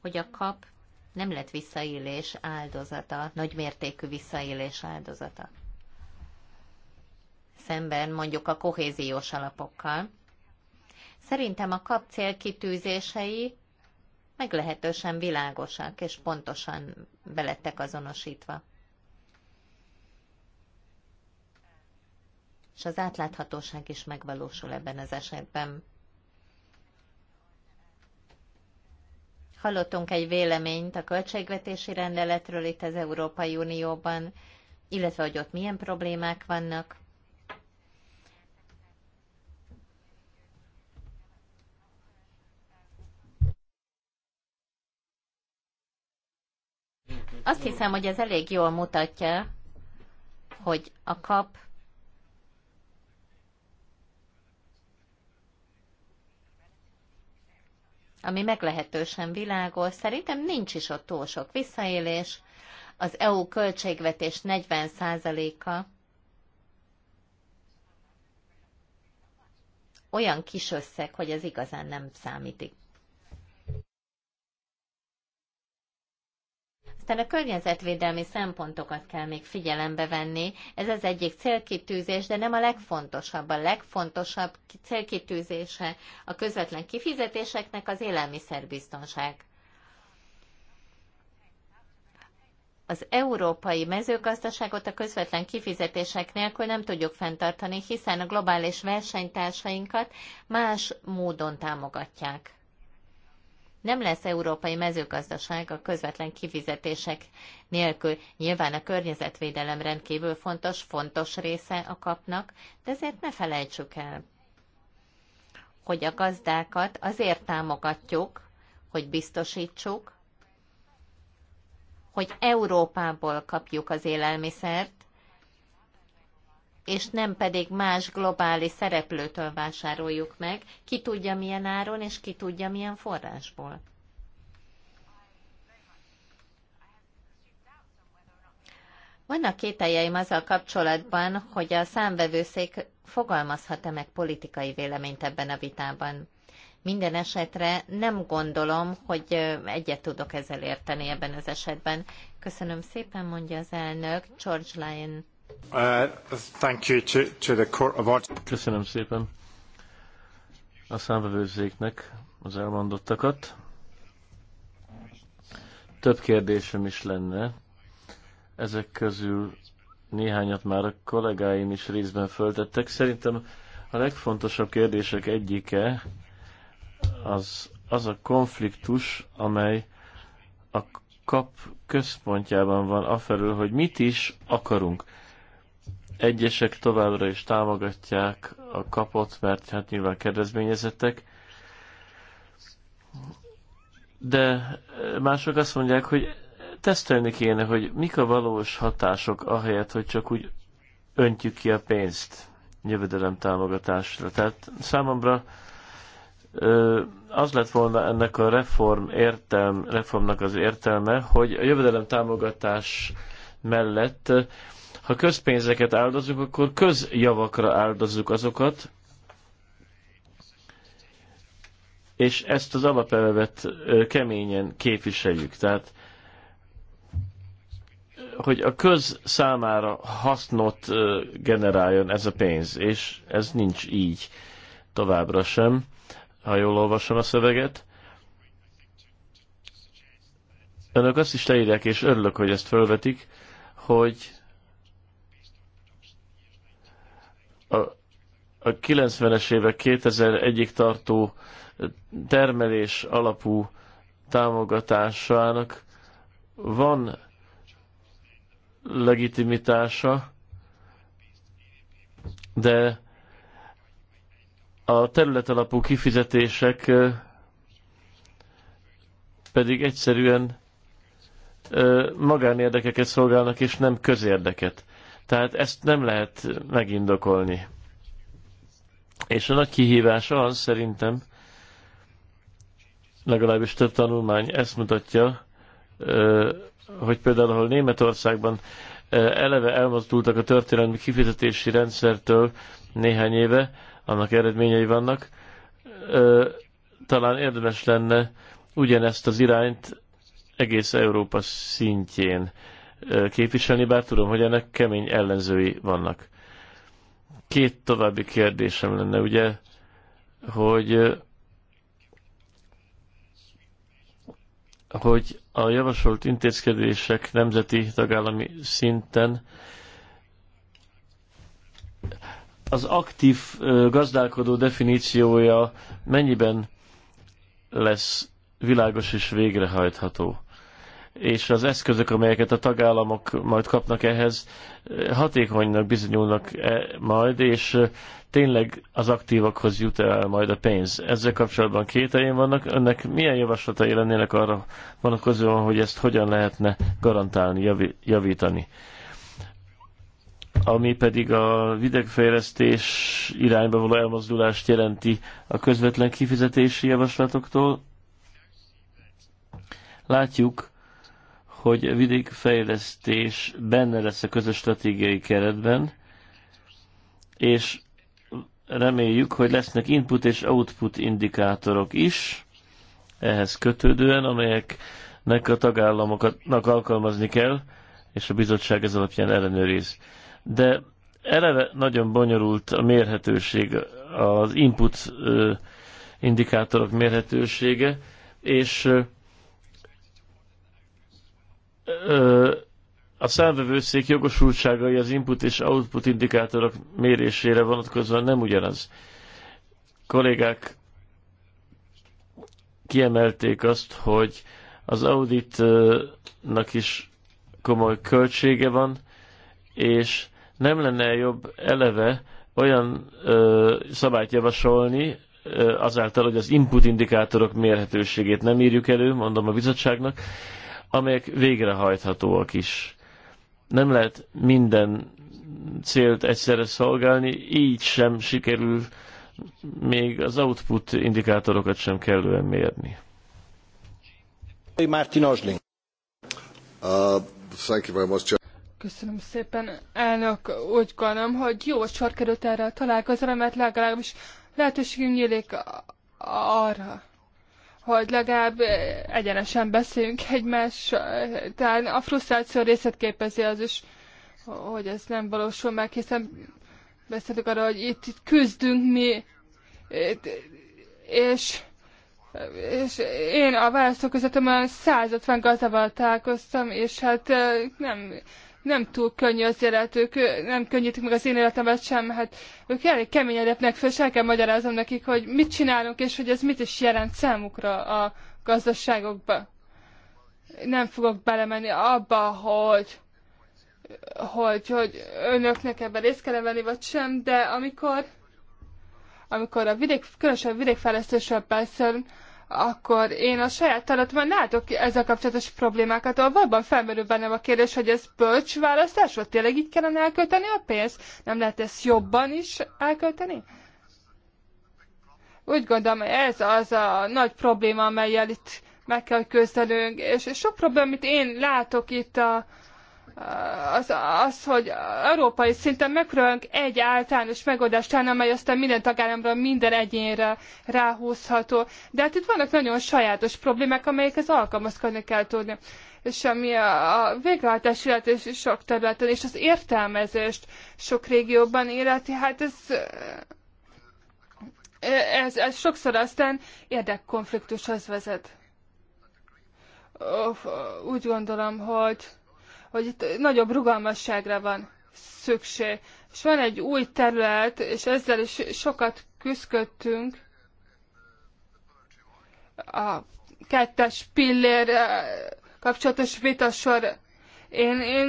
hogy a kap nem lett visszaélés áldozata, nagymértékű visszaélés áldozata. Szemben mondjuk a kohéziós alapokkal. Szerintem a kap célkitűzései meglehetősen világosak és pontosan belettek azonosítva. és az átláthatóság is megvalósul ebben az esetben. Hallottunk egy véleményt a költségvetési rendeletről itt az Európai Unióban, illetve hogy ott milyen problémák vannak. Azt hiszem, hogy ez elég jól mutatja, hogy a kap ami meglehetősen világos. Szerintem nincs is ott túl sok visszaélés. Az EU költségvetés 40%-a olyan kis összeg, hogy ez igazán nem számítik. Aztán a környezetvédelmi szempontokat kell még figyelembe venni. Ez az egyik célkitűzés, de nem a legfontosabb. A legfontosabb célkitűzése a közvetlen kifizetéseknek az élelmiszerbiztonság. az európai mezőgazdaságot a közvetlen kifizetések nélkül nem tudjuk fenntartani, hiszen a globális versenytársainkat más módon támogatják nem lesz európai mezőgazdaság a közvetlen kifizetések nélkül. Nyilván a környezetvédelem rendkívül fontos, fontos része a kapnak, de ezért ne felejtsük el, hogy a gazdákat azért támogatjuk, hogy biztosítsuk, hogy Európából kapjuk az élelmiszert, és nem pedig más globális szereplőtől vásároljuk meg, ki tudja milyen áron, és ki tudja milyen forrásból. Vannak kételjeim azzal kapcsolatban, hogy a számvevőszék fogalmazhat-e meg politikai véleményt ebben a vitában. Minden esetre nem gondolom, hogy egyet tudok ezzel érteni ebben az esetben. Köszönöm szépen, mondja az elnök. George Lyon Uh, thank you to, to the court of Art. Köszönöm szépen a számvevőzéknek az elmondottakat. Több kérdésem is lenne. Ezek közül néhányat már a kollégáim is részben föltettek. Szerintem a legfontosabb kérdések egyike az, az a konfliktus, amely a kap központjában van afelől, hogy mit is akarunk Egyesek továbbra is támogatják a kapot, mert hát nyilván kedvezményezettek. De mások azt mondják, hogy tesztelni kéne, hogy mik a valós hatások, ahelyett, hogy csak úgy öntjük ki a pénzt jövedelem támogatásra. Tehát számomra az lett volna ennek a reform értelm, reformnak az értelme, hogy a jövedelem támogatás mellett ha közpénzeket áldozunk, akkor közjavakra áldozzuk azokat, és ezt az alapelvet keményen képviseljük. Tehát, hogy a köz számára hasznot generáljon ez a pénz, és ez nincs így továbbra sem, ha jól olvasom a szöveget. Önök azt is leírják, és örülök, hogy ezt felvetik, hogy a, a 90-es évek 2001 egyik tartó termelés alapú támogatásának van legitimitása, de a alapú kifizetések pedig egyszerűen magánérdekeket szolgálnak, és nem közérdeket. Tehát ezt nem lehet megindokolni. És a nagy kihívás az szerintem, legalábbis több tanulmány ezt mutatja, hogy például, ahol Németországban eleve elmozdultak a történelmi kifizetési rendszertől néhány éve, annak eredményei vannak, talán érdemes lenne ugyanezt az irányt egész Európa szintjén képviselni, bár tudom, hogy ennek kemény ellenzői vannak. Két további kérdésem lenne, ugye, hogy hogy a javasolt intézkedések nemzeti tagállami szinten az aktív gazdálkodó definíciója mennyiben lesz világos és végrehajtható és az eszközök, amelyeket a tagállamok majd kapnak ehhez, hatékonynak bizonyulnak -e majd, és tényleg az aktívakhoz jut el majd a pénz. Ezzel kapcsolatban kételjén vannak. Önnek milyen javaslatai lennének arra vonatkozóan, hogy ezt hogyan lehetne garantálni, javítani? ami pedig a videgfejlesztés irányba való elmozdulást jelenti a közvetlen kifizetési javaslatoktól. Látjuk, hogy a vidékfejlesztés benne lesz a közös stratégiai keretben, és reméljük, hogy lesznek input és output indikátorok is, ehhez kötődően, amelyeknek a tagállamoknak alkalmazni kell, és a bizottság ez alapján ellenőriz. De eleve nagyon bonyolult a mérhetőség, az input indikátorok mérhetősége, és a számvevőszék jogosultságai az input és output indikátorok mérésére vonatkozóan nem ugyanaz. Kollégák kiemelték azt, hogy az auditnak is komoly költsége van, és nem lenne jobb eleve olyan ö, szabályt javasolni, ö, azáltal, hogy az input indikátorok mérhetőségét nem írjuk elő, mondom a bizottságnak, amelyek végrehajthatóak is. Nem lehet minden célt egyszerre szolgálni, így sem sikerül még az output indikátorokat sem kellően mérni. Uh, thank you very much. Köszönöm szépen, elnök. Úgy gondolom, hogy jó sor került erre a találkozóra, mert legalábbis lehetőségünk nyílik arra, hogy legalább eh, egyenesen beszéljünk egymás, Tehát a frusztráció részét képezi az is, hogy ez nem valósul meg, hiszen beszéltük arra, hogy itt, itt küzdünk mi, és, és én a választóközvetemben 150 gazdával találkoztam, és hát eh, nem nem túl könnyű az ők nem könnyítik meg az én életemet sem, hát ők elég keményen lépnek fel, és el kell magyarázom nekik, hogy mit csinálunk, és hogy ez mit is jelent számukra a gazdaságokba. Nem fogok belemenni abba, hogy hogy, hogy önöknek ebben részt kell venni, vagy sem, de amikor amikor a vidék, különösen a vidékfejlesztésről beszélünk, akkor én a saját tanatban látok ezzel kapcsolatos problémákat, ahol valóban felmerül bennem a kérdés, hogy ez bölcs választás volt, tényleg így kellene elkölteni a pénzt? Nem lehet ezt jobban is elkölteni? Úgy gondolom, ez az a nagy probléma, amelyel itt meg kell küzdenünk, és, és sok probléma, amit én látok itt a, az, az, hogy európai szinten megpróbálunk egy általános megoldást találni, amely aztán minden tagállamra, minden egyénre ráhúzható. De hát itt vannak nagyon sajátos problémák, amelyekhez alkalmazkodni kell tudni. És ami a, a végrehajtás illeti sok területen, és az értelmezést sok régióban illeti, hát ez, ez, ez sokszor aztán érdekkonfliktushoz vezet. úgy gondolom, hogy hogy itt nagyobb rugalmasságra van szükség. És van egy új terület, és ezzel is sokat küzdködtünk a kettes pillér eh, kapcsolatos vitasor. Én, én,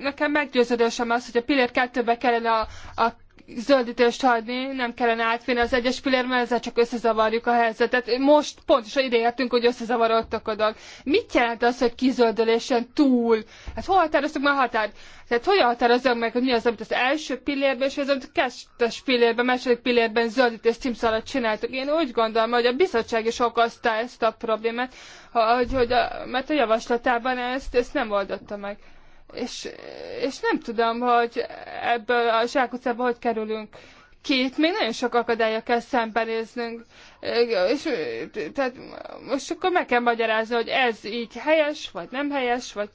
nekem meggyőződésem az, hogy a pillér kettőbe kellene a, a zöldítést hagyni, nem kellene átvinni az egyes pillér, mert ezzel csak összezavarjuk a helyzetet. Most pontosan ide értünk, hogy összezavarodtak a dolg. Mit jelent az, hogy kizöldölésen túl? Hát hol határoztuk már határt? Tehát hogyan határozzuk meg, hogy mi az, amit az első pillérben, és az, amit a kettes pillérben, második pillérben zöldítés címszalat csináltuk. Én úgy gondolom, hogy a bizottság is okozta ezt a problémát, hogy, hogy a, mert a javaslatában ezt, ezt nem oldotta meg és, és nem tudom, hogy ebből a zsákutcából hogy kerülünk két, még nagyon sok akadálya kell szembenéznünk. És tehát most akkor meg kell magyarázni, hogy ez így helyes, vagy nem helyes, vagy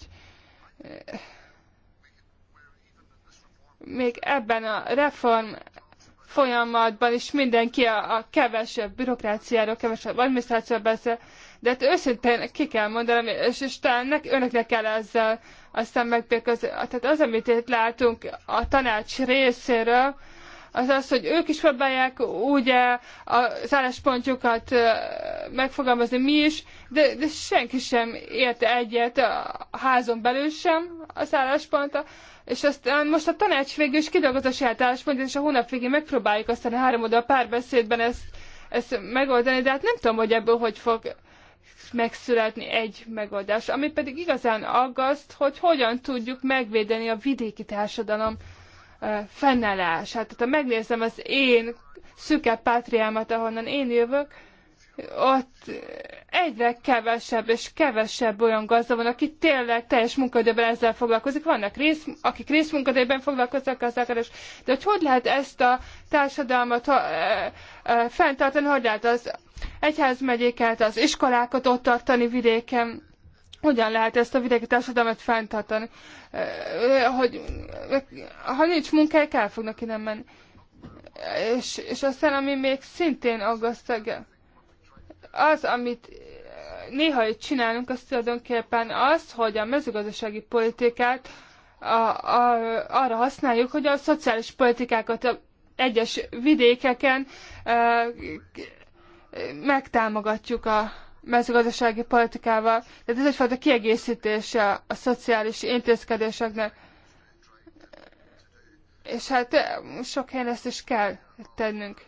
még ebben a reform folyamatban is mindenki a, a kevesebb bürokráciáról, kevesebb adminisztrációról beszél, de hát őszintén ki kell mondanom, és, és talán önöknek kell ezzel aztán az, Tehát az, amit itt látunk a tanács részéről, az az, hogy ők is próbálják ugye az álláspontjukat megfogalmazni mi is, de, de senki sem ért egyet a házon belül sem az állásponta, és aztán most a tanács végül is kidolgozza a saját álláspontját, és a hónap végén megpróbáljuk aztán a három oda a párbeszédben ezt, ezt megoldani, de hát nem tudom, hogy ebből hogy fog megszületni egy megoldás. Ami pedig igazán aggaszt, hogy hogyan tudjuk megvédeni a vidéki társadalom fennállását. Tehát ha megnézem az én szüke pátriámat, ahonnan én jövök, ott egyre kevesebb és kevesebb olyan gazda van, aki tényleg teljes munkadőben ezzel foglalkozik. Vannak rész, akik részmunkadőben foglalkoznak az gazdálkodás, de hogy hogy lehet ezt a társadalmat ha, e, e, fenntartani, hogy lehet az egyházmegyéket, az iskolákat ott tartani vidéken, hogyan lehet ezt a vidéki társadalmat fenntartani, hogy ha nincs munkájuk, el fognak innen menni. És, és aztán, ami még szintén aggaszt az, amit néha itt csinálunk, az tulajdonképpen az, hogy a mezőgazdasági politikát a, a, arra használjuk, hogy a szociális politikákat a egyes vidékeken a, megtámogatjuk a mezőgazdasági politikával. Tehát ez egyfajta kiegészítése a szociális intézkedéseknek. És hát eh, sok helyen ezt is kell tennünk.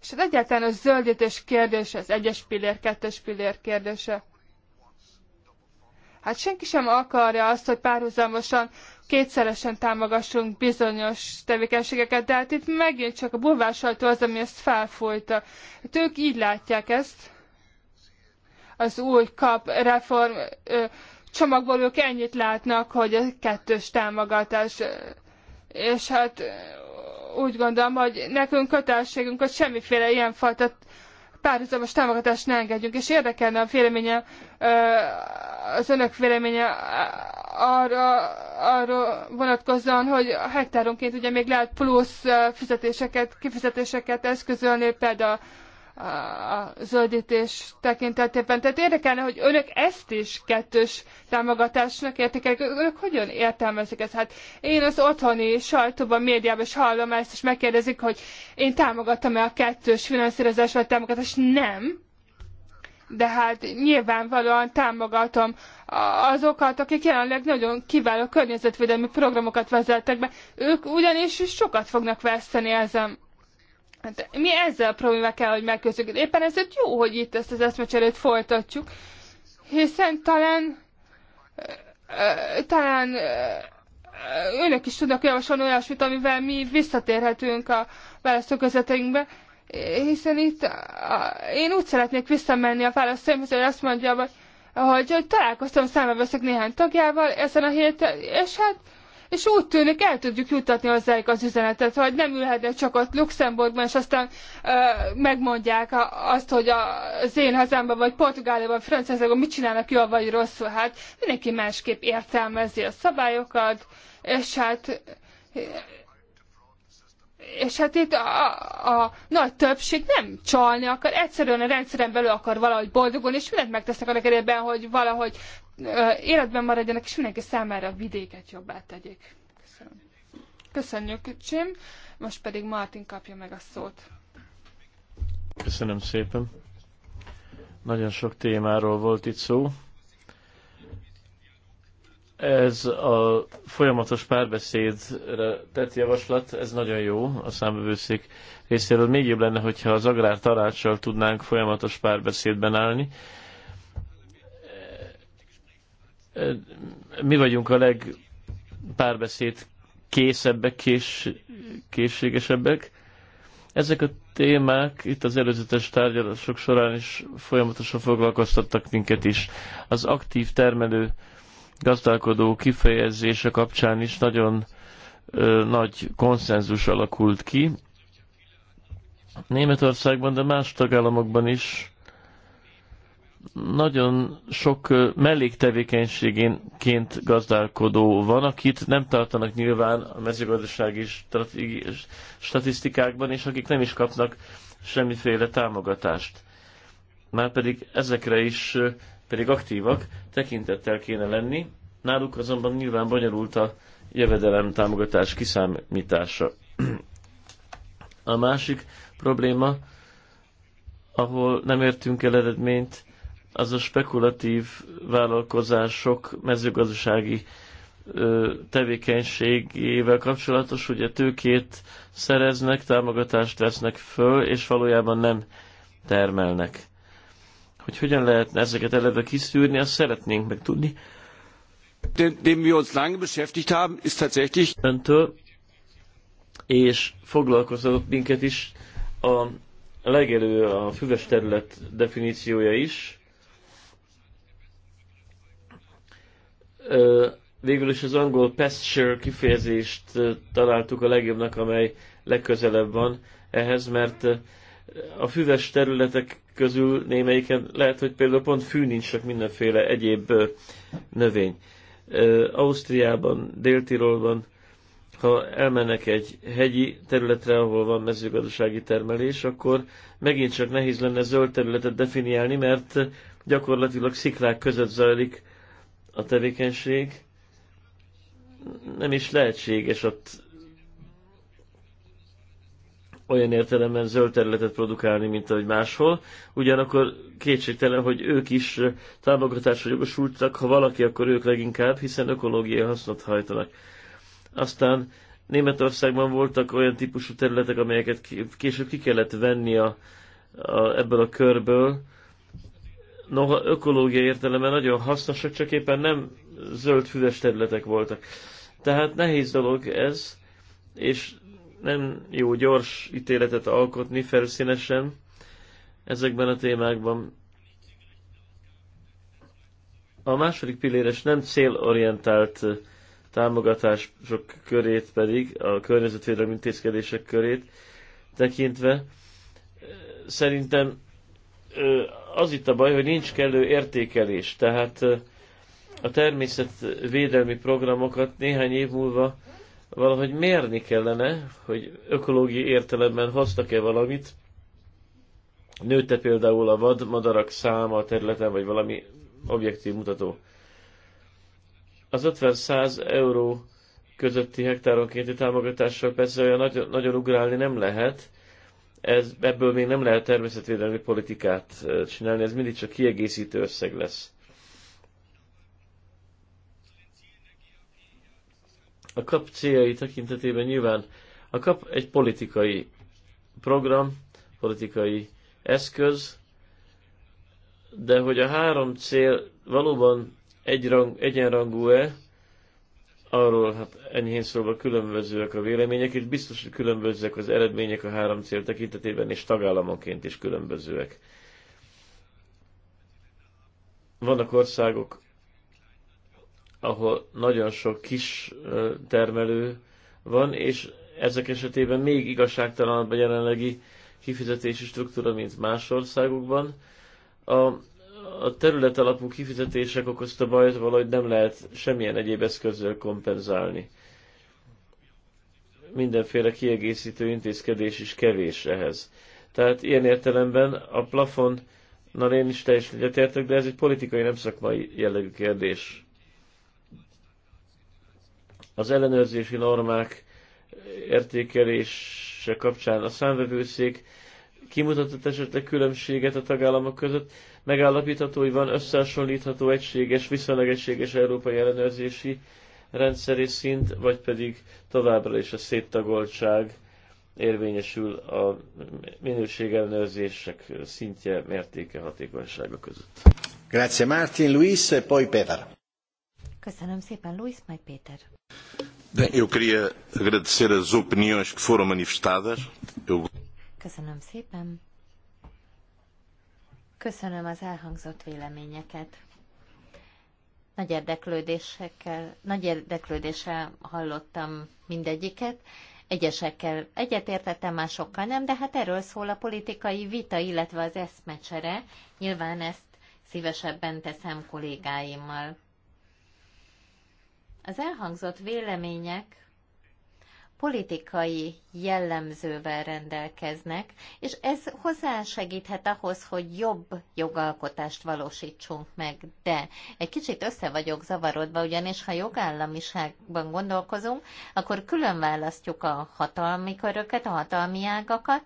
És hát egyáltalán a zöldítés kérdése, az egyes pillér, kettes pillér kérdése. Hát senki sem akarja azt, hogy párhuzamosan kétszeresen támogassunk bizonyos tevékenységeket, de hát itt megint csak a bulvársajtó az, ami ezt felfújta. Hát ők így látják ezt, az új kap reform ö, csomagból ők ennyit látnak, hogy a kettős támogatás. És hát úgy gondolom, hogy nekünk kötelességünk, hogy semmiféle ilyen fajta párhuzamos támogatást ne engedjünk, és érdekelne a véleménye, az önök véleménye arra, arra vonatkozóan, hogy a hektáronként ugye még lehet plusz fizetéseket, kifizetéseket eszközölni, például a zöldítés tekintetében. Tehát érdekelne, hogy önök ezt is kettős támogatásnak értékelik. Önök hogyan értelmezik ezt? Hát én az otthoni sajtóban, médiában is hallom ezt, és megkérdezik, hogy én támogattam-e a kettős finanszírozás vagy támogatást? Nem. De hát nyilvánvalóan támogatom azokat, akik jelenleg nagyon kiváló környezetvédelmi programokat vezettek be. Ők ugyanis sokat fognak veszteni ezen Hát mi ezzel a probléma kell, hogy megköszönjük. Éppen ezért jó, hogy itt ezt az eszmecserét folytatjuk, hiszen talán talán önök is tudnak javasolni olyasmit, amivel mi visszatérhetünk a választóközleteinkbe, hiszen itt a, én úgy szeretnék visszamenni a választóimhoz, hogy azt mondja, hogy, hogy találkoztam veszek néhány tagjával ezen a héten, és hát és úgy tűnik el tudjuk juttatni hozzájuk az üzenetet, hogy nem ülhetnek csak ott Luxemburgban, és aztán ö, megmondják azt, hogy az én hazámban, vagy Portugáliában, vagy Franciaországban mit csinálnak jól vagy rosszul. Hát mindenki másképp értelmezi a szabályokat, és hát és hát itt a, a nagy többség nem csalni akar, egyszerűen a rendszeren belül akar valahogy boldogulni, és mindent megtesznek a érdekében, hogy valahogy életben maradjanak, és mindenki számára a vidéket jobbá tegyék. Köszönöm. Köszönjük, Csim. Most pedig Martin kapja meg a szót. Köszönöm szépen. Nagyon sok témáról volt itt szó ez a folyamatos párbeszédre tett javaslat, ez nagyon jó a számbevőszék részéről. Még jobb lenne, hogyha az agrár tanácssal tudnánk folyamatos párbeszédben állni. Mi vagyunk a legpárbeszéd készebbek, kés, készségesebbek. Ezek a témák itt az előzetes tárgyalások során is folyamatosan foglalkoztattak minket is. Az aktív termelő gazdálkodó kifejezése kapcsán is nagyon ö, nagy konszenzus alakult ki. Németországban, de más tagállamokban is nagyon sok melléktevékenységénként gazdálkodó van, akit nem tartanak nyilván a mezőgazdasági statisztikákban, és akik nem is kapnak semmiféle támogatást. Márpedig ezekre is pedig aktívak, tekintettel kéne lenni, náluk azonban nyilván bonyolult a jövedelem támogatás kiszámítása. [CLEARS THROAT] A másik probléma, ahol nem értünk el eredményt, az a spekulatív vállalkozások mezőgazdasági tevékenységével kapcsolatos, ugye tőkét szereznek, támogatást vesznek föl, és valójában nem termelnek hogy hogyan lehetne ezeket eleve kiszűrni, azt szeretnénk megtudni. Dem wir uns lange beschäftigt haben, ist tatsächlich... Öntől, és foglalkozott minket is a legelő a füves terület definíciója is. Végül is az angol pasture kifejezést találtuk a legjobbnak, amely legközelebb van ehhez, mert a füves területek közül némelyiken lehet, hogy például pont fű nincs, csak mindenféle egyéb növény. Ausztriában, Dél-Tirolban, ha elmennek egy hegyi területre, ahol van mezőgazdasági termelés, akkor megint csak nehéz lenne zöld területet definiálni, mert gyakorlatilag sziklák között zajlik a tevékenység. Nem is lehetséges ott olyan értelemben zöld területet produkálni, mint ahogy máshol. Ugyanakkor kétségtelen, hogy ők is támogatásra jogosultak, ha valaki, akkor ők leginkább, hiszen ökológiai hasznot hajtanak. Aztán Németországban voltak olyan típusú területek, amelyeket később ki kellett venni a, a, ebből a körből. Noha ökológiai értelemben nagyon hasznosak, csak éppen nem zöld füves területek voltak. Tehát nehéz dolog ez, és nem jó gyors ítéletet alkotni felszínesen ezekben a témákban. A második pilléres nem célorientált támogatások körét pedig, a környezetvédelmi intézkedések körét tekintve, szerintem az itt a baj, hogy nincs kellő értékelés. Tehát a természetvédelmi programokat néhány év múlva valahogy mérni kellene, hogy ökológiai értelemben hoztak-e valamit, nőtte például a vad madarak száma a területen, vagy valami objektív mutató. Az 50-100 euró közötti hektáronkénti támogatással persze olyan nagyon, nagyon ugrálni nem lehet, ez, ebből még nem lehet természetvédelmi politikát eh, csinálni, ez mindig csak kiegészítő összeg lesz. a kap céljai tekintetében nyilván a kap egy politikai program, politikai eszköz, de hogy a három cél valóban egyrang, egyenrangú-e, arról hát enyhén szólva különbözőek a vélemények, és biztos, hogy különbözőek az eredmények a három cél tekintetében, és tagállamonként is különbözőek. Vannak országok, ahol nagyon sok kis termelő van, és ezek esetében még igazságtalanabb a jelenlegi kifizetési struktúra, mint más országokban. A, a terület alapú kifizetések okozta bajt valahogy nem lehet semmilyen egyéb eszközzel kompenzálni. Mindenféle kiegészítő intézkedés is kevés ehhez. Tehát ilyen értelemben a plafonnal én is teljesen egyetértek, de ez egy politikai, nem szakmai jellegű kérdés az ellenőrzési normák értékelése kapcsán a számvevőszék kimutatott esetleg különbséget a tagállamok között, megállapítható, hogy van összehasonlítható egységes, viszonylag egységes európai ellenőrzési rendszeri szint, vagy pedig továbbra is a széttagoltság érvényesül a minőségellenőrzések szintje, mértéke, hatékonysága között. Grazie Martin, Luis, poi Péter. Köszönöm szépen, Luis, majd Péter. Bem, eu queria agradecer as opiniões que foram manifestadas. Eu... Köszönöm szépen. Köszönöm az elhangzott véleményeket. Nagy érdeklődésekkel, nagy érdeklődéssel hallottam mindegyiket. Egyesekkel egyetértettem, másokkal nem, de hát erről szól a politikai vita, illetve az eszmecsere. Nyilván ezt szívesebben teszem kollégáimmal. Az elhangzott vélemények politikai jellemzővel rendelkeznek, és ez hozzásegíthet ahhoz, hogy jobb jogalkotást valósítsunk meg. De egy kicsit össze vagyok zavarodva, ugyanis ha jogállamiságban gondolkozunk, akkor külön választjuk a hatalmi köröket, a hatalmi ágakat,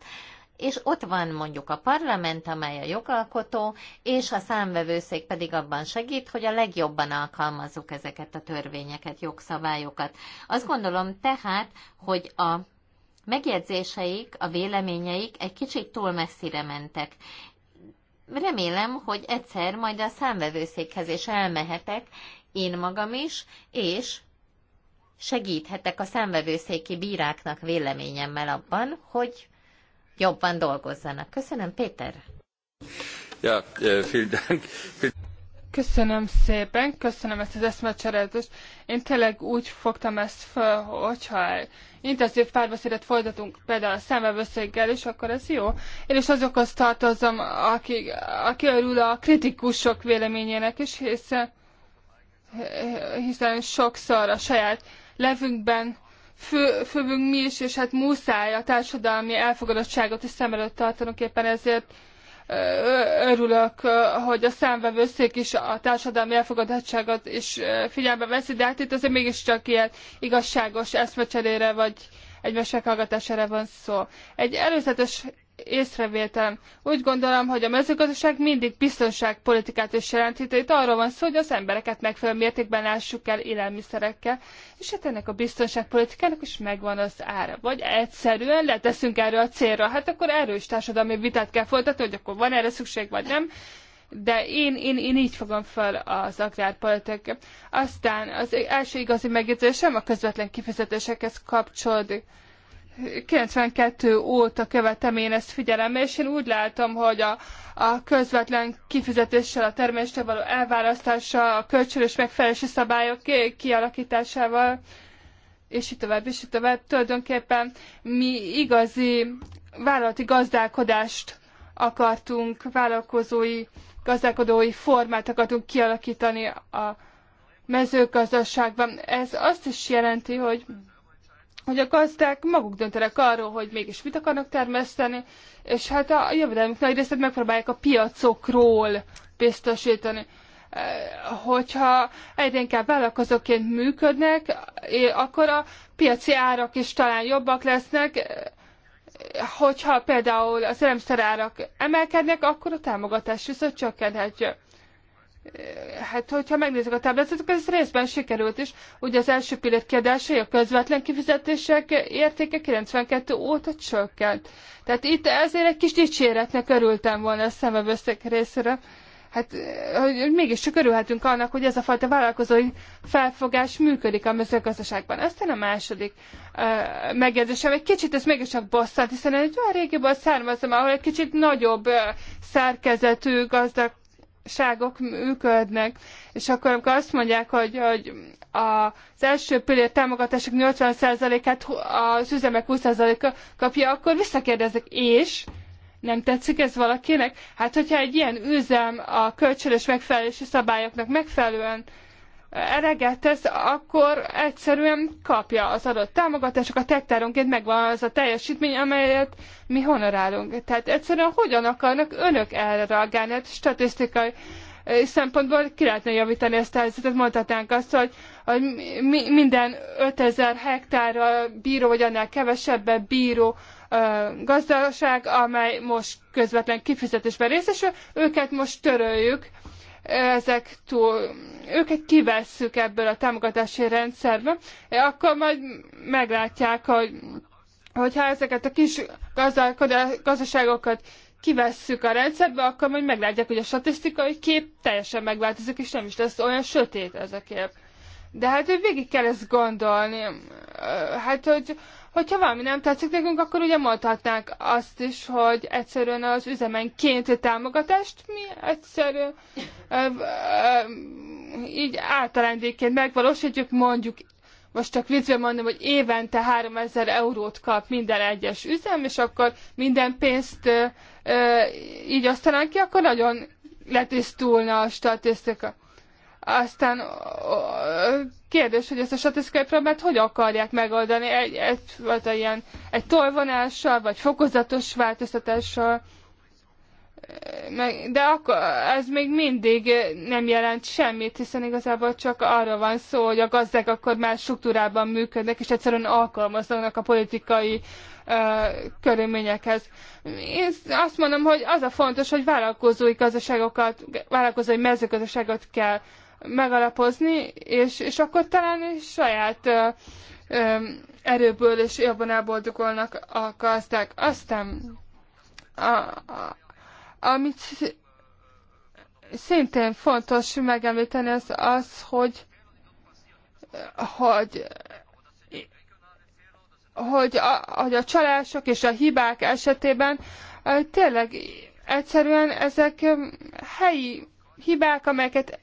és ott van mondjuk a parlament, amely a jogalkotó, és a számvevőszék pedig abban segít, hogy a legjobban alkalmazzuk ezeket a törvényeket, jogszabályokat. Azt gondolom tehát, hogy a megjegyzéseik, a véleményeik egy kicsit túl messzire mentek. Remélem, hogy egyszer majd a számvevőszékhez is elmehetek, én magam is, és segíthetek a számvevőszéki bíráknak véleményemmel abban, hogy jobban dolgozzanak. Köszönöm, Péter. Ja, eh, vielen Dank. Köszönöm szépen, köszönöm ezt az eszmecserezést. Én tényleg úgy fogtam ezt fel, hogyha intenzív párbeszédet folytatunk például a szembevőszéggel is, akkor ez jó. Én is azokhoz tartozom, aki, aki örül a kritikusok véleményének is, hiszen, eh, hiszen sokszor a saját levünkben fő, fővünk mi is, és hát muszáj a társadalmi elfogadottságot is szem előtt tartanunk éppen ezért örülök, hogy a számvevőszék is a társadalmi elfogadottságot is figyelembe veszi, de hát itt azért mégiscsak ilyen igazságos eszmecserére vagy egymás meghallgatására van szó. Egy előzetes észrevételem. Úgy gondolom, hogy a mezőgazdaság mindig biztonságpolitikát is jelent. Itt arról van szó, hogy az embereket megfelelő mértékben lássuk el élelmiszerekkel, és hát ennek a biztonságpolitikának is megvan az ára. Vagy egyszerűen leteszünk erről a célra, hát akkor is társadalmi vitát kell folytatni, hogy akkor van erre szükség, vagy nem de én, én, én így fogom fel az agrárpolitikát. Aztán az első igazi megjegyzésem a közvetlen kifizetésekhez kapcsolódik. 92 óta követem én ezt figyelemmel, és én úgy látom, hogy a, a közvetlen kifizetéssel, a terméstől való elválasztással, a kölcsönös megfelelési szabályok kialakításával, és így tovább, és így tovább, tulajdonképpen mi igazi vállalati gazdálkodást akartunk, vállalkozói, gazdálkodói formát akartunk kialakítani a mezőgazdaságban. Ez azt is jelenti, hogy hogy a gazdák maguk döntenek arról, hogy mégis mit akarnak termeszteni, és hát a jövedelmük nagy részét megpróbálják a piacokról biztosítani. E, hogyha egyre inkább vállalkozóként működnek, akkor a piaci árak is talán jobbak lesznek, e, hogyha például az elemszerárak emelkednek, akkor a támogatás viszont csökkenhet hát hogyha megnézzük a táblázatokat, ez részben sikerült is. Ugye az első pillanat kiadásai, a közvetlen kifizetések értéke 92 óta csökkent. Tehát itt ezért egy kis dicséretnek örültem volna a szemebőszék részére. Hát, hogy csak örülhetünk annak, hogy ez a fajta vállalkozói felfogás működik a mezőgazdaságban. Aztán a második uh, megjegyzésem, egy kicsit ez csak bosszant, hiszen egy olyan régiból származom, ahol egy kicsit nagyobb uh, szerkezetű gazdag ságok működnek, és akkor amikor azt mondják, hogy, hogy az első pillér támogatások 80%-át az üzemek 20%-a kapja, akkor visszakérdezek, és nem tetszik ez valakinek? Hát, hogyha egy ilyen üzem a kölcsönös megfelelési szabályoknak megfelelően eleget tesz, akkor egyszerűen kapja az adott támogatásokat, tektáronként megvan az a teljesítmény, amelyet mi honorálunk. Tehát egyszerűen hogyan akarnak önök erre reagálni? Hát statisztikai eh, szempontból ki lehetne javítani ezt a helyzetet, mondhatnánk azt, hogy, hogy mi, minden 5000 hektárra bíró, vagy annál kevesebben bíró eh, gazdaság, amely most közvetlen kifizetésben részesül, őket most töröljük, ezek túl, őket kivesszük ebből a támogatási rendszerből, akkor majd meglátják, hogy hogyha ezeket a kis gazdaságokat kivesszük a rendszerbe, akkor majd meglátják, hogy a statisztikai kép teljesen megváltozik, és nem is lesz olyan sötét ez a kép. De hát, hogy végig kell ezt gondolni. Hát, hogy Hogyha valami nem tetszik nekünk, akkor ugye mondhatnánk azt is, hogy egyszerűen az üzemenkénti támogatást mi egyszerűen így általánydékként megvalósítjuk, mondjuk most csak viccben mondom, hogy évente 3000 eurót kap minden egyes üzem, és akkor minden pénzt ö, így aztán ki, akkor nagyon letisztulna a statisztika. Aztán kérdés, hogy ezt a statisztikai problémát hogy akarják megoldani? Egy, egy, vagy ilyen, egy tolvonással, vagy fokozatos változtatással? de akkor ez még mindig nem jelent semmit, hiszen igazából csak arra van szó, hogy a gazdák akkor már struktúrában működnek, és egyszerűen alkalmaznak a politikai uh, körülményekhez. Én azt mondom, hogy az a fontos, hogy vállalkozói gazdaságokat, vállalkozói mezőgazdaságot kell megalapozni, és, és akkor talán saját ö, ö, erőből és jobban elboldogolnak a gazdák. Aztán, a, a, amit szintén fontos megemlíteni, az az, hogy, hogy hogy a, hogy a csalások és a hibák esetében tényleg egyszerűen ezek helyi hibák, amelyeket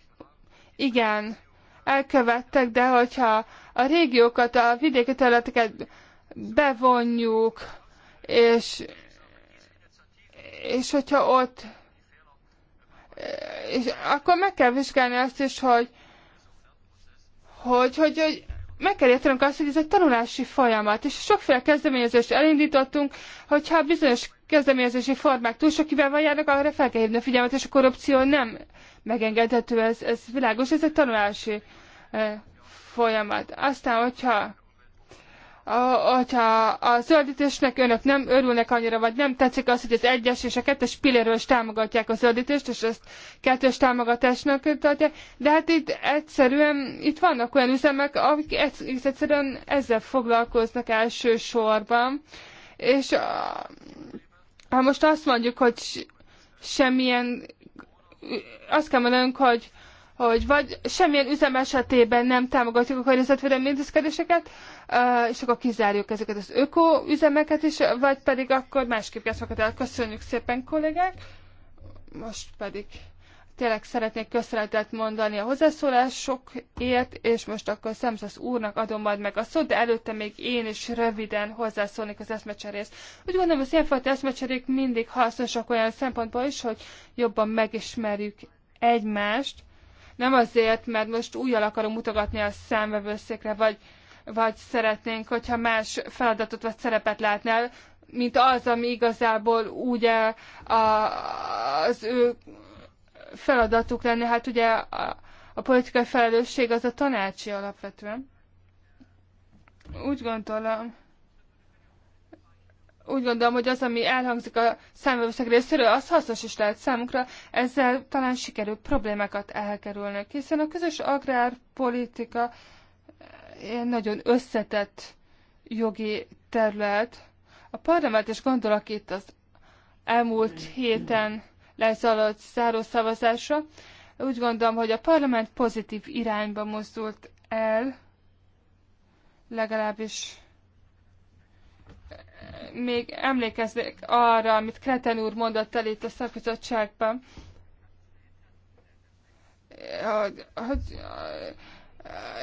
igen, elkövettek, de hogyha a régiókat, a vidéki területeket bevonjuk, és, és hogyha ott és akkor meg kell vizsgálni azt is, hogy, hogy, hogy, hogy meg kell értenünk azt, hogy ez egy tanulási folyamat, és sokféle kezdeményezést elindítottunk, hogyha bizonyos kezdeményezési formák túl sok kivel járnak, arra fel kell hívni a figyelmet, és a korrupció nem megengedhető, ez, ez világos, ez egy tanulási eh, folyamat. Aztán, hogyha hogyha a zöldítésnek önök nem örülnek annyira, vagy nem tetszik az, hogy az egyes és a kettes pilléről is támogatják a zöldítést, és ezt kettős támogatásnak tartják, de hát itt egyszerűen, itt vannak olyan üzemek, akik egyszerűen ezzel foglalkoznak elsősorban, és ha most azt mondjuk, hogy semmilyen, azt kell mondanunk, hogy hogy vagy semmilyen üzem esetében nem támogatjuk a környezetvédelmi intézkedéseket, és akkor kizárjuk ezeket az öko üzemeket is, vagy pedig akkor másképp játszmakat el. Köszönjük szépen, kollégák! Most pedig tényleg szeretnék köszönetet mondani a hozzászólásokért, és most akkor Szemszesz úrnak adom majd meg a szót, de előtte még én is röviden hozzászólnék az eszmecserész. Úgy gondolom, az ilyenfajta eszmecserék mindig hasznosak olyan szempontból is, hogy jobban megismerjük egymást, nem azért, mert most úgy akarunk mutogatni a számvevőszékre, vagy, vagy szeretnénk, hogyha más feladatot vagy szerepet látnál, mint az, ami igazából ugye a, az ő feladatuk lenne. Hát ugye a, a politikai felelősség az a tanácsi alapvetően. Úgy gondolom, úgy gondolom, hogy az, ami elhangzik a számvevőszek részéről, az hasznos is lehet számukra, ezzel talán sikerül problémákat elkerülnek, hiszen a közös agrárpolitika eh, nagyon összetett jogi terület. A parlament, is gondolok itt az elmúlt héten lezalott zárószavazásra, úgy gondolom, hogy a parlament pozitív irányba mozdult el, legalábbis még emlékeznék arra, amit Kreten úr mondott el itt a szakbizottságban, hogy, hogy,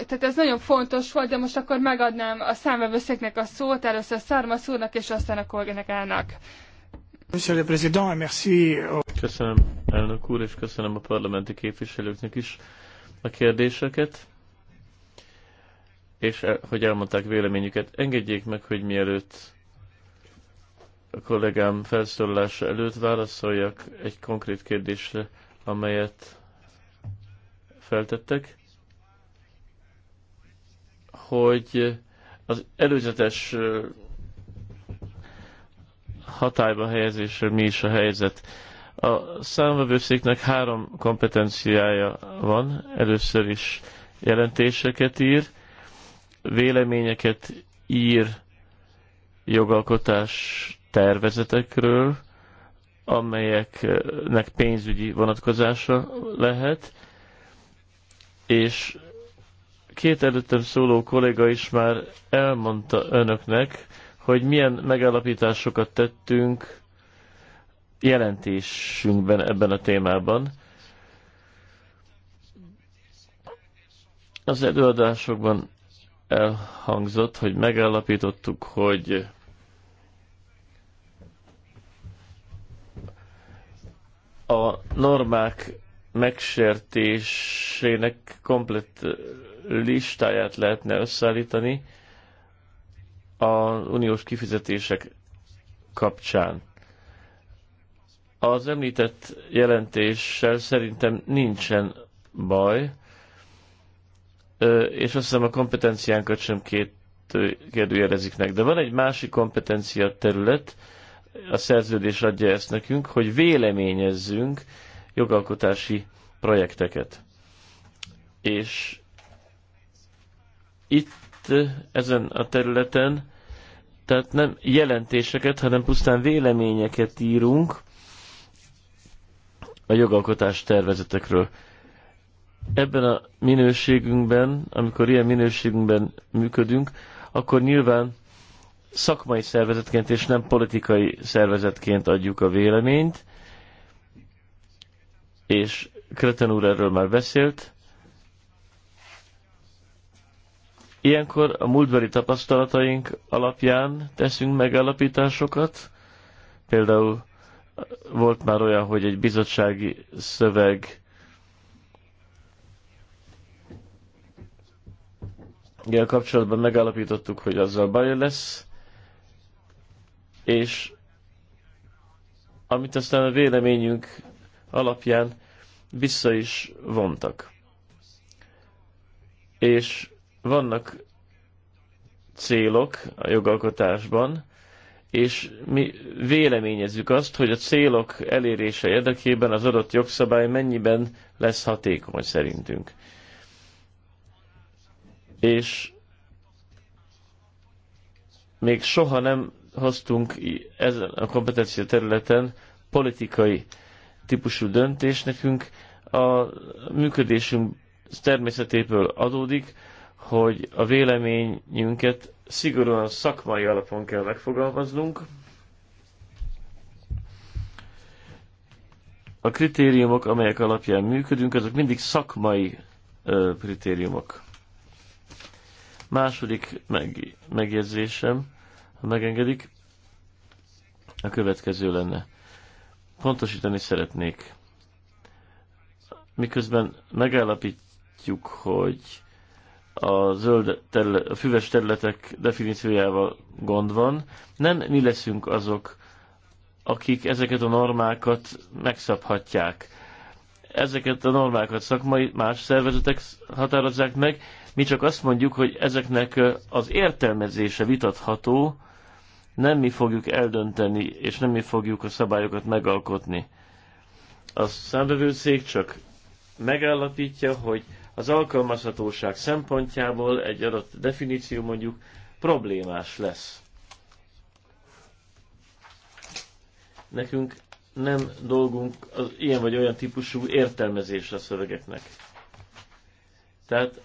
tehát ez nagyon fontos volt, de most akkor megadnám a számvevőszéknek a szót, először Szármasz úrnak, és aztán a kollégának. Monsieur le Président, merci. Köszönöm, elnök úr, és köszönöm a parlamenti képviselőknek is a kérdéseket, és hogy elmondták véleményüket. Engedjék meg, hogy mielőtt a kollégám felszólalása előtt válaszoljak egy konkrét kérdésre, amelyet feltettek, hogy az előzetes hatályba helyezésre mi is a helyzet. A számvevőszéknek három kompetenciája van. Először is jelentéseket ír, véleményeket ír jogalkotás tervezetekről, amelyeknek pénzügyi vonatkozása lehet, és két előttem szóló kolléga is már elmondta önöknek, hogy milyen megállapításokat tettünk jelentésünkben ebben a témában. Az előadásokban elhangzott, hogy megállapítottuk, hogy a normák megsértésének komplett listáját lehetne összeállítani az uniós kifizetések kapcsán. Az említett jelentéssel szerintem nincsen baj, és azt hiszem a kompetenciánkat sem két kérdőjelezik meg. De van egy másik kompetencia terület, a szerződés adja ezt nekünk, hogy véleményezzünk jogalkotási projekteket. És itt ezen a területen, tehát nem jelentéseket, hanem pusztán véleményeket írunk a jogalkotás tervezetekről. Ebben a minőségünkben, amikor ilyen minőségünkben működünk, akkor nyilván szakmai szervezetként és nem politikai szervezetként adjuk a véleményt, és Kreten úr erről már beszélt. Ilyenkor a múltbeli tapasztalataink alapján teszünk megállapításokat. Például volt már olyan, hogy egy bizottsági szöveg kapcsolatban megállapítottuk, hogy azzal baj lesz, és amit aztán a véleményünk alapján vissza is vontak. És vannak célok a jogalkotásban, és mi véleményezzük azt, hogy a célok elérése érdekében az adott jogszabály mennyiben lesz hatékony szerintünk. És még soha nem hoztunk ezen a kompetencia területen politikai típusú döntés nekünk a működésünk természetéből adódik, hogy a véleményünket szigorúan szakmai alapon kell megfogalmaznunk. A kritériumok, amelyek alapján működünk, azok mindig szakmai ö, kritériumok. Második meg, megjegyzésem, ha megengedik, a következő lenne. Pontosítani szeretnék. Miközben megállapítjuk, hogy a zöld terület, a füves területek definíciójával gond van, nem mi leszünk azok, akik ezeket a normákat megszabhatják. Ezeket a normákat szakmai más szervezetek határozzák meg, mi csak azt mondjuk, hogy ezeknek az értelmezése vitatható, nem mi fogjuk eldönteni, és nem mi fogjuk a szabályokat megalkotni. A számbevőszék csak megállapítja, hogy az alkalmazhatóság szempontjából egy adott definíció mondjuk problémás lesz. Nekünk nem dolgunk az ilyen vagy olyan típusú értelmezésre a szövegeknek. Tehát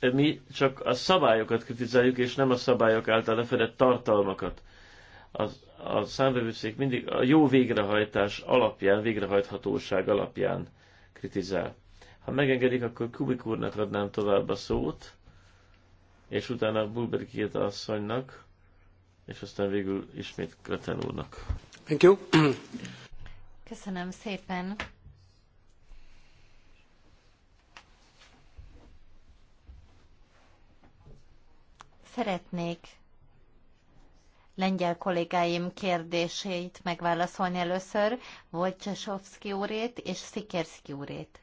mi csak a szabályokat kritizáljuk, és nem a szabályok által lefedett tartalmakat. Az, a számvevőszék mindig a jó végrehajtás alapján, végrehajthatóság alapján kritizál. Ha megengedik, akkor Kubik úrnak adnám tovább a szót, és utána Bulberkiét asszonynak, és aztán végül ismét Kreten úrnak. Thank you. Köszönöm szépen. Szeretnék lengyel kollégáim kérdéseit megválaszolni először, Wojciechowski úrét és Szikierski úrét.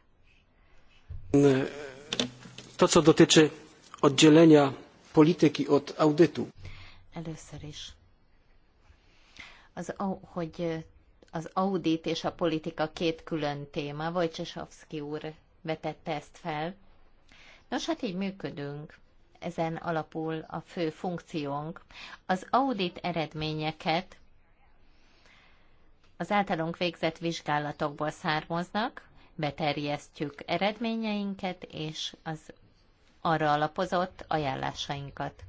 To, co dotyczy oddzielenia polityki od audytu. Először is. Az, hogy az audit és a politika két külön téma, Wojciechowski úr vetette ezt fel. Nos, hát így működünk ezen alapul a fő funkciónk. Az audit eredményeket az általunk végzett vizsgálatokból származnak, beterjesztjük eredményeinket és az arra alapozott ajánlásainkat.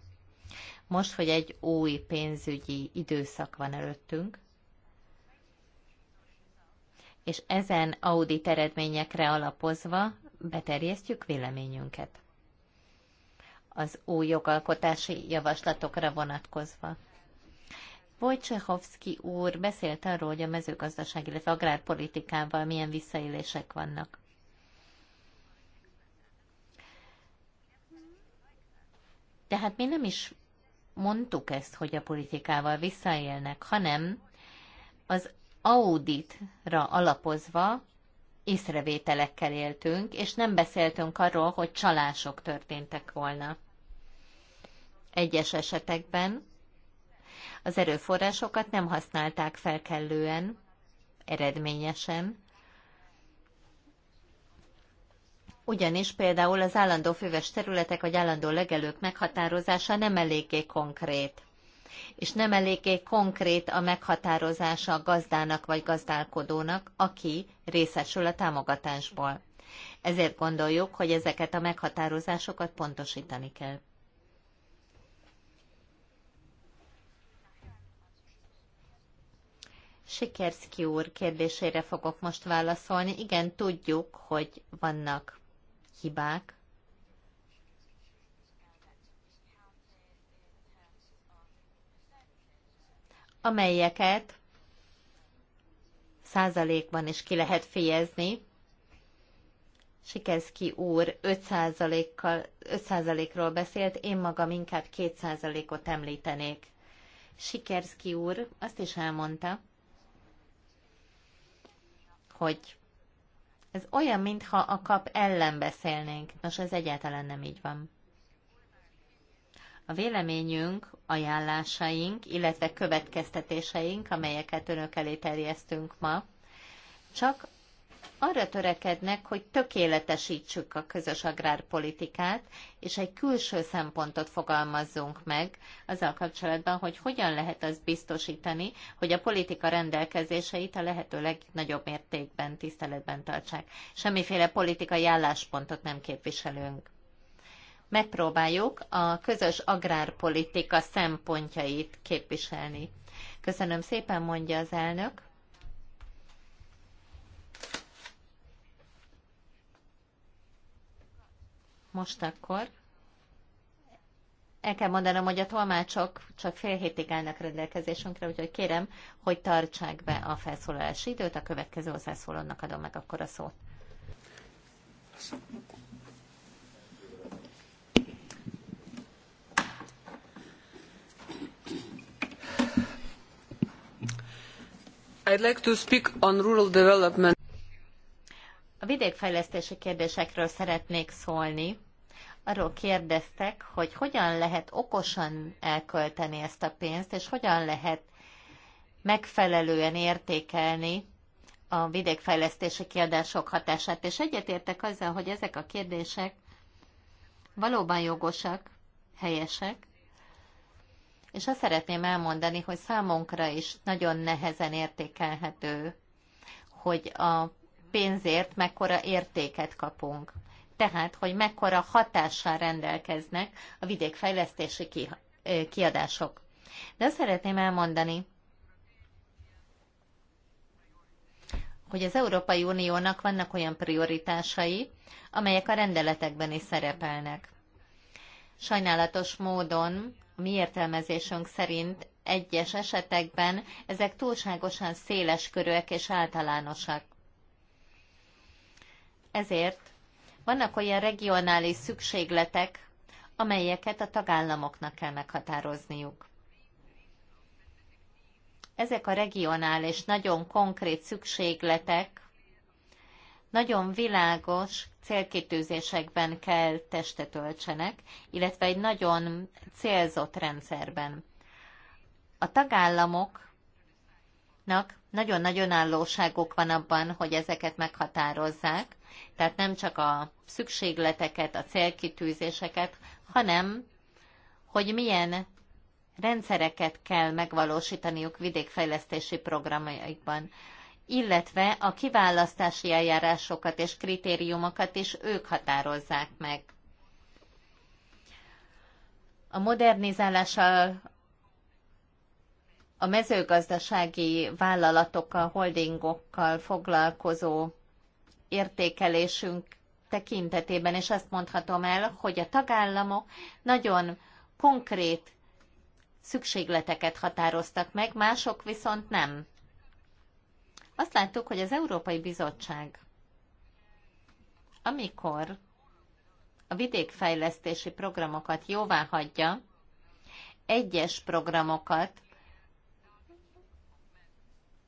Most, hogy egy új pénzügyi időszak van előttünk, és ezen audit eredményekre alapozva beterjesztjük véleményünket az új jogalkotási javaslatokra vonatkozva. Wojciechowski úr beszélt arról, hogy a mezőgazdaság, illetve agrárpolitikával milyen visszaélések vannak. Tehát mi nem is mondtuk ezt, hogy a politikával visszaélnek, hanem az auditra alapozva észrevételekkel éltünk, és nem beszéltünk arról, hogy csalások történtek volna. Egyes esetekben az erőforrásokat nem használták fel kellően, eredményesen, ugyanis például az állandó füves területek vagy állandó legelők meghatározása nem eléggé konkrét és nem eléggé konkrét a meghatározása a gazdának vagy gazdálkodónak, aki részesül a támogatásból. Ezért gondoljuk, hogy ezeket a meghatározásokat pontosítani kell. Sikerszki úr kérdésére fogok most válaszolni. Igen, tudjuk, hogy vannak hibák. amelyeket százalékban is ki lehet fejezni. Sikerszki úr 5%-kal, 5 beszélt, én magam inkább 2%-ot említenék. Sikerszki úr azt is elmondta, hogy ez olyan, mintha a kap ellen beszélnénk. Nos, ez egyáltalán nem így van. A véleményünk, ajánlásaink, illetve következtetéseink, amelyeket önök elé terjesztünk ma, csak arra törekednek, hogy tökéletesítsük a közös agrárpolitikát, és egy külső szempontot fogalmazzunk meg azzal kapcsolatban, hogy hogyan lehet az biztosítani, hogy a politika rendelkezéseit a lehető legnagyobb mértékben tiszteletben tartsák. Semmiféle politikai álláspontot nem képviselünk. Megpróbáljuk a közös agrárpolitika szempontjait képviselni. Köszönöm szépen, mondja az elnök. Most akkor el kell mondanom, hogy a tolmácsok csak fél hétig állnak rendelkezésünkre, úgyhogy kérem, hogy tartsák be a felszólalási időt, a következő hozzászólónak adom meg akkor a szót. I'd like to speak on rural development. A vidékfejlesztési kérdésekről szeretnék szólni arról kérdeztek, hogy hogyan lehet okosan elkölteni ezt a pénzt, és hogyan lehet megfelelően értékelni a vidékfejlesztési kiadások hatását. És egyetértek azzal, hogy ezek a kérdések valóban jogosak, helyesek, és azt szeretném elmondani, hogy számunkra is nagyon nehezen értékelhető, hogy a pénzért mekkora értéket kapunk tehát hogy mekkora hatással rendelkeznek a vidékfejlesztési kiadások. De azt szeretném elmondani, hogy az Európai Uniónak vannak olyan prioritásai, amelyek a rendeletekben is szerepelnek. Sajnálatos módon a mi értelmezésünk szerint egyes esetekben ezek túlságosan széles körűek és általánosak. Ezért vannak olyan regionális szükségletek, amelyeket a tagállamoknak kell meghatározniuk. Ezek a regionális, nagyon konkrét szükségletek nagyon világos célkitűzésekben kell testet öltsenek, illetve egy nagyon célzott rendszerben. A tagállamoknak nagyon nagyon állóságok van abban, hogy ezeket meghatározzák, tehát nem csak a szükségleteket, a célkitűzéseket, hanem hogy milyen rendszereket kell megvalósítaniuk vidékfejlesztési programjaikban illetve a kiválasztási eljárásokat és kritériumokat is ők határozzák meg. A modernizálással a mezőgazdasági vállalatokkal, holdingokkal foglalkozó értékelésünk tekintetében, és azt mondhatom el, hogy a tagállamok nagyon konkrét szükségleteket határoztak meg, mások viszont nem. Azt láttuk, hogy az Európai Bizottság, amikor a vidékfejlesztési programokat jóvá hagyja, egyes programokat,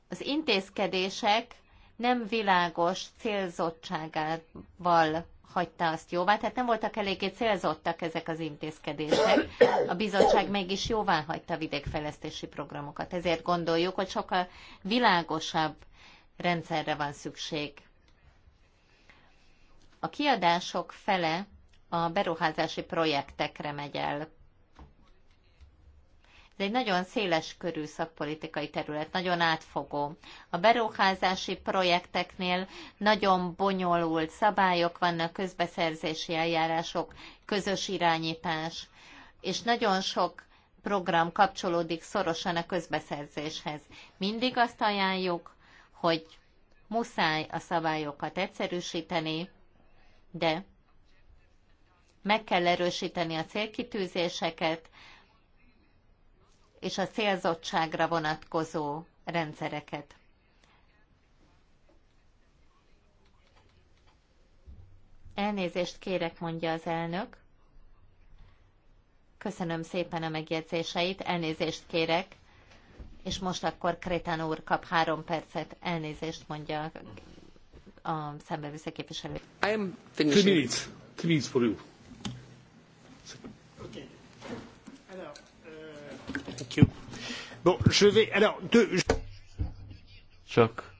az intézkedések nem világos célzottságával hagyta azt jóvá, tehát nem voltak eléggé célzottak ezek az intézkedések. A bizottság mégis jóvá hagyta a vidékfejlesztési programokat. Ezért gondoljuk, hogy sokkal világosabb rendszerre van szükség. A kiadások fele a beruházási projektekre megy el. Ez egy nagyon széles körű szakpolitikai terület, nagyon átfogó. A beruházási projekteknél nagyon bonyolult szabályok vannak, közbeszerzési eljárások, közös irányítás, és nagyon sok program kapcsolódik szorosan a közbeszerzéshez. Mindig azt ajánljuk, hogy muszáj a szabályokat egyszerűsíteni, de meg kell erősíteni a célkitűzéseket, és a célzottságra vonatkozó rendszereket. Elnézést kérek, mondja az elnök. Köszönöm szépen a megjegyzéseit, elnézést kérek, és most akkor Kretán úr kap három percet, elnézést mondja a szembevőszeképviselő. I am minutes. three minutes for you. Csak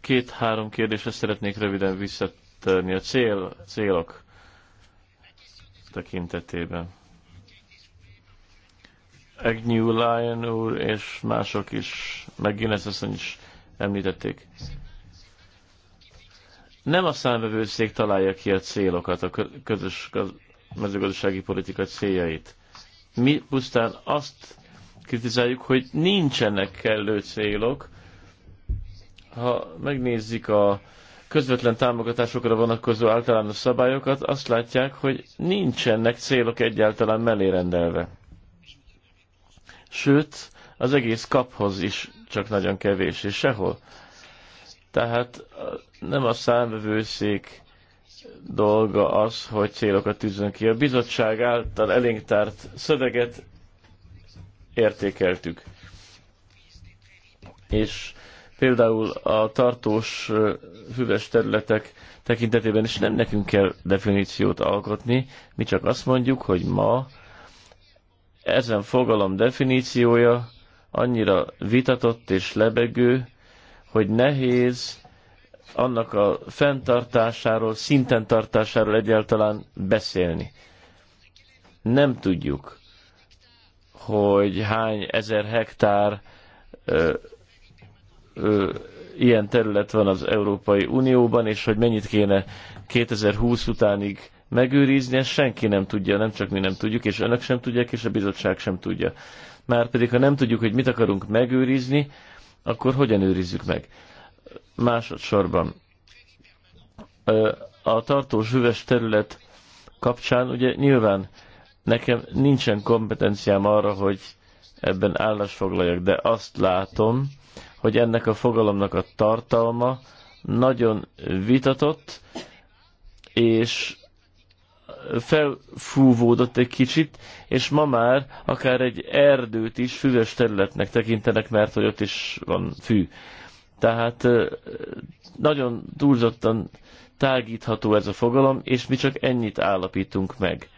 két-három kérdésre szeretnék röviden visszatérni a cél, célok tekintetében. Agnew Lion úr és mások is, meg Guinness asszony is említették. Nem a számvevőszék találja ki a célokat, a közös mezőgazdasági politika céljait. Mi pusztán azt kritizáljuk, hogy nincsenek kellő célok. Ha megnézzük a közvetlen támogatásokra vonatkozó általános szabályokat, azt látják, hogy nincsenek célok egyáltalán mellé rendelve. Sőt, az egész kaphoz is csak nagyon kevés, és sehol. Tehát nem a számvevőszék dolga az, hogy célokat tűzön ki. A bizottság által elénk tárt szöveget értékeltük. És például a tartós füves területek tekintetében is nem nekünk kell definíciót alkotni, mi csak azt mondjuk, hogy ma ezen fogalom definíciója annyira vitatott és lebegő, hogy nehéz annak a fenntartásáról, szinten tartásáról egyáltalán beszélni. Nem tudjuk, hogy hány ezer hektár ö, ö, ilyen terület van az Európai Unióban, és hogy mennyit kéne 2020 utánig megőrizni, ezt senki nem tudja, nem csak mi nem tudjuk, és önök sem tudják, és a bizottság sem tudja. Márpedig, ha nem tudjuk, hogy mit akarunk megőrizni, akkor hogyan őrizzük meg? Másodszorban. A tartós hüves terület kapcsán ugye nyilván Nekem nincsen kompetenciám arra, hogy ebben állásfoglaljak, de azt látom, hogy ennek a fogalomnak a tartalma nagyon vitatott, és felfúvódott egy kicsit, és ma már akár egy erdőt is füves területnek tekintenek, mert hogy ott is van fű. Tehát nagyon túlzottan tágítható ez a fogalom, és mi csak ennyit állapítunk meg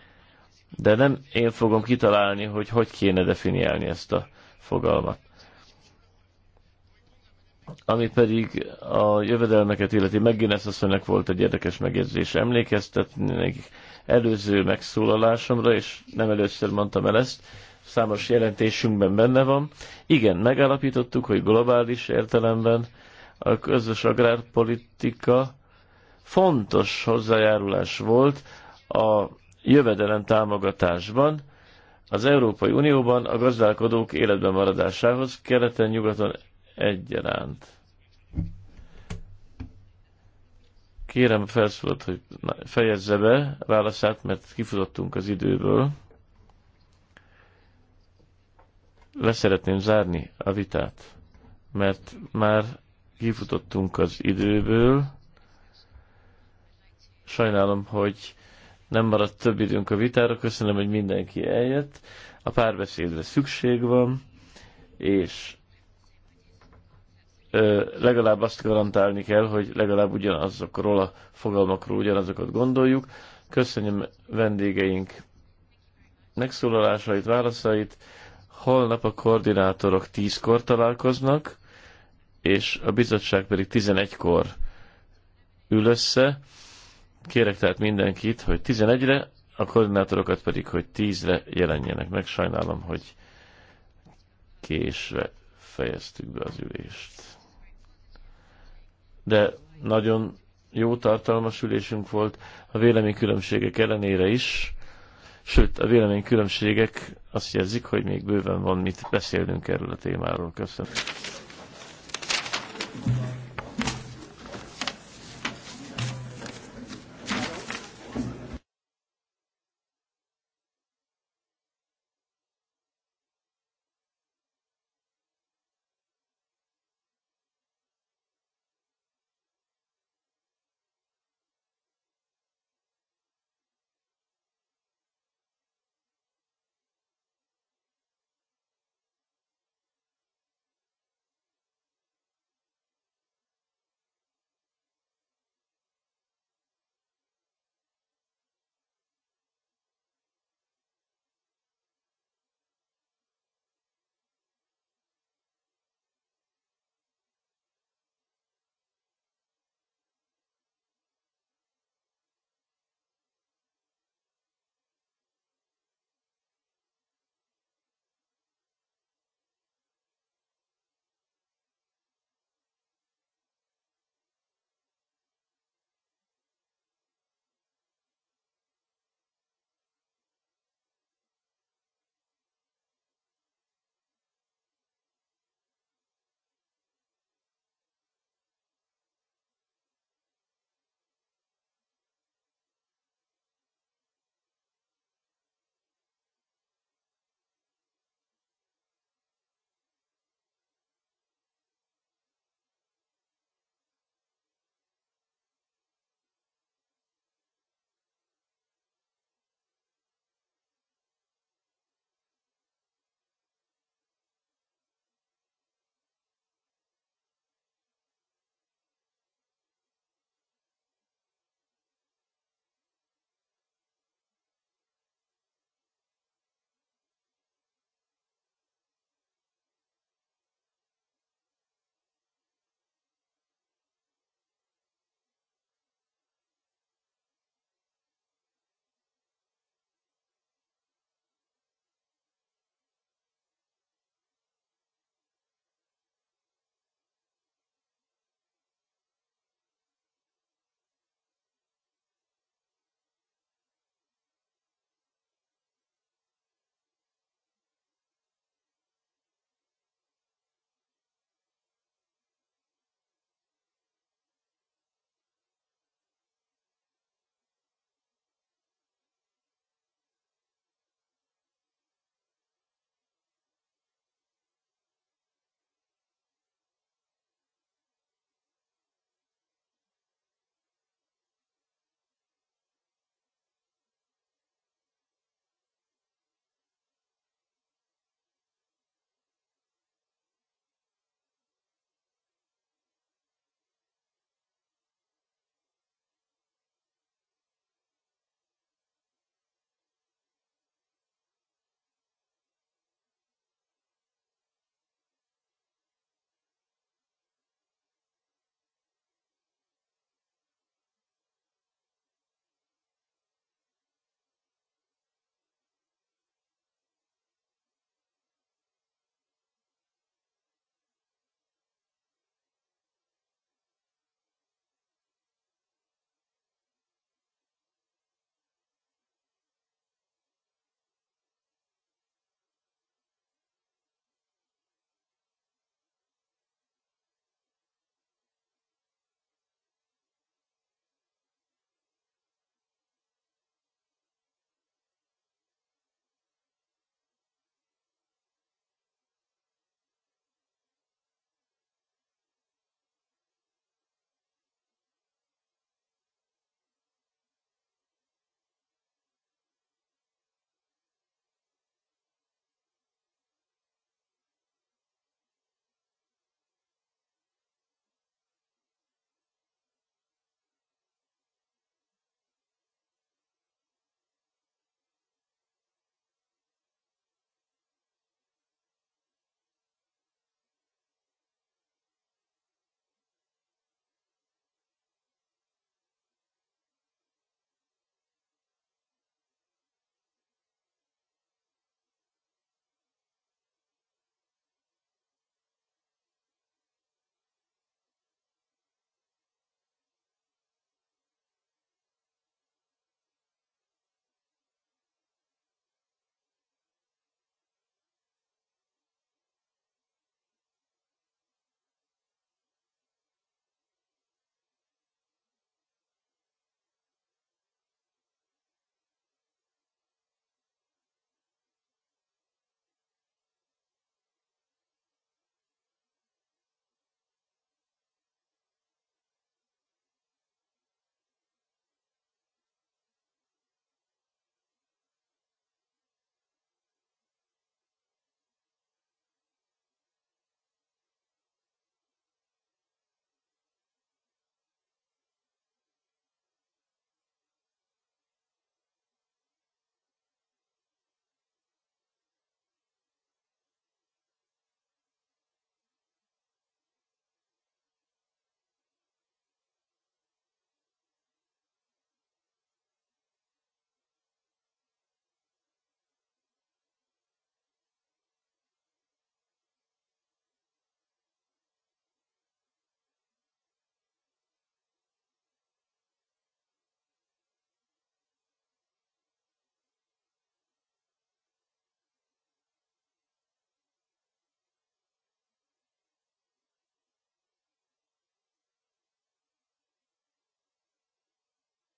de nem én fogom kitalálni, hogy hogy kéne definiálni ezt a fogalmat. Ami pedig a jövedelmeket illeti, megint ezt asszonynak volt egy érdekes megjegyzés nekik előző megszólalásomra, és nem először mondtam el ezt, számos jelentésünkben benne van. Igen, megállapítottuk, hogy globális értelemben a közös agrárpolitika fontos hozzájárulás volt a jövedelem támogatásban az Európai Unióban a gazdálkodók életben maradásához keleten nyugaton egyaránt. Kérem a felszólalt, hogy fejezze be válaszát, mert kifutottunk az időből. Leszeretném zárni a vitát, mert már kifutottunk az időből. Sajnálom, hogy nem maradt több időnk a vitára, köszönöm, hogy mindenki eljött. A párbeszédre szükség van, és legalább azt garantálni kell, hogy legalább ugyanazokról a fogalmakról ugyanazokat gondoljuk. Köszönöm vendégeink megszólalásait, válaszait. Holnap a koordinátorok 10-kor találkoznak, és a bizottság pedig 11-kor ül össze. Kérek tehát mindenkit, hogy 11-re, a koordinátorokat pedig, hogy 10-re jelenjenek meg. Sajnálom, hogy késve fejeztük be az ülést. De nagyon jó tartalmas ülésünk volt, a véleménykülönbségek ellenére is, sőt, a véleménykülönbségek azt jelzik, hogy még bőven van mit beszélnünk erről a témáról. Köszönöm.